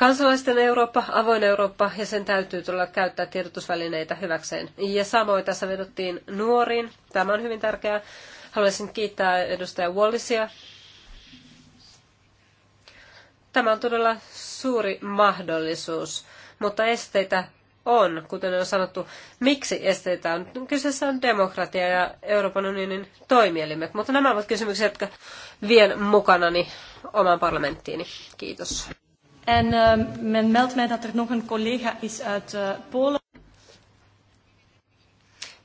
kansalaisten Eurooppa, avoin Eurooppa ja sen täytyy tulla käyttää tiedotusvälineitä hyväkseen. Ja samoin tässä vedottiin nuoriin. Tämä on hyvin tärkeää. Haluaisin kiittää edustaja Wallisia. Tämä on todella suuri mahdollisuus, mutta esteitä on, kuten on sanottu, miksi esteitä on. Kyseessä on demokratia ja Euroopan unionin toimielimet, mutta nämä ovat kysymyksiä, jotka vien mukanani omaan parlamenttiini. Kiitos. En uh, men meldt mij dat er nog een collega is uit uh, Polen.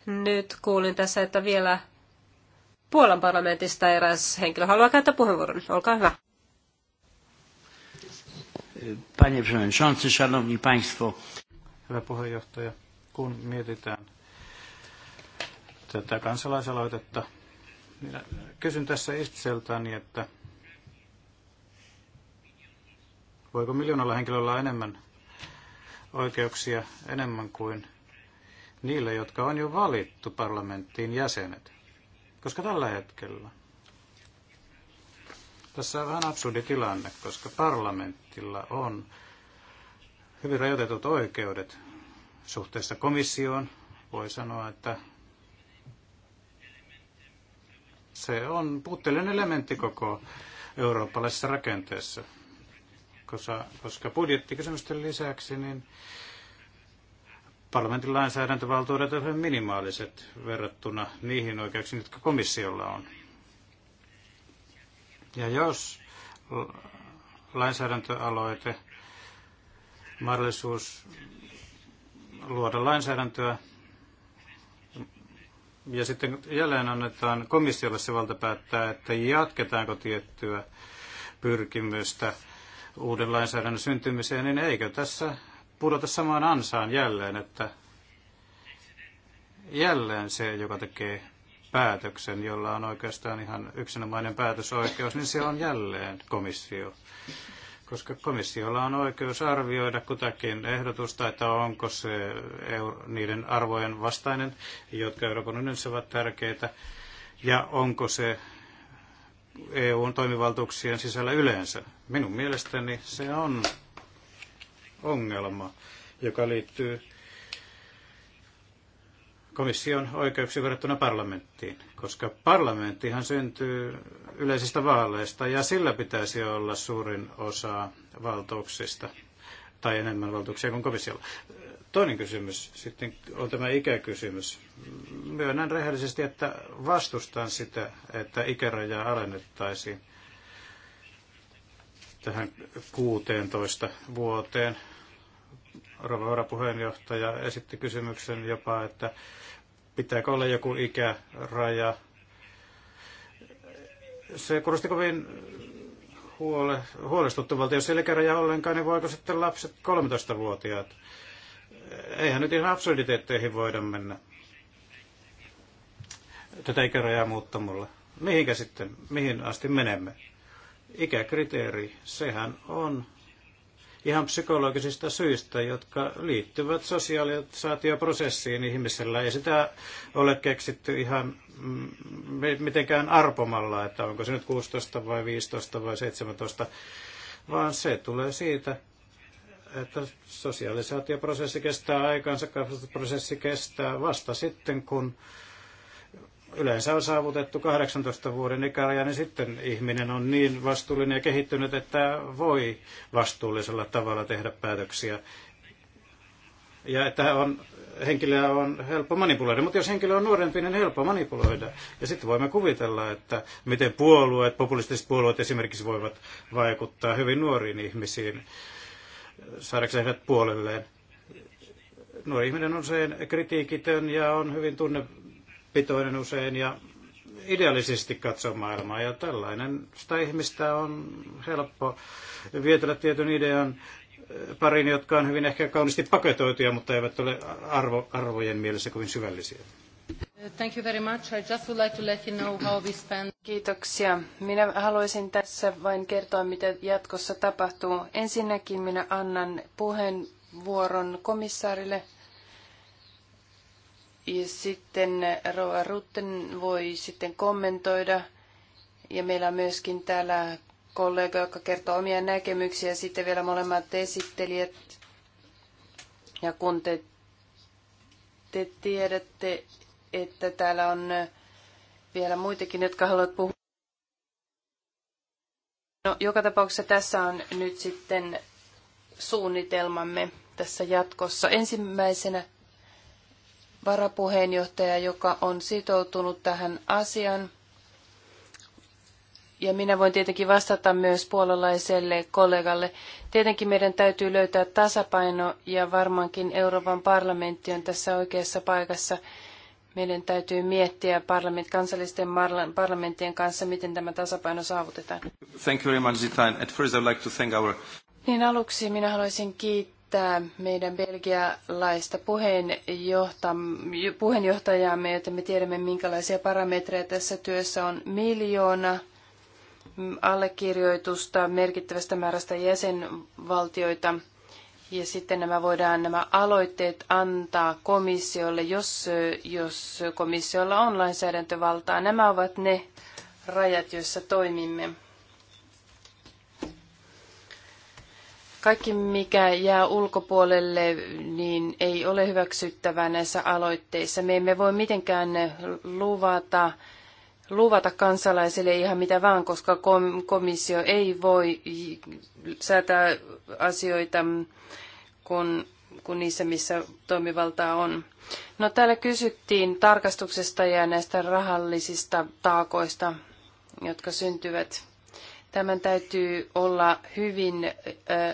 Nyt kuulin tässä, että vielä Puolan parlamentista eräs henkilö haluaa käyttää puheenvuoron. Olkaa hyvä. Panie Przewodniczący, Szanowni Państwo. Hyvä puheenjohtaja, kun mietitään tätä kansalaisaloitetta, minä kysyn tässä itseltäni, että Voiko miljoonalla henkilöllä olla enemmän oikeuksia enemmän kuin niille, jotka on jo valittu parlamenttiin jäsenet? Koska tällä hetkellä tässä on vähän absurdi tilanne, koska parlamentilla on hyvin rajoitetut oikeudet suhteessa komissioon. Voi sanoa, että se on puutteellinen elementti koko eurooppalaisessa rakenteessa koska, koska budjettikysymysten lisäksi niin parlamentin lainsäädäntövaltuudet ovat minimaaliset verrattuna niihin oikeuksiin, jotka komissiolla on. Ja jos lainsäädäntöaloite, mahdollisuus luoda lainsäädäntöä, ja sitten jälleen annetaan komissiolle se valta päättää, että jatketaanko tiettyä pyrkimystä uuden lainsäädännön syntymiseen, niin eikö tässä pudota samaan ansaan jälleen, että jälleen se, joka tekee päätöksen, jolla on oikeastaan ihan yksinomainen päätösoikeus, niin se on jälleen komissio. Koska komissiolla on oikeus arvioida kutakin ehdotusta, että onko se niiden arvojen vastainen, jotka Euroopan unionissa ovat tärkeitä, ja onko se EUn toimivaltuuksien sisällä yleensä. Minun mielestäni se on ongelma, joka liittyy komission oikeuksiin verrattuna parlamenttiin, koska parlamenttihan syntyy yleisistä vaaleista ja sillä pitäisi olla suurin osa valtuuksista tai enemmän valtuuksia kuin komissiolla. Toinen kysymys sitten on tämä ikäkysymys. Myönnän rehellisesti, että vastustan sitä, että ikärajaa alennettaisiin tähän 16 vuoteen. Rova puheenjohtaja esitti kysymyksen jopa, että pitääkö olla joku ikäraja. Se kuulosti kovin huole, huolestuttavalta, jos ei ikäraja ollenkaan, niin voiko sitten lapset 13-vuotiaat eihän nyt ihan absurditeetteihin voida mennä tätä ikärajaa muuttamalla. Mihinkä sitten, mihin asti menemme? Ikäkriteeri, sehän on ihan psykologisista syistä, jotka liittyvät sosiaalisaatioprosessiin ihmisellä. Ei sitä ole keksitty ihan mm, mitenkään arpomalla, että onko se nyt 16 vai 15 vai 17, vaan se tulee siitä, että sosiaalisaatioprosessi kestää aikaansa, kasvatusprosessi kestää vasta sitten, kun yleensä on saavutettu 18 vuoden ikäraja, niin sitten ihminen on niin vastuullinen ja kehittynyt, että voi vastuullisella tavalla tehdä päätöksiä. Ja että on, henkilöä on helppo manipuloida, mutta jos henkilö on nuorempi, niin helppo manipuloida. Ja sitten voimme kuvitella, että miten puolueet, populistiset puolueet esimerkiksi voivat vaikuttaa hyvin nuoriin ihmisiin saadakseen heidät puolelleen. Nuori ihminen on usein kritiikitön ja on hyvin tunnepitoinen usein ja idealisesti katsoo maailmaa ja tällainen sitä ihmistä on helppo vietellä tietyn idean pariin, jotka on hyvin ehkä kauniisti paketoituja, mutta eivät ole arvo, arvojen mielessä kovin syvällisiä. Thank you very much. I just would like to let you know how we spend... Kiitoksia. Minä haluaisin tässä vain kertoa, mitä jatkossa tapahtuu. Ensinnäkin minä annan puheenvuoron komissaarille. Ja sitten Roa Rutten voi sitten kommentoida. Ja meillä on myöskin täällä kollega, joka kertoo omia näkemyksiä. Sitten vielä molemmat esittelijät. Ja kun te, te tiedätte, että täällä on vielä muitakin, jotka haluavat puhua. No, joka tapauksessa tässä on nyt sitten suunnitelmamme tässä jatkossa. Ensimmäisenä varapuheenjohtaja, joka on sitoutunut tähän asiaan. Ja minä voin tietenkin vastata myös puolalaiselle kollegalle. Tietenkin meidän täytyy löytää tasapaino ja varmaankin Euroopan parlamentti on tässä oikeassa paikassa meidän täytyy miettiä parlament, kansallisten parlamenttien kanssa, miten tämä tasapaino saavutetaan. Thank you very much, At first like to thank our... Niin aluksi minä haluaisin kiittää meidän belgialaista puheenjohtajaamme, jotta me tiedämme, minkälaisia parametreja tässä työssä on. Miljoona mm, allekirjoitusta merkittävästä määrästä jäsenvaltioita – ja sitten nämä voidaan nämä aloitteet antaa komissiolle, jos, jos komissiolla on lainsäädäntövaltaa. Nämä ovat ne rajat, joissa toimimme. Kaikki, mikä jää ulkopuolelle, niin ei ole hyväksyttävää näissä aloitteissa. Me emme voi mitenkään luvata, luvata kansalaisille ihan mitä vaan, koska komissio ei voi säätää asioita kuin, kuin niissä, missä toimivaltaa on. No täällä kysyttiin tarkastuksesta ja näistä rahallisista taakoista, jotka syntyvät. Tämän täytyy olla hyvin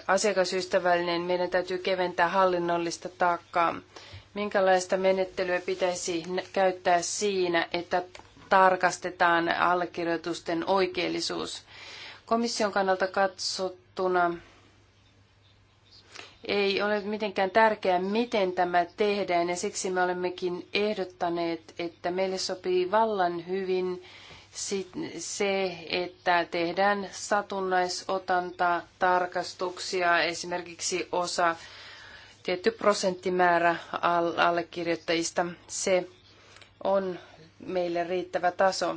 asiakasystävällinen. Meidän täytyy keventää hallinnollista taakkaa. Minkälaista menettelyä pitäisi käyttää siinä, että tarkastetaan allekirjoitusten oikeellisuus? Komission kannalta katsottuna ei ole mitenkään tärkeää, miten tämä tehdään, ja siksi me olemmekin ehdottaneet, että meille sopii vallan hyvin se, että tehdään satunnaisotanta tarkastuksia, esimerkiksi osa, tietty prosenttimäärä allekirjoittajista, se on meille riittävä taso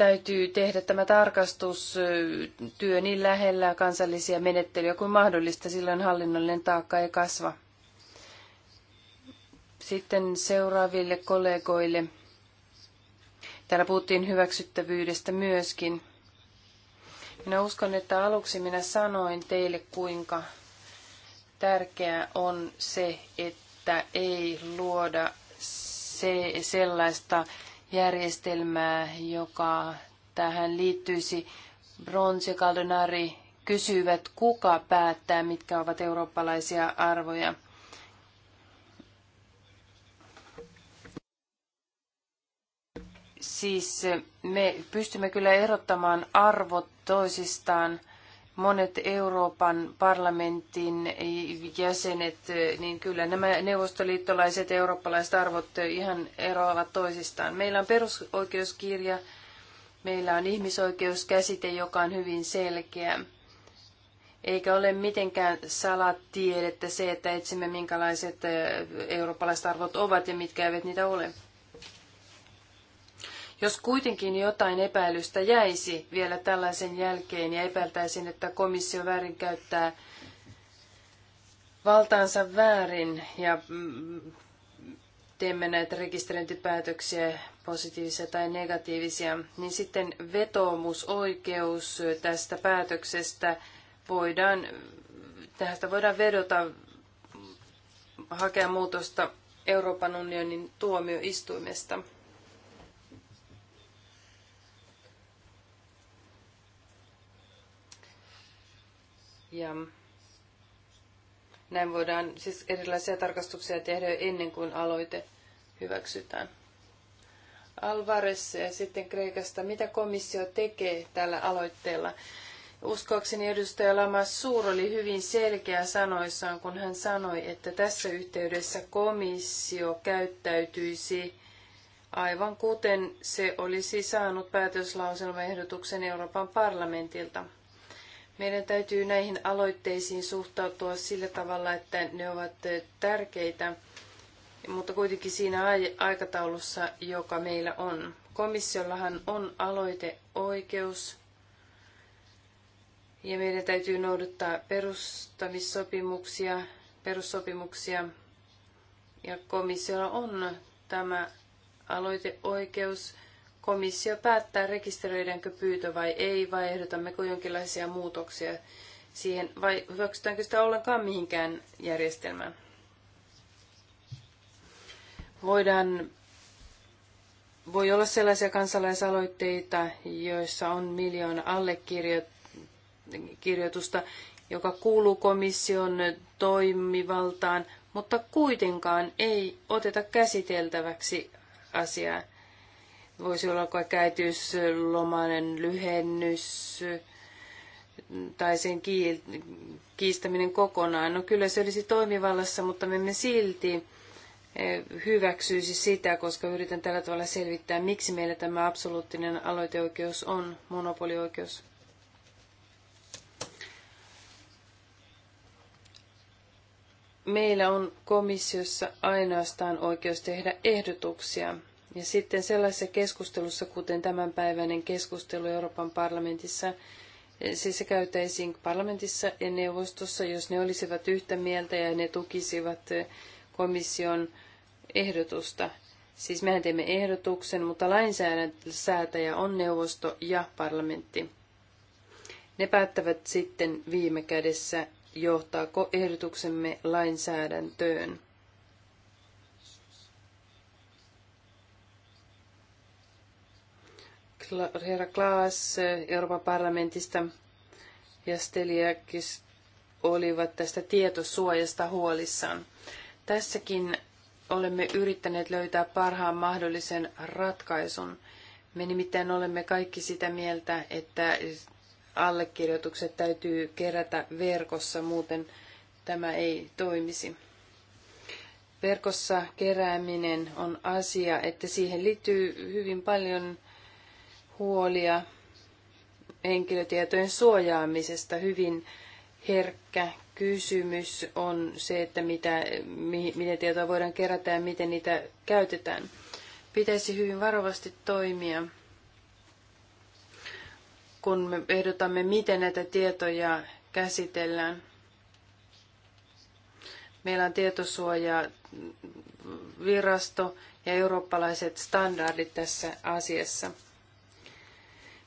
täytyy tehdä tämä tarkastustyö niin lähellä kansallisia menettelyjä kuin mahdollista, silloin hallinnollinen taakka ei kasva. Sitten seuraaville kollegoille. Täällä puhuttiin hyväksyttävyydestä myöskin. Minä uskon, että aluksi minä sanoin teille, kuinka tärkeää on se, että ei luoda se, sellaista järjestelmää, joka tähän liittyisi. Brons ja Caldonari kysyvät, kuka päättää, mitkä ovat eurooppalaisia arvoja. Siis me pystymme kyllä erottamaan arvot toisistaan – monet Euroopan parlamentin jäsenet, niin kyllä nämä neuvostoliittolaiset eurooppalaiset arvot ihan eroavat toisistaan. Meillä on perusoikeuskirja, meillä on ihmisoikeuskäsite, joka on hyvin selkeä. Eikä ole mitenkään salatiedettä se, että etsimme minkälaiset eh, eurooppalaiset arvot ovat ja mitkä eivät niitä ole. Jos kuitenkin jotain epäilystä jäisi vielä tällaisen jälkeen ja epäiltäisiin, että komissio väärinkäyttää valtaansa väärin ja mm, teemme näitä rekisteröintipäätöksiä positiivisia tai negatiivisia, niin sitten vetoomusoikeus tästä päätöksestä voidaan, tästä voidaan vedota hakea muutosta Euroopan unionin tuomioistuimesta. Ja näin voidaan siis erilaisia tarkastuksia tehdä ennen kuin aloite hyväksytään. Alvarez ja sitten Kreikasta. Mitä komissio tekee tällä aloitteella? Uskoakseni edustaja Lama Suur oli hyvin selkeä sanoissaan, kun hän sanoi, että tässä yhteydessä komissio käyttäytyisi aivan kuten se olisi saanut päätöslauselmaehdotuksen Euroopan parlamentilta – meidän täytyy näihin aloitteisiin suhtautua sillä tavalla, että ne ovat tärkeitä, mutta kuitenkin siinä aikataulussa, joka meillä on. Komissiollahan on aloiteoikeus ja meidän täytyy noudattaa perustamissopimuksia, perussopimuksia ja komissiolla on tämä aloiteoikeus – komissio päättää, rekisteröidäänkö pyytö vai ei, vai ehdotammeko jonkinlaisia muutoksia siihen, vai hyväksytäänkö sitä ollenkaan mihinkään järjestelmään. Voidaan, voi olla sellaisia kansalaisaloitteita, joissa on miljoona allekirjoitusta, joka kuuluu komission toimivaltaan, mutta kuitenkaan ei oteta käsiteltäväksi asiaa. Voisi olla vaikka äitiyslomainen lyhennys tai sen kiistäminen kokonaan. No kyllä se olisi toimivallassa, mutta me emme silti eh, hyväksyisi sitä, koska yritän tällä tavalla selvittää, miksi meillä tämä absoluuttinen aloiteoikeus on monopolioikeus. Meillä on komissiossa ainoastaan oikeus tehdä ehdotuksia. Ja sitten sellaisessa keskustelussa, kuten tämänpäiväinen keskustelu Euroopan parlamentissa, eh, siis se käytäisiin parlamentissa ja neuvostossa, jos ne olisivat yhtä mieltä ja ne tukisivat eh, komission ehdotusta. Siis mehän teemme ehdotuksen, mutta lainsäätäjä on neuvosto ja parlamentti. Ne päättävät sitten viime kädessä, johtaako ehdotuksemme lainsäädäntöön. herra Klaas eh, Euroopan parlamentista ja Steliakis olivat tästä tietosuojasta huolissaan. Tässäkin olemme yrittäneet löytää parhaan mahdollisen ratkaisun. Me nimittäin olemme kaikki sitä mieltä, että allekirjoitukset täytyy kerätä verkossa, muuten tämä ei toimisi. Verkossa kerääminen on asia, että siihen liittyy hyvin paljon huolia henkilötietojen suojaamisesta. Hyvin herkkä kysymys on se, että mitä, miten tietoa voidaan kerätä ja miten niitä käytetään. Pitäisi hyvin varovasti toimia, kun me ehdotamme, miten näitä tietoja käsitellään. Meillä on tietosuoja virasto ja eurooppalaiset standardit tässä asiassa.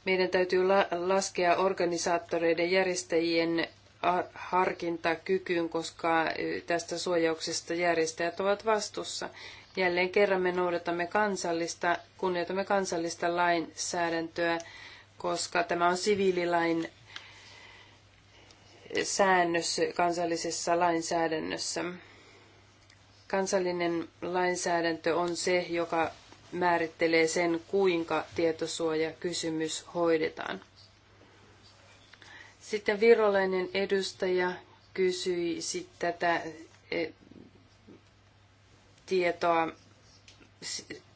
Meidän täytyy laskea organisaattoreiden järjestäjien harkintakykyyn, koska tästä suojauksesta järjestäjät ovat vastuussa. Jälleen kerran me noudatamme kansallista, kunnioitamme kansallista lainsäädäntöä, koska tämä on siviililain säännös kansallisessa lainsäädännössä. Kansallinen lainsäädäntö on se, joka määrittelee sen, kuinka tietosuojakysymys hoidetaan. Sitten virolainen edustaja kysyi sit tätä e, tietoa,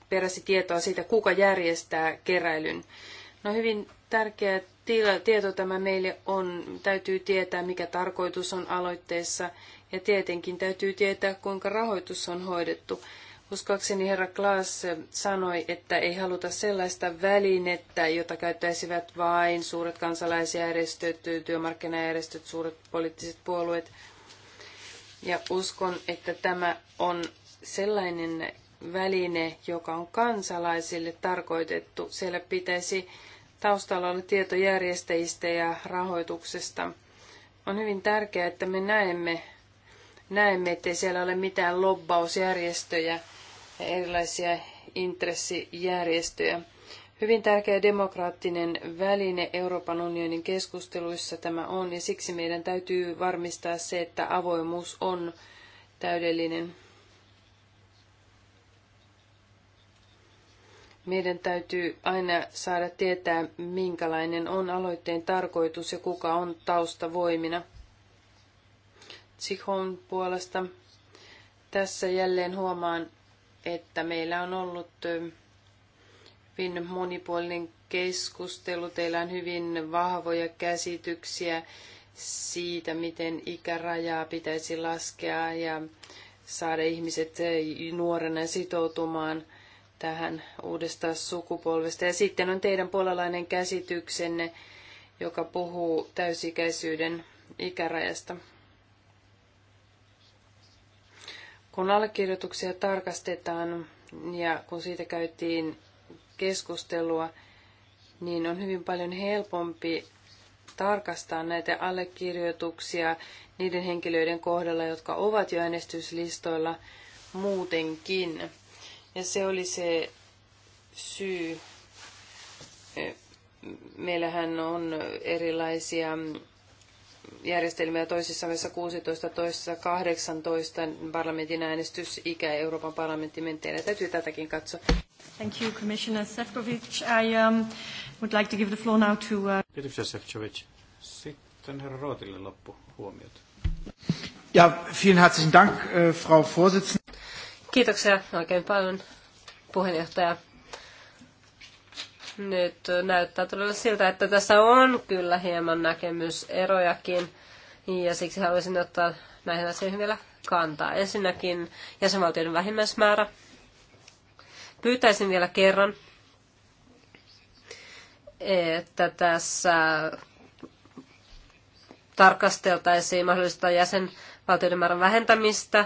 peräsi tietoa siitä, kuka järjestää keräilyn. No hyvin tärkeä tieto tämä meille on. Täytyy tietää, mikä tarkoitus on aloitteessa ja tietenkin täytyy tietää, kuinka rahoitus on hoidettu. Uskoakseni herra Klaas sanoi, että ei haluta sellaista välinettä, jota käyttäisivät vain suuret kansalaisjärjestöt, työmarkkinajärjestöt, suuret poliittiset puolueet. Ja uskon, että tämä on sellainen väline, joka on kansalaisille tarkoitettu. Siellä pitäisi taustalla olla tietojärjestäjistä ja rahoituksesta. On hyvin tärkeää, että me näemme, näemme ettei siellä ole mitään lobbausjärjestöjä, erilaisia intressijärjestöjä. Hyvin tärkeä demokraattinen väline Euroopan unionin keskusteluissa tämä on, ja siksi meidän täytyy varmistaa se, että avoimuus on täydellinen. Meidän täytyy aina saada tietää, minkälainen on aloitteen tarkoitus ja kuka on taustavoimina. Tsihon puolesta tässä jälleen huomaan että meillä on ollut hyvin monipuolinen keskustelu. Teillä on hyvin vahvoja käsityksiä siitä, miten ikärajaa pitäisi laskea ja saada ihmiset nuorena sitoutumaan tähän uudesta sukupolvesta. Ja sitten on teidän puolalainen käsityksenne, joka puhuu täysikäisyyden ikärajasta. Kun allekirjoituksia tarkastetaan ja kun siitä käytiin keskustelua, niin on hyvin paljon helpompi tarkastaa näitä allekirjoituksia niiden henkilöiden kohdalla, jotka ovat jo äänestyslistoilla muutenkin. Ja se oli se syy. Meillähän on erilaisia järjestelmiä toisissa missä 16, toisissa 18 parlamentin äänestysikä Euroopan parlamentti mentiin. Täytyy tätäkin katsoa. Thank you, Commissioner Sefcovic. I um, would like to give the floor now to... Uh... Kiitoksia, Sefcovic. Sitten herra Rootille loppu huomiot. Ja, vielen herzlichen Dank, äh, Frau Vorsitzende. Kiitoksia oikein paljon, puheenjohtaja nyt näyttää todella siltä, että tässä on kyllä hieman näkemyserojakin ja siksi haluaisin ottaa näihin asioihin vielä kantaa. Ensinnäkin jäsenvaltioiden vähimmäismäärä. Pyytäisin vielä kerran, että tässä tarkasteltaisiin mahdollista jäsenvaltioiden määrän vähentämistä,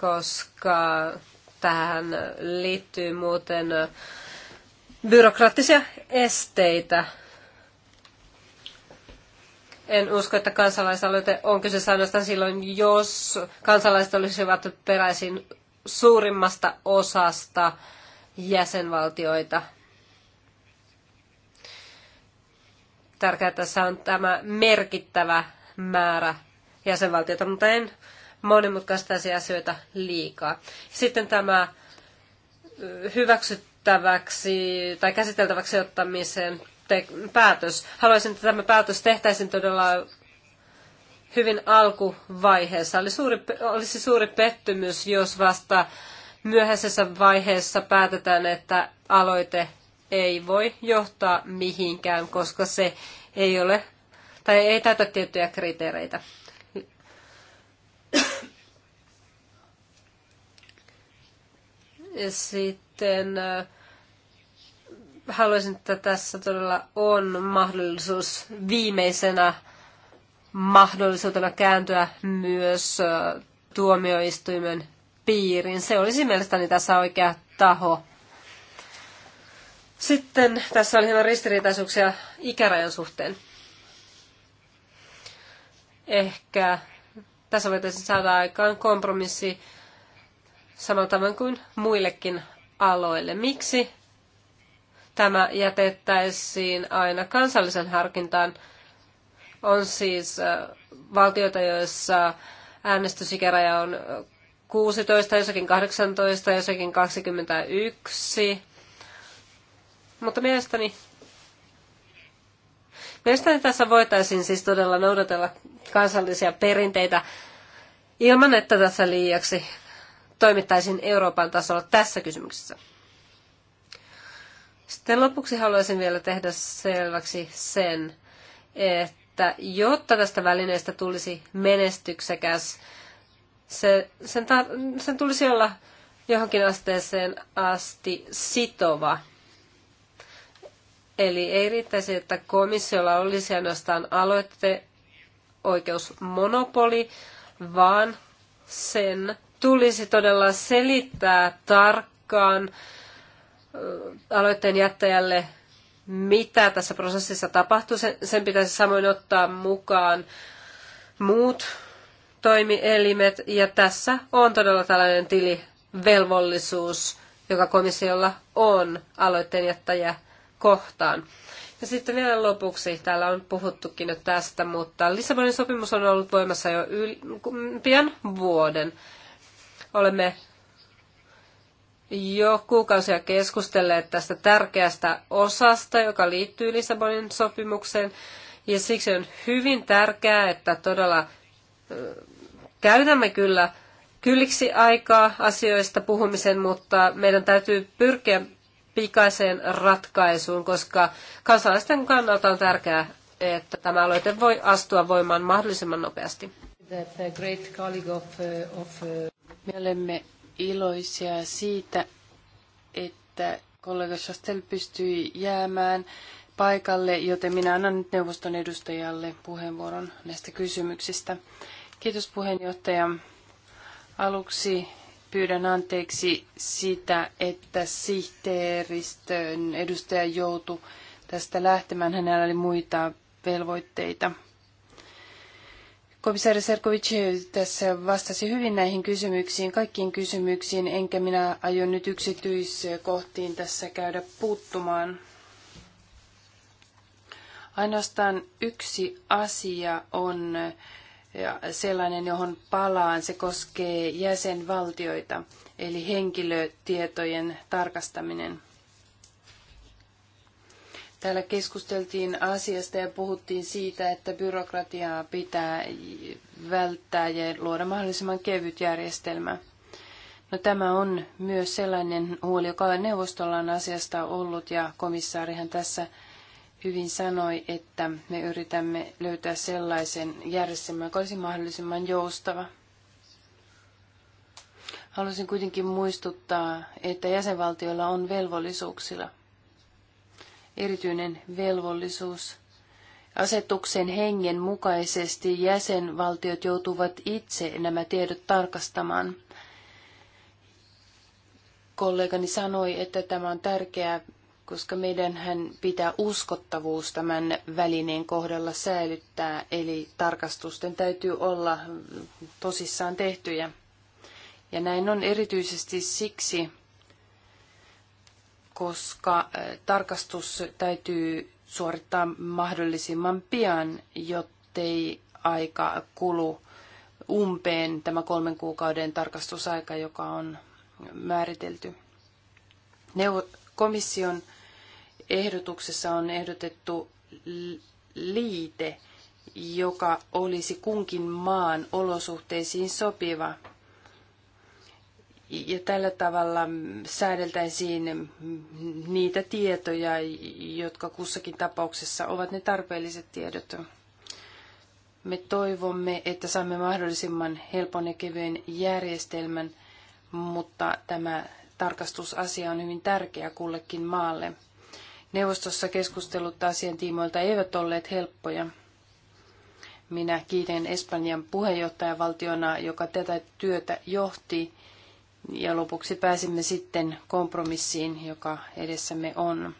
koska tähän liittyy muuten byrokraattisia esteitä. En usko, että kansalaisaloite on kyse ainoastaan silloin, jos kansalaiset olisivat peräisin suurimmasta osasta jäsenvaltioita. Tärkeää tässä on tämä merkittävä määrä jäsenvaltioita, mutta en monimutkaistaisi asioita liikaa. Sitten tämä hyväksyt päätettäväksi tai käsiteltäväksi ottamiseen te- päätös. Haluaisin, että tämä päätös tehtäisiin todella hyvin alkuvaiheessa. Oli suuri, olisi suuri pettymys, jos vasta myöhäisessä vaiheessa päätetään, että aloite ei voi johtaa mihinkään, koska se ei ole tai ei täytä tiettyjä kriteereitä. sitten joten haluaisin, että tässä todella on mahdollisuus viimeisenä mahdollisuutena kääntyä myös tuomioistuimen piiriin. Se olisi mielestäni tässä oikea taho. Sitten tässä oli hieman ristiriitaisuuksia ikärajan suhteen. Ehkä tässä voitaisiin saada aikaan kompromissi samalla tavoin kuin muillekin aloille. Miksi tämä jätettäisiin aina kansallisen harkintaan? On siis äh, valtioita, joissa äänestysikäraja on 16, äh, jossakin 18, jossakin 21. Mutta mielestäni, mielestäni tässä voitaisiin siis todella noudatella kansallisia perinteitä ilman, että tässä liiaksi toimittaisiin Euroopan tasolla tässä kysymyksessä. Sitten lopuksi haluaisin vielä tehdä selväksi sen, että jotta tästä välineestä tulisi menestyksekäs, se, sen, sen tulisi olla johonkin asteeseen asti sitova. Eli ei riittäisi, että komissiolla olisi ainoastaan aloitteoikeusmonopoli, vaan sen tulisi todella selittää tarkkaan aloitteen jättäjälle, mitä tässä prosessissa tapahtuu. Sen pitäisi samoin ottaa mukaan muut toimielimet. Ja tässä on todella tällainen tilivelvollisuus, joka komissiolla on aloitteen jättäjä kohtaan. Ja sitten vielä lopuksi, täällä on puhuttukin nyt tästä, mutta Lissabonin sopimus on ollut voimassa jo yli, pian vuoden. Olemme jo kuukausia keskustelleet tästä tärkeästä osasta, joka liittyy Lissabonin sopimukseen. Ja siksi on hyvin tärkeää, että todella käytämme kyllä kylliksi aikaa asioista puhumisen, mutta meidän täytyy pyrkiä pikaiseen ratkaisuun, koska kansalaisten kannalta on tärkeää, että tämä aloite voi astua voimaan mahdollisimman nopeasti. That, great colleague of, uh, of, uh... Me olemme iloisia siitä, että kollega Chastel pystyi jäämään paikalle, joten minä annan nyt neuvoston edustajalle puheenvuoron näistä kysymyksistä. Kiitos puheenjohtaja. Aluksi pyydän anteeksi sitä, että sihteeristön edustaja joutui tästä lähtemään. Hänellä oli muita velvoitteita. Komissaari Serkovic tässä vastasi hyvin näihin kysymyksiin, kaikkiin kysymyksiin, enkä minä aio nyt yksityiskohtiin tässä käydä puuttumaan. Ainoastaan yksi asia on sellainen, johon palaan. Se koskee jäsenvaltioita, eli henkilötietojen tarkastaminen. Täällä keskusteltiin asiasta ja puhuttiin siitä, että byrokratiaa pitää välttää ja luoda mahdollisimman kevyt järjestelmä. No, tämä on myös sellainen huoli, joka neuvostolla on asiasta ollut ja komissaarihan tässä hyvin sanoi, että me yritämme löytää sellaisen järjestelmän, joka olisi mahdollisimman joustava. Haluaisin kuitenkin muistuttaa, että jäsenvaltioilla on velvollisuuksilla – erityinen velvollisuus. Asetuksen hengen mukaisesti jäsenvaltiot joutuvat itse nämä tiedot tarkastamaan. Kollegani sanoi, että tämä on tärkeää, koska meidän hän pitää uskottavuus tämän välineen kohdalla säilyttää, eli tarkastusten täytyy olla tosissaan tehtyjä. Ja näin on erityisesti siksi, koska tarkastus täytyy suorittaa mahdollisimman pian, jottei aika kulu umpeen tämä kolmen kuukauden tarkastusaika, joka on määritelty. Komission ehdotuksessa on ehdotettu liite, joka olisi kunkin maan olosuhteisiin sopiva – ja tällä tavalla säädeltäisiin niitä tietoja, jotka kussakin tapauksessa ovat ne tarpeelliset tiedot. Me toivomme, että saamme mahdollisimman helpon ja kevyen järjestelmän, mutta tämä tarkastusasia on hyvin tärkeä kullekin maalle. Neuvostossa keskustelut asian tiimoilta eivät olleet helppoja. Minä kiitän Espanjan puheenjohtajavaltiona, joka tätä työtä johti ja lopuksi pääsimme sitten kompromissiin, joka edessämme on.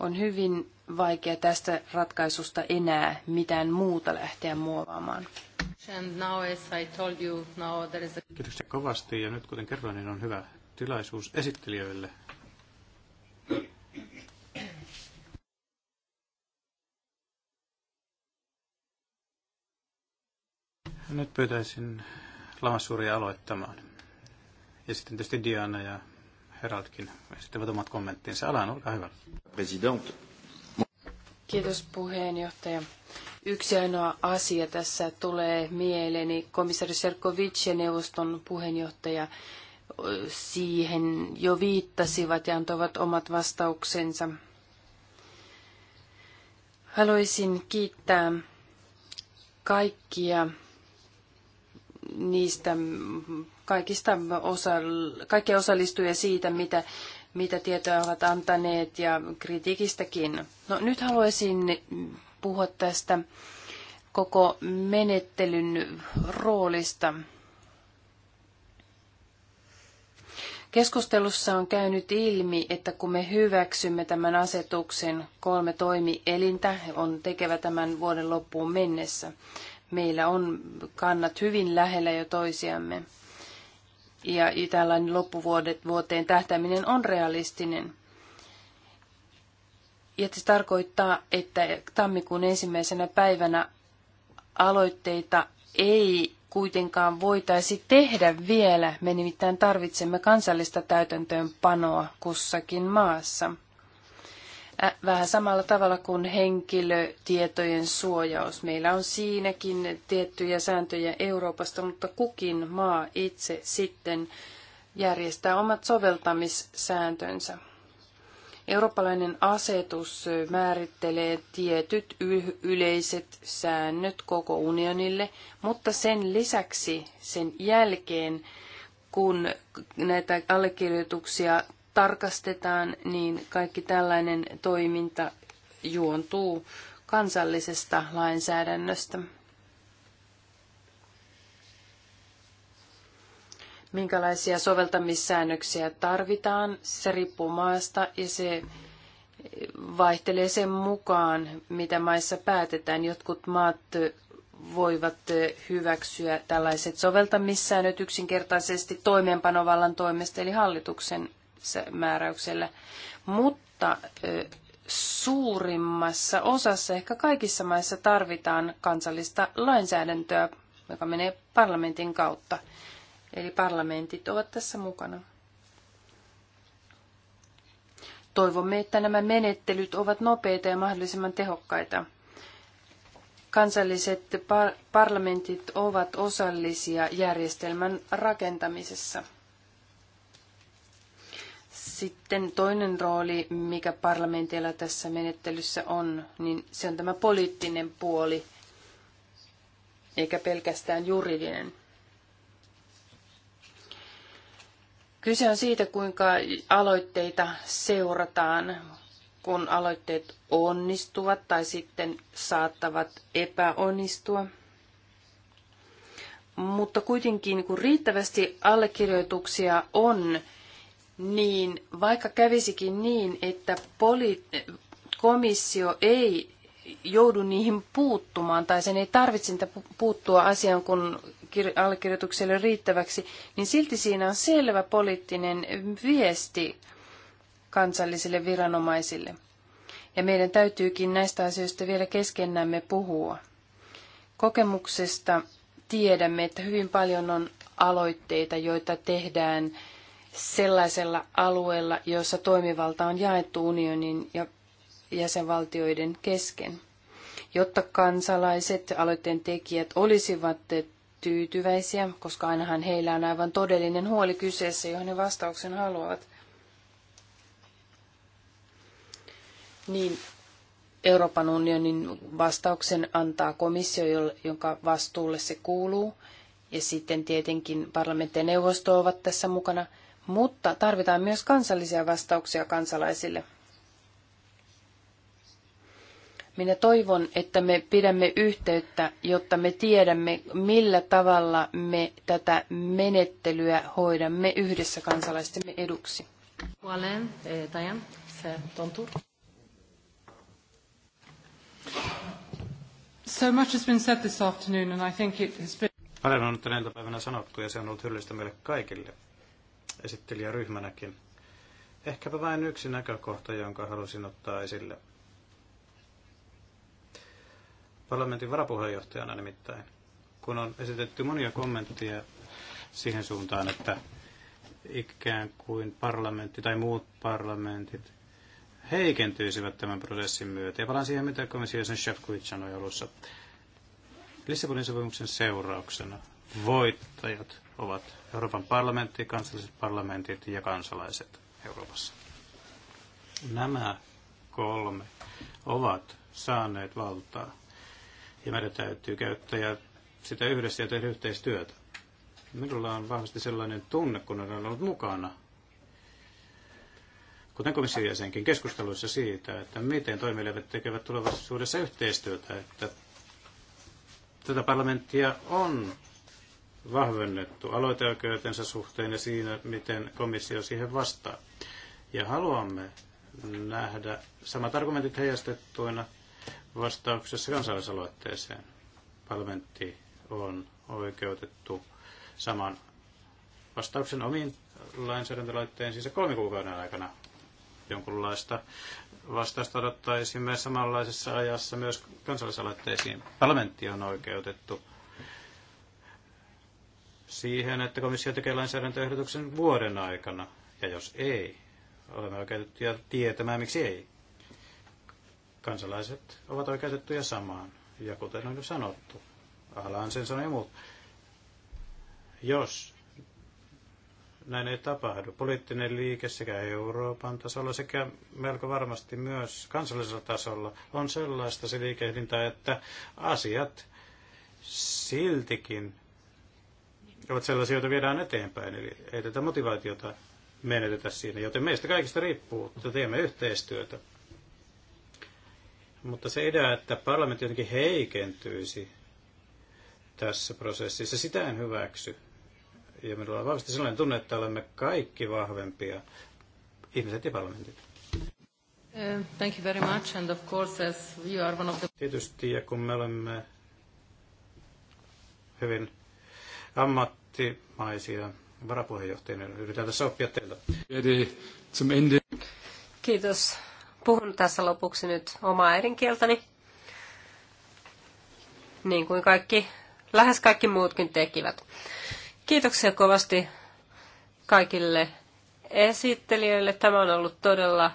On hyvin vaikea tästä ratkaisusta enää mitään muuta lähteä muovaamaan. Kiitoksia kovasti ja nyt kuten kerroin, niin on hyvä tilaisuus esittelijöille Nyt pyytäisin Lamassuuria aloittamaan. Ja sitten tietysti Diana ja Heraldkin esittävät omat kommenttinsa. Alan, olkaa hyvä. President. Kiitos puheenjohtaja. Yksi ainoa asia tässä tulee mieleeni. komissari Serkovic ja neuvoston puheenjohtaja siihen jo viittasivat ja antoivat omat vastauksensa. Haluaisin kiittää kaikkia niistä kaikista osa, kaikkia osallistujia siitä, mitä, mitä tietoja ovat antaneet ja kritiikistäkin. No nyt haluaisin puhua tästä koko menettelyn roolista. Keskustelussa on käynyt ilmi, että kun me hyväksymme tämän asetuksen, kolme toimielintä on tekevä tämän vuoden loppuun mennessä meillä on kannat hyvin lähellä jo toisiamme. Ja tällainen loppuvuoteen tähtäminen on realistinen. Ja se tarkoittaa, että tammikuun ensimmäisenä päivänä aloitteita ei kuitenkaan voitaisi tehdä vielä. Me nimittäin tarvitsemme kansallista täytäntöönpanoa kussakin maassa vähän samalla tavalla kuin henkilötietojen suojaus. Meillä on siinäkin tiettyjä sääntöjä Euroopasta, mutta kukin maa itse sitten järjestää omat soveltamissääntönsä. Eurooppalainen asetus määrittelee tietyt yleiset säännöt koko unionille, mutta sen lisäksi sen jälkeen kun näitä allekirjoituksia tarkastetaan, niin kaikki tällainen toiminta juontuu kansallisesta lainsäädännöstä. Minkälaisia soveltamissäännöksiä tarvitaan, se riippuu maasta ja se vaihtelee sen mukaan, mitä maissa päätetään. Jotkut maat voivat hyväksyä tällaiset soveltamissäännöt yksinkertaisesti toimeenpanovallan toimesta eli hallituksen määräyksellä. Mutta suurimmassa osassa, ehkä kaikissa maissa tarvitaan kansallista lainsäädäntöä, joka menee parlamentin kautta. Eli parlamentit ovat tässä mukana. Toivomme, että nämä menettelyt ovat nopeita ja mahdollisimman tehokkaita. Kansalliset par- parlamentit ovat osallisia järjestelmän rakentamisessa. Sitten toinen rooli, mikä parlamentilla tässä menettelyssä on, niin se on tämä poliittinen puoli, eikä pelkästään juridinen. Kyse on siitä, kuinka aloitteita seurataan, kun aloitteet onnistuvat tai sitten saattavat epäonnistua. Mutta kuitenkin, kun riittävästi allekirjoituksia on, niin vaikka kävisikin niin, että poli- komissio ei joudu niihin puuttumaan tai sen ei tarvitse puuttua asiaan, kun allekirjoitukselle riittäväksi, niin silti siinä on selvä poliittinen viesti kansallisille viranomaisille. Ja meidän täytyykin näistä asioista vielä keskenämme puhua. Kokemuksesta tiedämme, että hyvin paljon on aloitteita, joita tehdään sellaisella alueella, jossa toimivalta on jaettu unionin ja jäsenvaltioiden kesken. Jotta kansalaiset, aloitteen tekijät olisivat tyytyväisiä, koska ainahan heillä on aivan todellinen huoli kyseessä, johon he vastauksen haluavat, niin Euroopan unionin vastauksen antaa komissio, jonka vastuulle se kuuluu, ja sitten tietenkin parlamentti ja neuvosto ovat tässä mukana – mutta tarvitaan myös kansallisia vastauksia kansalaisille. Minä toivon, että me pidämme yhteyttä, jotta me tiedämme, millä tavalla me tätä menettelyä hoidamme yhdessä kansalaistemme eduksi. Eh, so much has been said this afternoon and I think it has been... Paljon on tänä päivänä sanottu ja se on ollut hyllistä meille kaikille esittelijäryhmänäkin. Ehkäpä vain yksi näkökohta, jonka halusin ottaa esille. Parlamentin varapuheenjohtajana nimittäin, kun on esitetty monia kommentteja siihen suuntaan, että ikään kuin parlamentti tai muut parlamentit heikentyisivät tämän prosessin myötä. Ja palaan siihen, mitä komissio sen Shefkovic sanoi alussa. Lissabonin sopimuksen seurauksena voittajat ovat Euroopan parlamentti, kansalliset parlamentit ja kansalaiset Euroopassa. Nämä kolme ovat saaneet valtaa ja meidän täytyy käyttää sitä yhdessä ja tehdä yhteistyötä. Minulla on vahvasti sellainen tunne, kun olen ollut mukana, kuten komission jäsenkin keskusteluissa siitä, että miten toimielimet tekevät tulevaisuudessa yhteistyötä, että tätä parlamenttia on vahvennettu aloiteoikeutensa suhteen ja siinä, miten komissio siihen vastaa. Ja haluamme nähdä samat argumentit heijastettuina vastauksessa kansalaisaloitteeseen. Parlamentti on oikeutettu saman vastauksen omiin lainsäädäntölaitteisiinsa siis kolmen kuukauden aikana. Jonkunlaista vastausta odottaisimme samanlaisessa ajassa myös kansalaisaloitteisiin. Parlamentti on oikeutettu siihen, että komissio tekee lainsäädäntöehdotuksen vuoden aikana? Ja jos ei, olemme oikeutettuja tietämään, miksi ei. Kansalaiset ovat oikeutettuja samaan. Ja kuten on jo sanottu, alaan sen sanoja muut. Jos näin ei tapahdu, poliittinen liike sekä Euroopan tasolla sekä melko varmasti myös kansallisella tasolla on sellaista se liikehdintä, että asiat siltikin ovat sellaisia, joita viedään eteenpäin. Eli ei tätä motivaatiota menetetä siinä, joten meistä kaikista riippuu, että teemme yhteistyötä. Mutta se idea, että parlamentti jotenkin heikentyisi tässä prosessissa, sitä en hyväksy. Ja minulla on vahvasti sellainen tunne, että olemme kaikki vahvempia, ihmiset ja parlamentit. Uh, thank you very much, and of course, as you are one of the... Tietysti, ja kun me olemme hyvin ammattimaisia varapuheenjohtajia. Yritän tässä oppia teiltä. Kiitos. Puhun tässä lopuksi nyt omaa äidinkieltäni, niin kuin kaikki, lähes kaikki muutkin tekivät. Kiitoksia kovasti kaikille esittelijöille. Tämä on ollut todella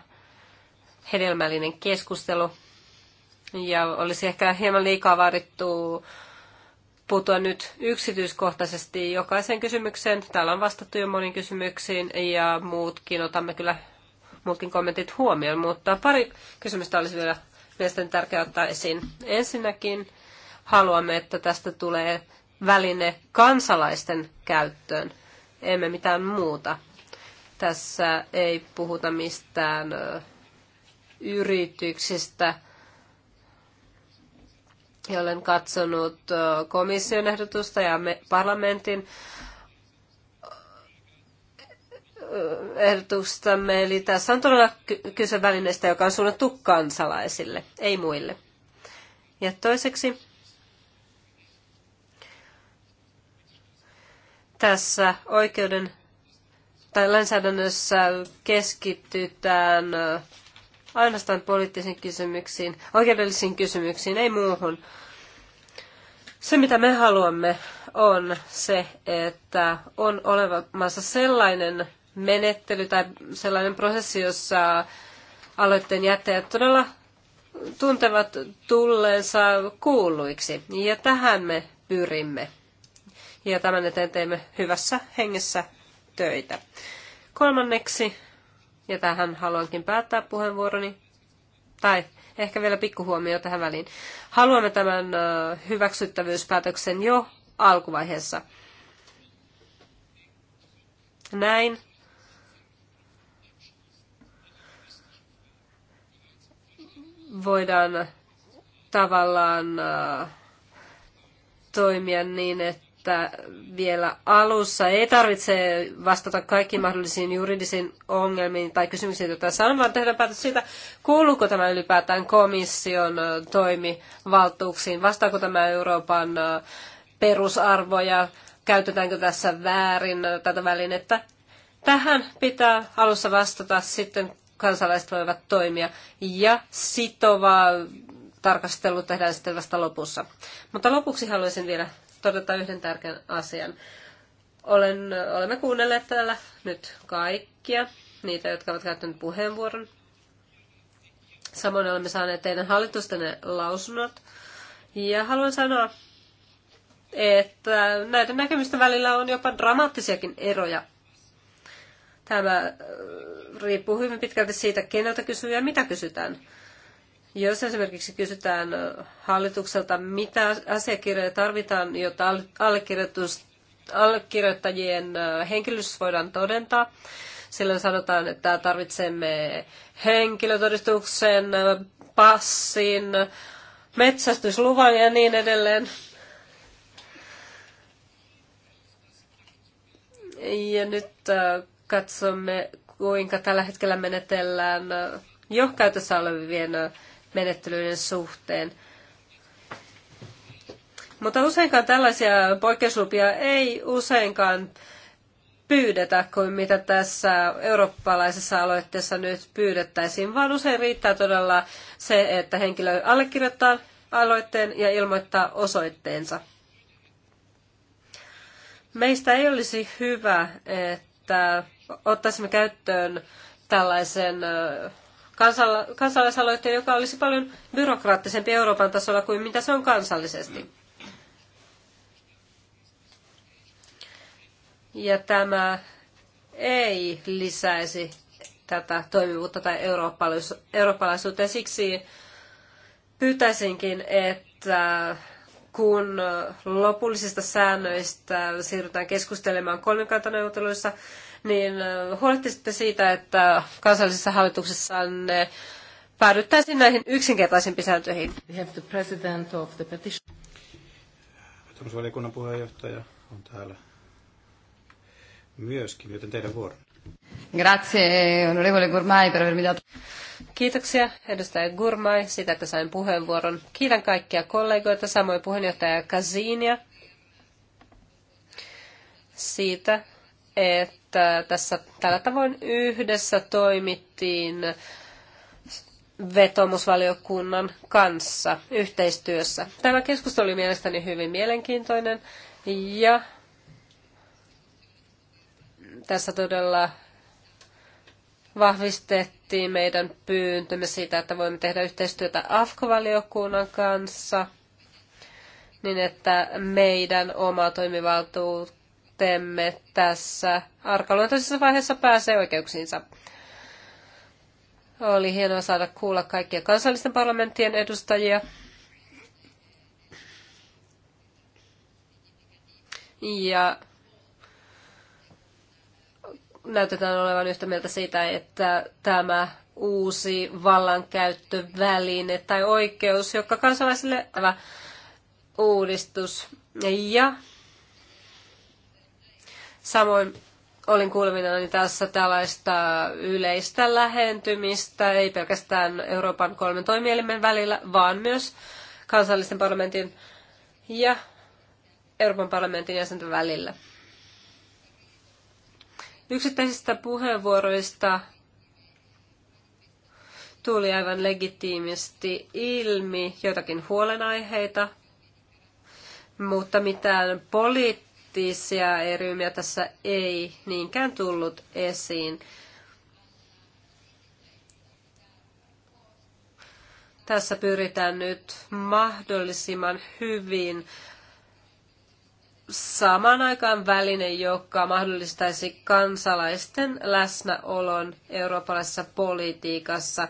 hedelmällinen keskustelu. Ja olisi ehkä hieman liikaa vaadittu puuttua nyt yksityiskohtaisesti jokaisen kysymykseen. Täällä on vastattu jo moniin kysymyksiin ja muutkin otamme kyllä muutkin kommentit huomioon, mutta pari kysymystä olisi vielä mielestäni tärkeää ottaa esiin. Ensinnäkin haluamme, että tästä tulee väline kansalaisten käyttöön, emme mitään muuta. Tässä ei puhuta mistään yrityksistä – ja olen katsonut komission ehdotusta ja parlamentin ehdotustamme. Eli tässä on todella kyse välineestä, joka on suunnattu kansalaisille, ei muille. Ja toiseksi tässä oikeuden tai lainsäädännössä keskitytään ainoastaan poliittisiin kysymyksiin, oikeudellisiin kysymyksiin, ei muuhun. Se, mitä me haluamme, on se, että on olemassa sellainen menettely tai sellainen prosessi, jossa aloitteen jättäjät todella tuntevat tulleensa kuulluiksi. Ja tähän me pyrimme. Ja tämän eteen teemme hyvässä hengessä töitä. Kolmanneksi ja tähän haluankin päättää puheenvuoroni. Tai ehkä vielä pikkuhuomio tähän väliin. Haluamme tämän hyväksyttävyyspäätöksen jo alkuvaiheessa. Näin. Voidaan tavallaan toimia niin, että että vielä alussa ei tarvitse vastata kaikkiin mahdollisiin juridisiin ongelmiin tai kysymyksiin, joita tässä on, vaan tehdä päätös siitä, kuuluuko tämä ylipäätään komission toimivaltuuksiin, vastaako tämä Euroopan perusarvoja, käytetäänkö tässä väärin tätä välinettä. Tähän pitää alussa vastata, sitten kansalaiset voivat toimia ja sitovaa tarkastelu tehdään sitten vasta lopussa. Mutta lopuksi haluaisin vielä todeta yhden tärkeän asian. Olen, olemme kuunnelleet täällä nyt kaikkia, niitä, jotka ovat käyttäneet puheenvuoron. Samoin olemme saaneet teidän hallitustenne lausunnot. Ja haluan sanoa, että näiden näkemysten välillä on jopa dramaattisiakin eroja. Tämä äh, riippuu hyvin pitkälti siitä, keneltä kysyy ja mitä kysytään. Jos esimerkiksi kysytään hallitukselta, mitä asiakirjoja tarvitaan, jotta allekirjoittajien henkilöllisyys voidaan todentaa, silloin sanotaan, että tarvitsemme henkilötodistuksen, passin, metsästysluvan ja niin edelleen. Ja nyt katsomme, kuinka tällä hetkellä menetellään jo käytössä olevien menettelyiden suhteen. Mutta useinkaan tällaisia poikkeuslupia ei useinkaan pyydetä kuin mitä tässä eurooppalaisessa aloitteessa nyt pyydettäisiin, vaan usein riittää todella se, että henkilö allekirjoittaa aloitteen ja ilmoittaa osoitteensa. Meistä ei olisi hyvä, että ottaisimme käyttöön tällaisen kansala- kansalaisaloitteen, joka olisi paljon byrokraattisempi Euroopan tasolla kuin mitä se on kansallisesti. Ja tämä ei lisäisi tätä toimivuutta tai eurooppalaisuutta. Ja siksi pyytäisinkin, että kun lopullisista säännöistä siirrytään keskustelemaan kolmikantaneuvotteluissa, niin huolehtisitte siitä, että kansallisessa hallituksessa päädyttäisiin näihin yksinkertaisempiin sääntöihin. We have the president of the petition. Valiokunnan puheenjohtaja on täällä myöskin, joten teidän vuoro. Grazie, onorevole Gurmai, per avermi dato. Kiitoksia edustaja Gurmai siitä, että sain puheenvuoron. Kiitän kaikkia kollegoita, samoin puheenjohtaja Kazinia siitä, että tässä tällä tavoin yhdessä toimittiin vetomusvaliokunnan kanssa yhteistyössä. Tämä keskustelu oli mielestäni hyvin mielenkiintoinen ja tässä todella vahvistettiin meidän pyyntömme siitä, että voimme tehdä yhteistyötä AFKO-valiokunnan kanssa, niin että meidän oma toimivaltuutta teemme tässä arkaluontoisessa vaiheessa pääsee oikeuksiinsa. Oli hienoa saada kuulla kaikkia kansallisten parlamenttien edustajia. Ja näytetään olevan yhtä mieltä siitä, että tämä uusi vallankäyttöväline tai oikeus, joka kansalaisille uudistus. Ja Samoin olin kuulevinani tässä tällaista yleistä lähentymistä, ei pelkästään Euroopan kolmen toimielimen välillä, vaan myös kansallisten parlamentin ja Euroopan parlamentin jäsenten välillä. Yksittäisistä puheenvuoroista tuli aivan legitiimisti ilmi jotakin huolenaiheita, mutta mitään poliittista poliittisia eri tässä ei niinkään tullut esiin. Tässä pyritään nyt mahdollisimman hyvin samaan aikaan väline, joka mahdollistaisi kansalaisten läsnäolon eurooppalaisessa politiikassa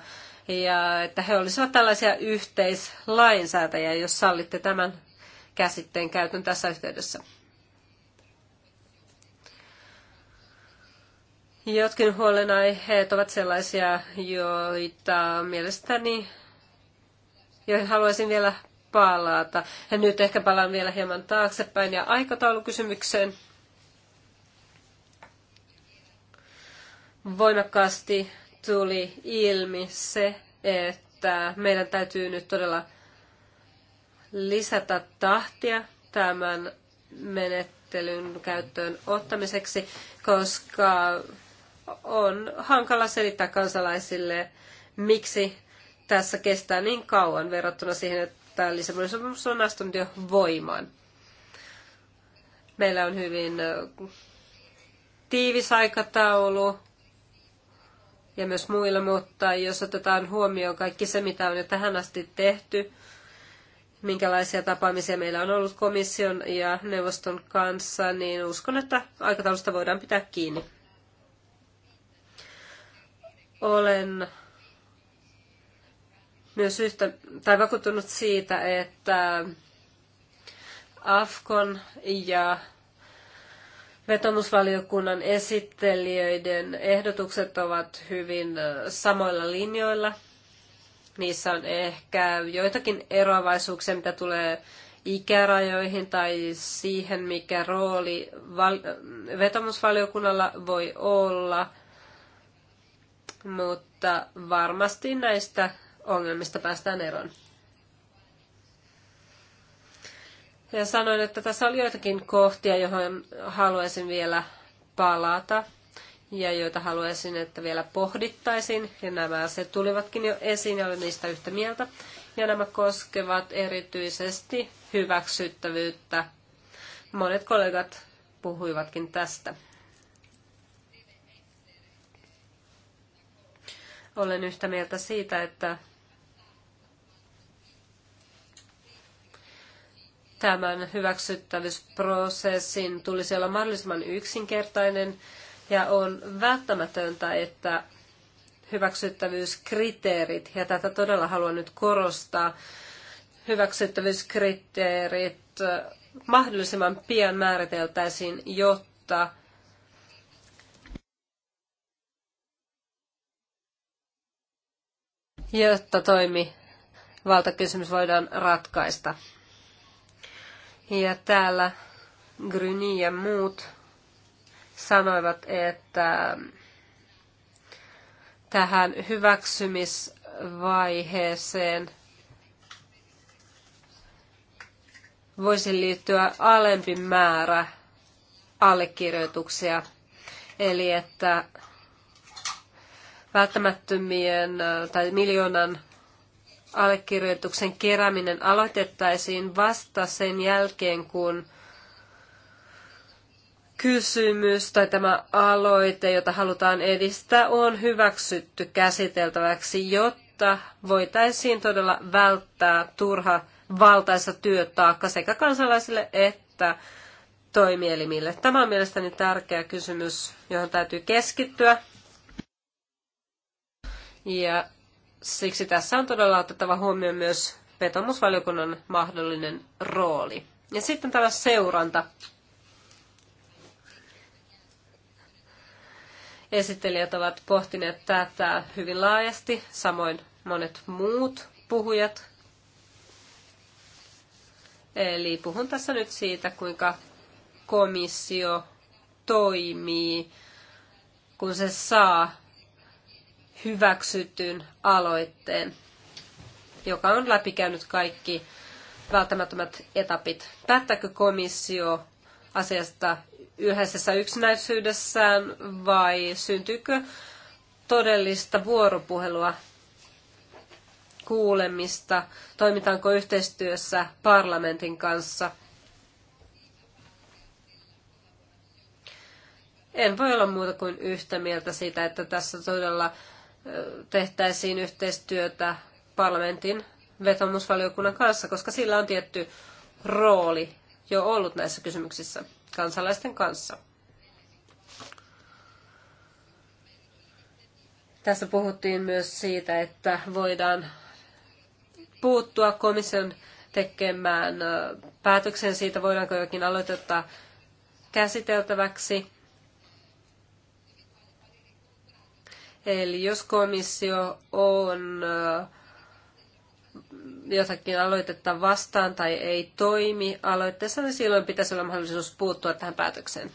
ja että he olisivat tällaisia yhteislainsäätäjiä, jos sallitte tämän käsitteen käytön tässä yhteydessä. Jotkin huolenaiheet ovat sellaisia, joita mielestäni joihin haluaisin vielä palata. Ja nyt ehkä palaan vielä hieman taaksepäin ja aikataulukysymykseen. Voimakkaasti tuli ilmi se, että meidän täytyy nyt todella lisätä tahtia tämän menettelyn käyttöön ottamiseksi, koska on hankala selittää kansalaisille, miksi tässä kestää niin kauan verrattuna siihen, että Lissabonin sopimus on astunut jo voimaan. Meillä on hyvin tiivis aikataulu ja myös muilla, mutta jos otetaan huomioon kaikki se, mitä on jo tähän asti tehty, minkälaisia tapaamisia meillä on ollut komission ja neuvoston kanssa, niin uskon, että aikataulusta voidaan pitää kiinni. Olen myös yhtä, tai vakuuttunut siitä, että Afkon ja vetomusvaliokunnan esittelijöiden ehdotukset ovat hyvin äh, samoilla linjoilla. Niissä on ehkä joitakin eroavaisuuksia, mitä tulee ikärajoihin tai siihen, mikä rooli val- äh, vetomusvaliokunnalla voi olla – mutta varmasti näistä ongelmista päästään eroon. Ja sanoin, että tässä oli joitakin kohtia, johon haluaisin vielä palata ja joita haluaisin, että vielä pohdittaisin. Ja nämä se tulivatkin jo esiin ja olen niistä yhtä mieltä. Ja nämä koskevat erityisesti hyväksyttävyyttä. Monet kollegat puhuivatkin tästä. Olen yhtä mieltä siitä, että tämän hyväksyttävyysprosessin tulisi olla mahdollisimman yksinkertainen ja on välttämätöntä, että hyväksyttävyyskriteerit, ja tätä todella haluan nyt korostaa, hyväksyttävyyskriteerit äh, mahdollisimman pian määriteltäisiin, jotta jotta toimi valtakysymys voidaan ratkaista. Ja täällä Gryni ja muut sanoivat, että tähän hyväksymisvaiheeseen voisi liittyä alempi määrä allekirjoituksia. Eli että välttämättömien äh, tai miljoonan allekirjoituksen kerääminen aloitettaisiin vasta sen jälkeen, kun kysymys tai tämä aloite, jota halutaan edistää, on hyväksytty käsiteltäväksi, jotta voitaisiin todella välttää turha valtaisa työtaakka sekä kansalaisille että toimielimille. Tämä on mielestäni tärkeä kysymys, johon täytyy keskittyä ja siksi tässä on todella otettava huomioon myös vetomusvaliokunnan mahdollinen rooli. Ja sitten täällä seuranta. Esittelijät ovat pohtineet tätä hyvin laajasti, samoin monet muut puhujat. Eli puhun tässä nyt siitä, kuinka komissio toimii, kun se saa hyväksytyn aloitteen, joka on läpikäynyt kaikki välttämättömät etapit. Päättääkö komissio asiasta yhdessä yksinäisyydessään vai syntyykö todellista vuoropuhelua, kuulemista, toimitaanko yhteistyössä parlamentin kanssa. En voi olla muuta kuin yhtä mieltä siitä, että tässä todella tehtäisiin yhteistyötä parlamentin vetomusvaliokunnan kanssa, koska sillä on tietty rooli jo ollut näissä kysymyksissä kansalaisten kanssa. Tässä puhuttiin myös siitä, että voidaan puuttua komission tekemään päätöksen siitä, voidaanko jokin aloitetta käsiteltäväksi. Eli jos komissio on äh, jotakin aloitetta vastaan tai ei toimi aloitteessa, niin silloin pitäisi olla mahdollisuus puuttua tähän päätökseen.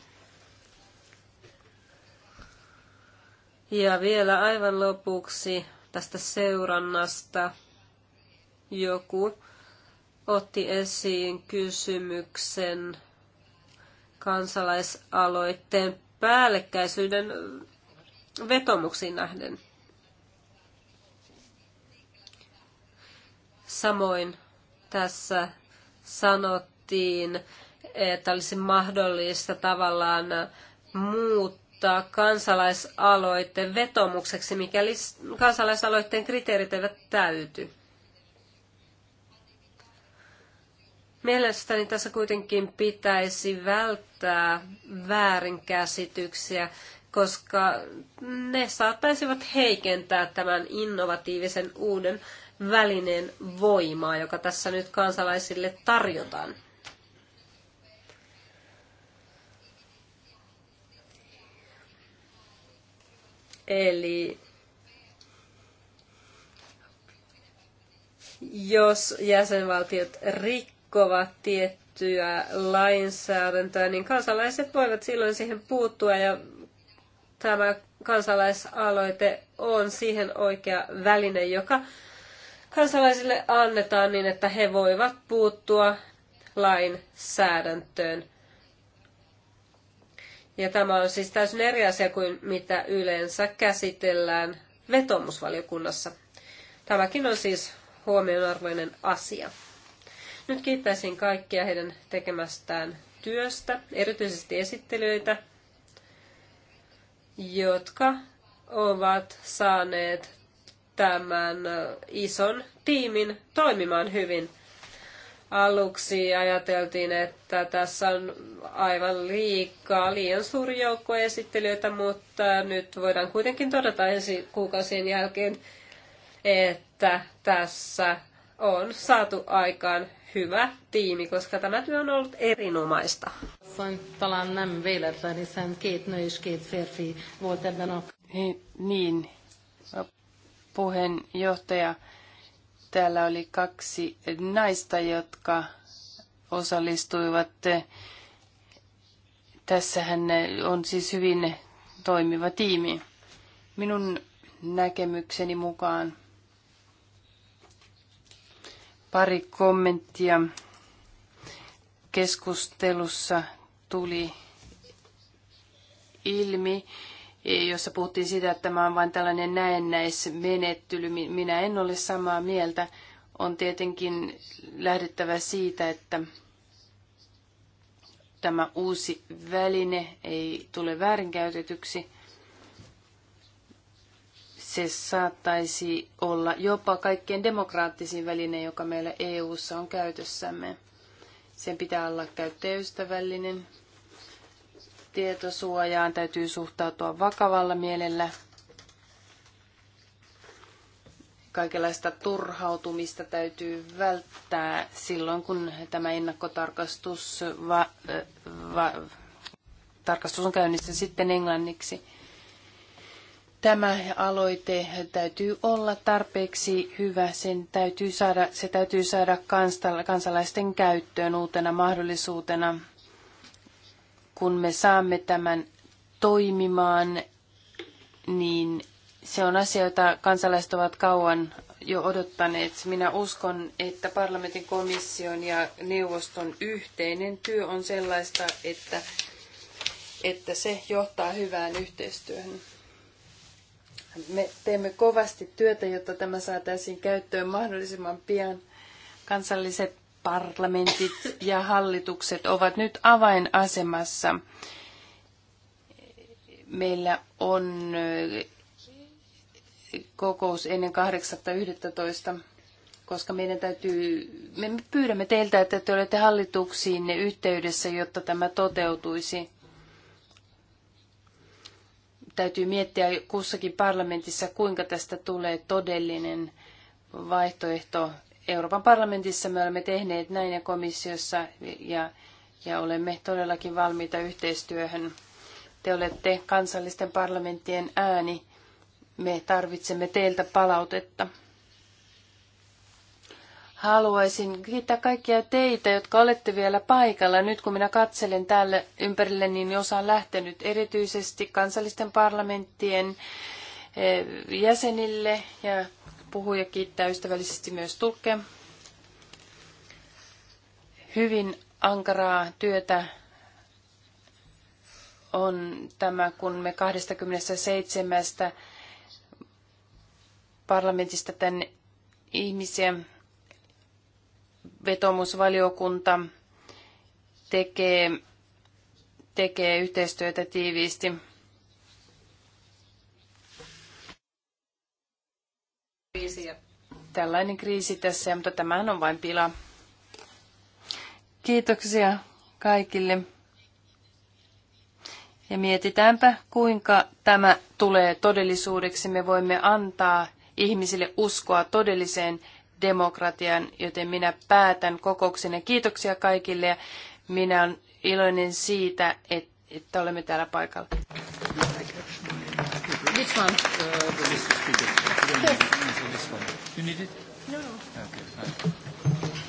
Ja vielä aivan lopuksi tästä seurannasta joku otti esiin kysymyksen kansalaisaloitteen päällekkäisyyden vetomuksiin nähden. Samoin tässä sanottiin, että olisi mahdollista tavallaan muuttaa kansalaisaloitteen vetomukseksi, mikäli kansalaisaloitteen kriteerit eivät täyty. Mielestäni tässä kuitenkin pitäisi välttää väärinkäsityksiä koska ne saattaisivat heikentää tämän innovatiivisen uuden välineen voimaa, joka tässä nyt kansalaisille tarjotaan. Eli jos jäsenvaltiot rikkovat tiettyjä lainsäädäntöä, niin kansalaiset voivat silloin siihen puuttua ja tämä kansalaisaloite on siihen oikea väline, joka kansalaisille annetaan niin, että he voivat puuttua lainsäädäntöön. Ja tämä on siis täysin eri asia kuin mitä yleensä käsitellään vetomusvaliokunnassa. Tämäkin on siis huomionarvoinen asia. Nyt kiittäisin kaikkia heidän tekemästään työstä, erityisesti esittelyitä, jotka ovat saaneet tämän ison tiimin toimimaan hyvin. Aluksi ajateltiin, että tässä on aivan liikaa, liian suuri joukko esittelijöitä, mutta nyt voidaan kuitenkin todeta ensi kuukausien jälkeen, että tässä on saatu aikaan hyvä tiimi, koska tämä työ on ollut erinomaista. Niin, niin, puheenjohtaja. Täällä oli kaksi naista, jotka osallistuivat. Tässähän on siis hyvin toimiva tiimi. Minun näkemykseni mukaan Pari kommenttia keskustelussa tuli ilmi, jossa puhuttiin sitä, että tämä on vain tällainen näennäismenettely. Minä en ole samaa mieltä. On tietenkin lähdettävä siitä, että tämä uusi väline ei tule väärinkäytetyksi – se saattaisi olla jopa kaikkein demokraattisin väline, joka meillä EU:ssa on käytössämme. Sen pitää olla käyttäjäystävällinen. Tietosuojaan täytyy suhtautua vakavalla mielellä. Kaikenlaista turhautumista täytyy välttää silloin, kun tämä ennakkotarkastus va, va, tarkastus on käynnissä sitten englanniksi. Tämä aloite täytyy olla tarpeeksi hyvä, sen täytyy saada, se täytyy saada kansalaisten käyttöön uutena mahdollisuutena. Kun me saamme tämän toimimaan, niin se on asia, jota kansalaiset ovat kauan jo odottaneet. Minä uskon, että parlamentin komission ja neuvoston yhteinen työ on sellaista, että, että se johtaa hyvään yhteistyöhön. Me teemme kovasti työtä, jotta tämä saataisiin käyttöön mahdollisimman pian. Kansalliset parlamentit ja hallitukset ovat nyt avainasemassa. Meillä on eh, kokous ennen 8.11 koska meidän täytyy, me pyydämme teiltä, että te olette hallituksiin yhteydessä, jotta tämä toteutuisi täytyy miettiä kussakin parlamentissa, kuinka tästä tulee todellinen vaihtoehto. Euroopan parlamentissa me olemme tehneet näin ja komissiossa ja, ja olemme todellakin valmiita yhteistyöhön. Te olette kansallisten parlamenttien ääni. Me tarvitsemme teiltä palautetta. Haluaisin kiittää kaikkia teitä, jotka olette vielä paikalla. Nyt kun minä katselen täällä ympärille, niin osa on lähtenyt erityisesti kansallisten parlamenttien eh, jäsenille ja puhuja kiittää ystävällisesti myös tulkkeen. Hyvin ankaraa työtä on tämä, kun me 27 parlamentista tänne ihmisiä vetomusvaliokunta tekee, tekee yhteistyötä tiiviisti. Tällainen kriisi tässä, mutta tämähän on vain pila. Kiitoksia kaikille. Ja mietitäänpä, kuinka tämä tulee todellisuudeksi. Me voimme antaa ihmisille uskoa todelliseen demokratian, joten minä päätän kokouksen ja kiitoksia kaikille ja minä olen iloinen siitä, että, että olemme täällä paikalla.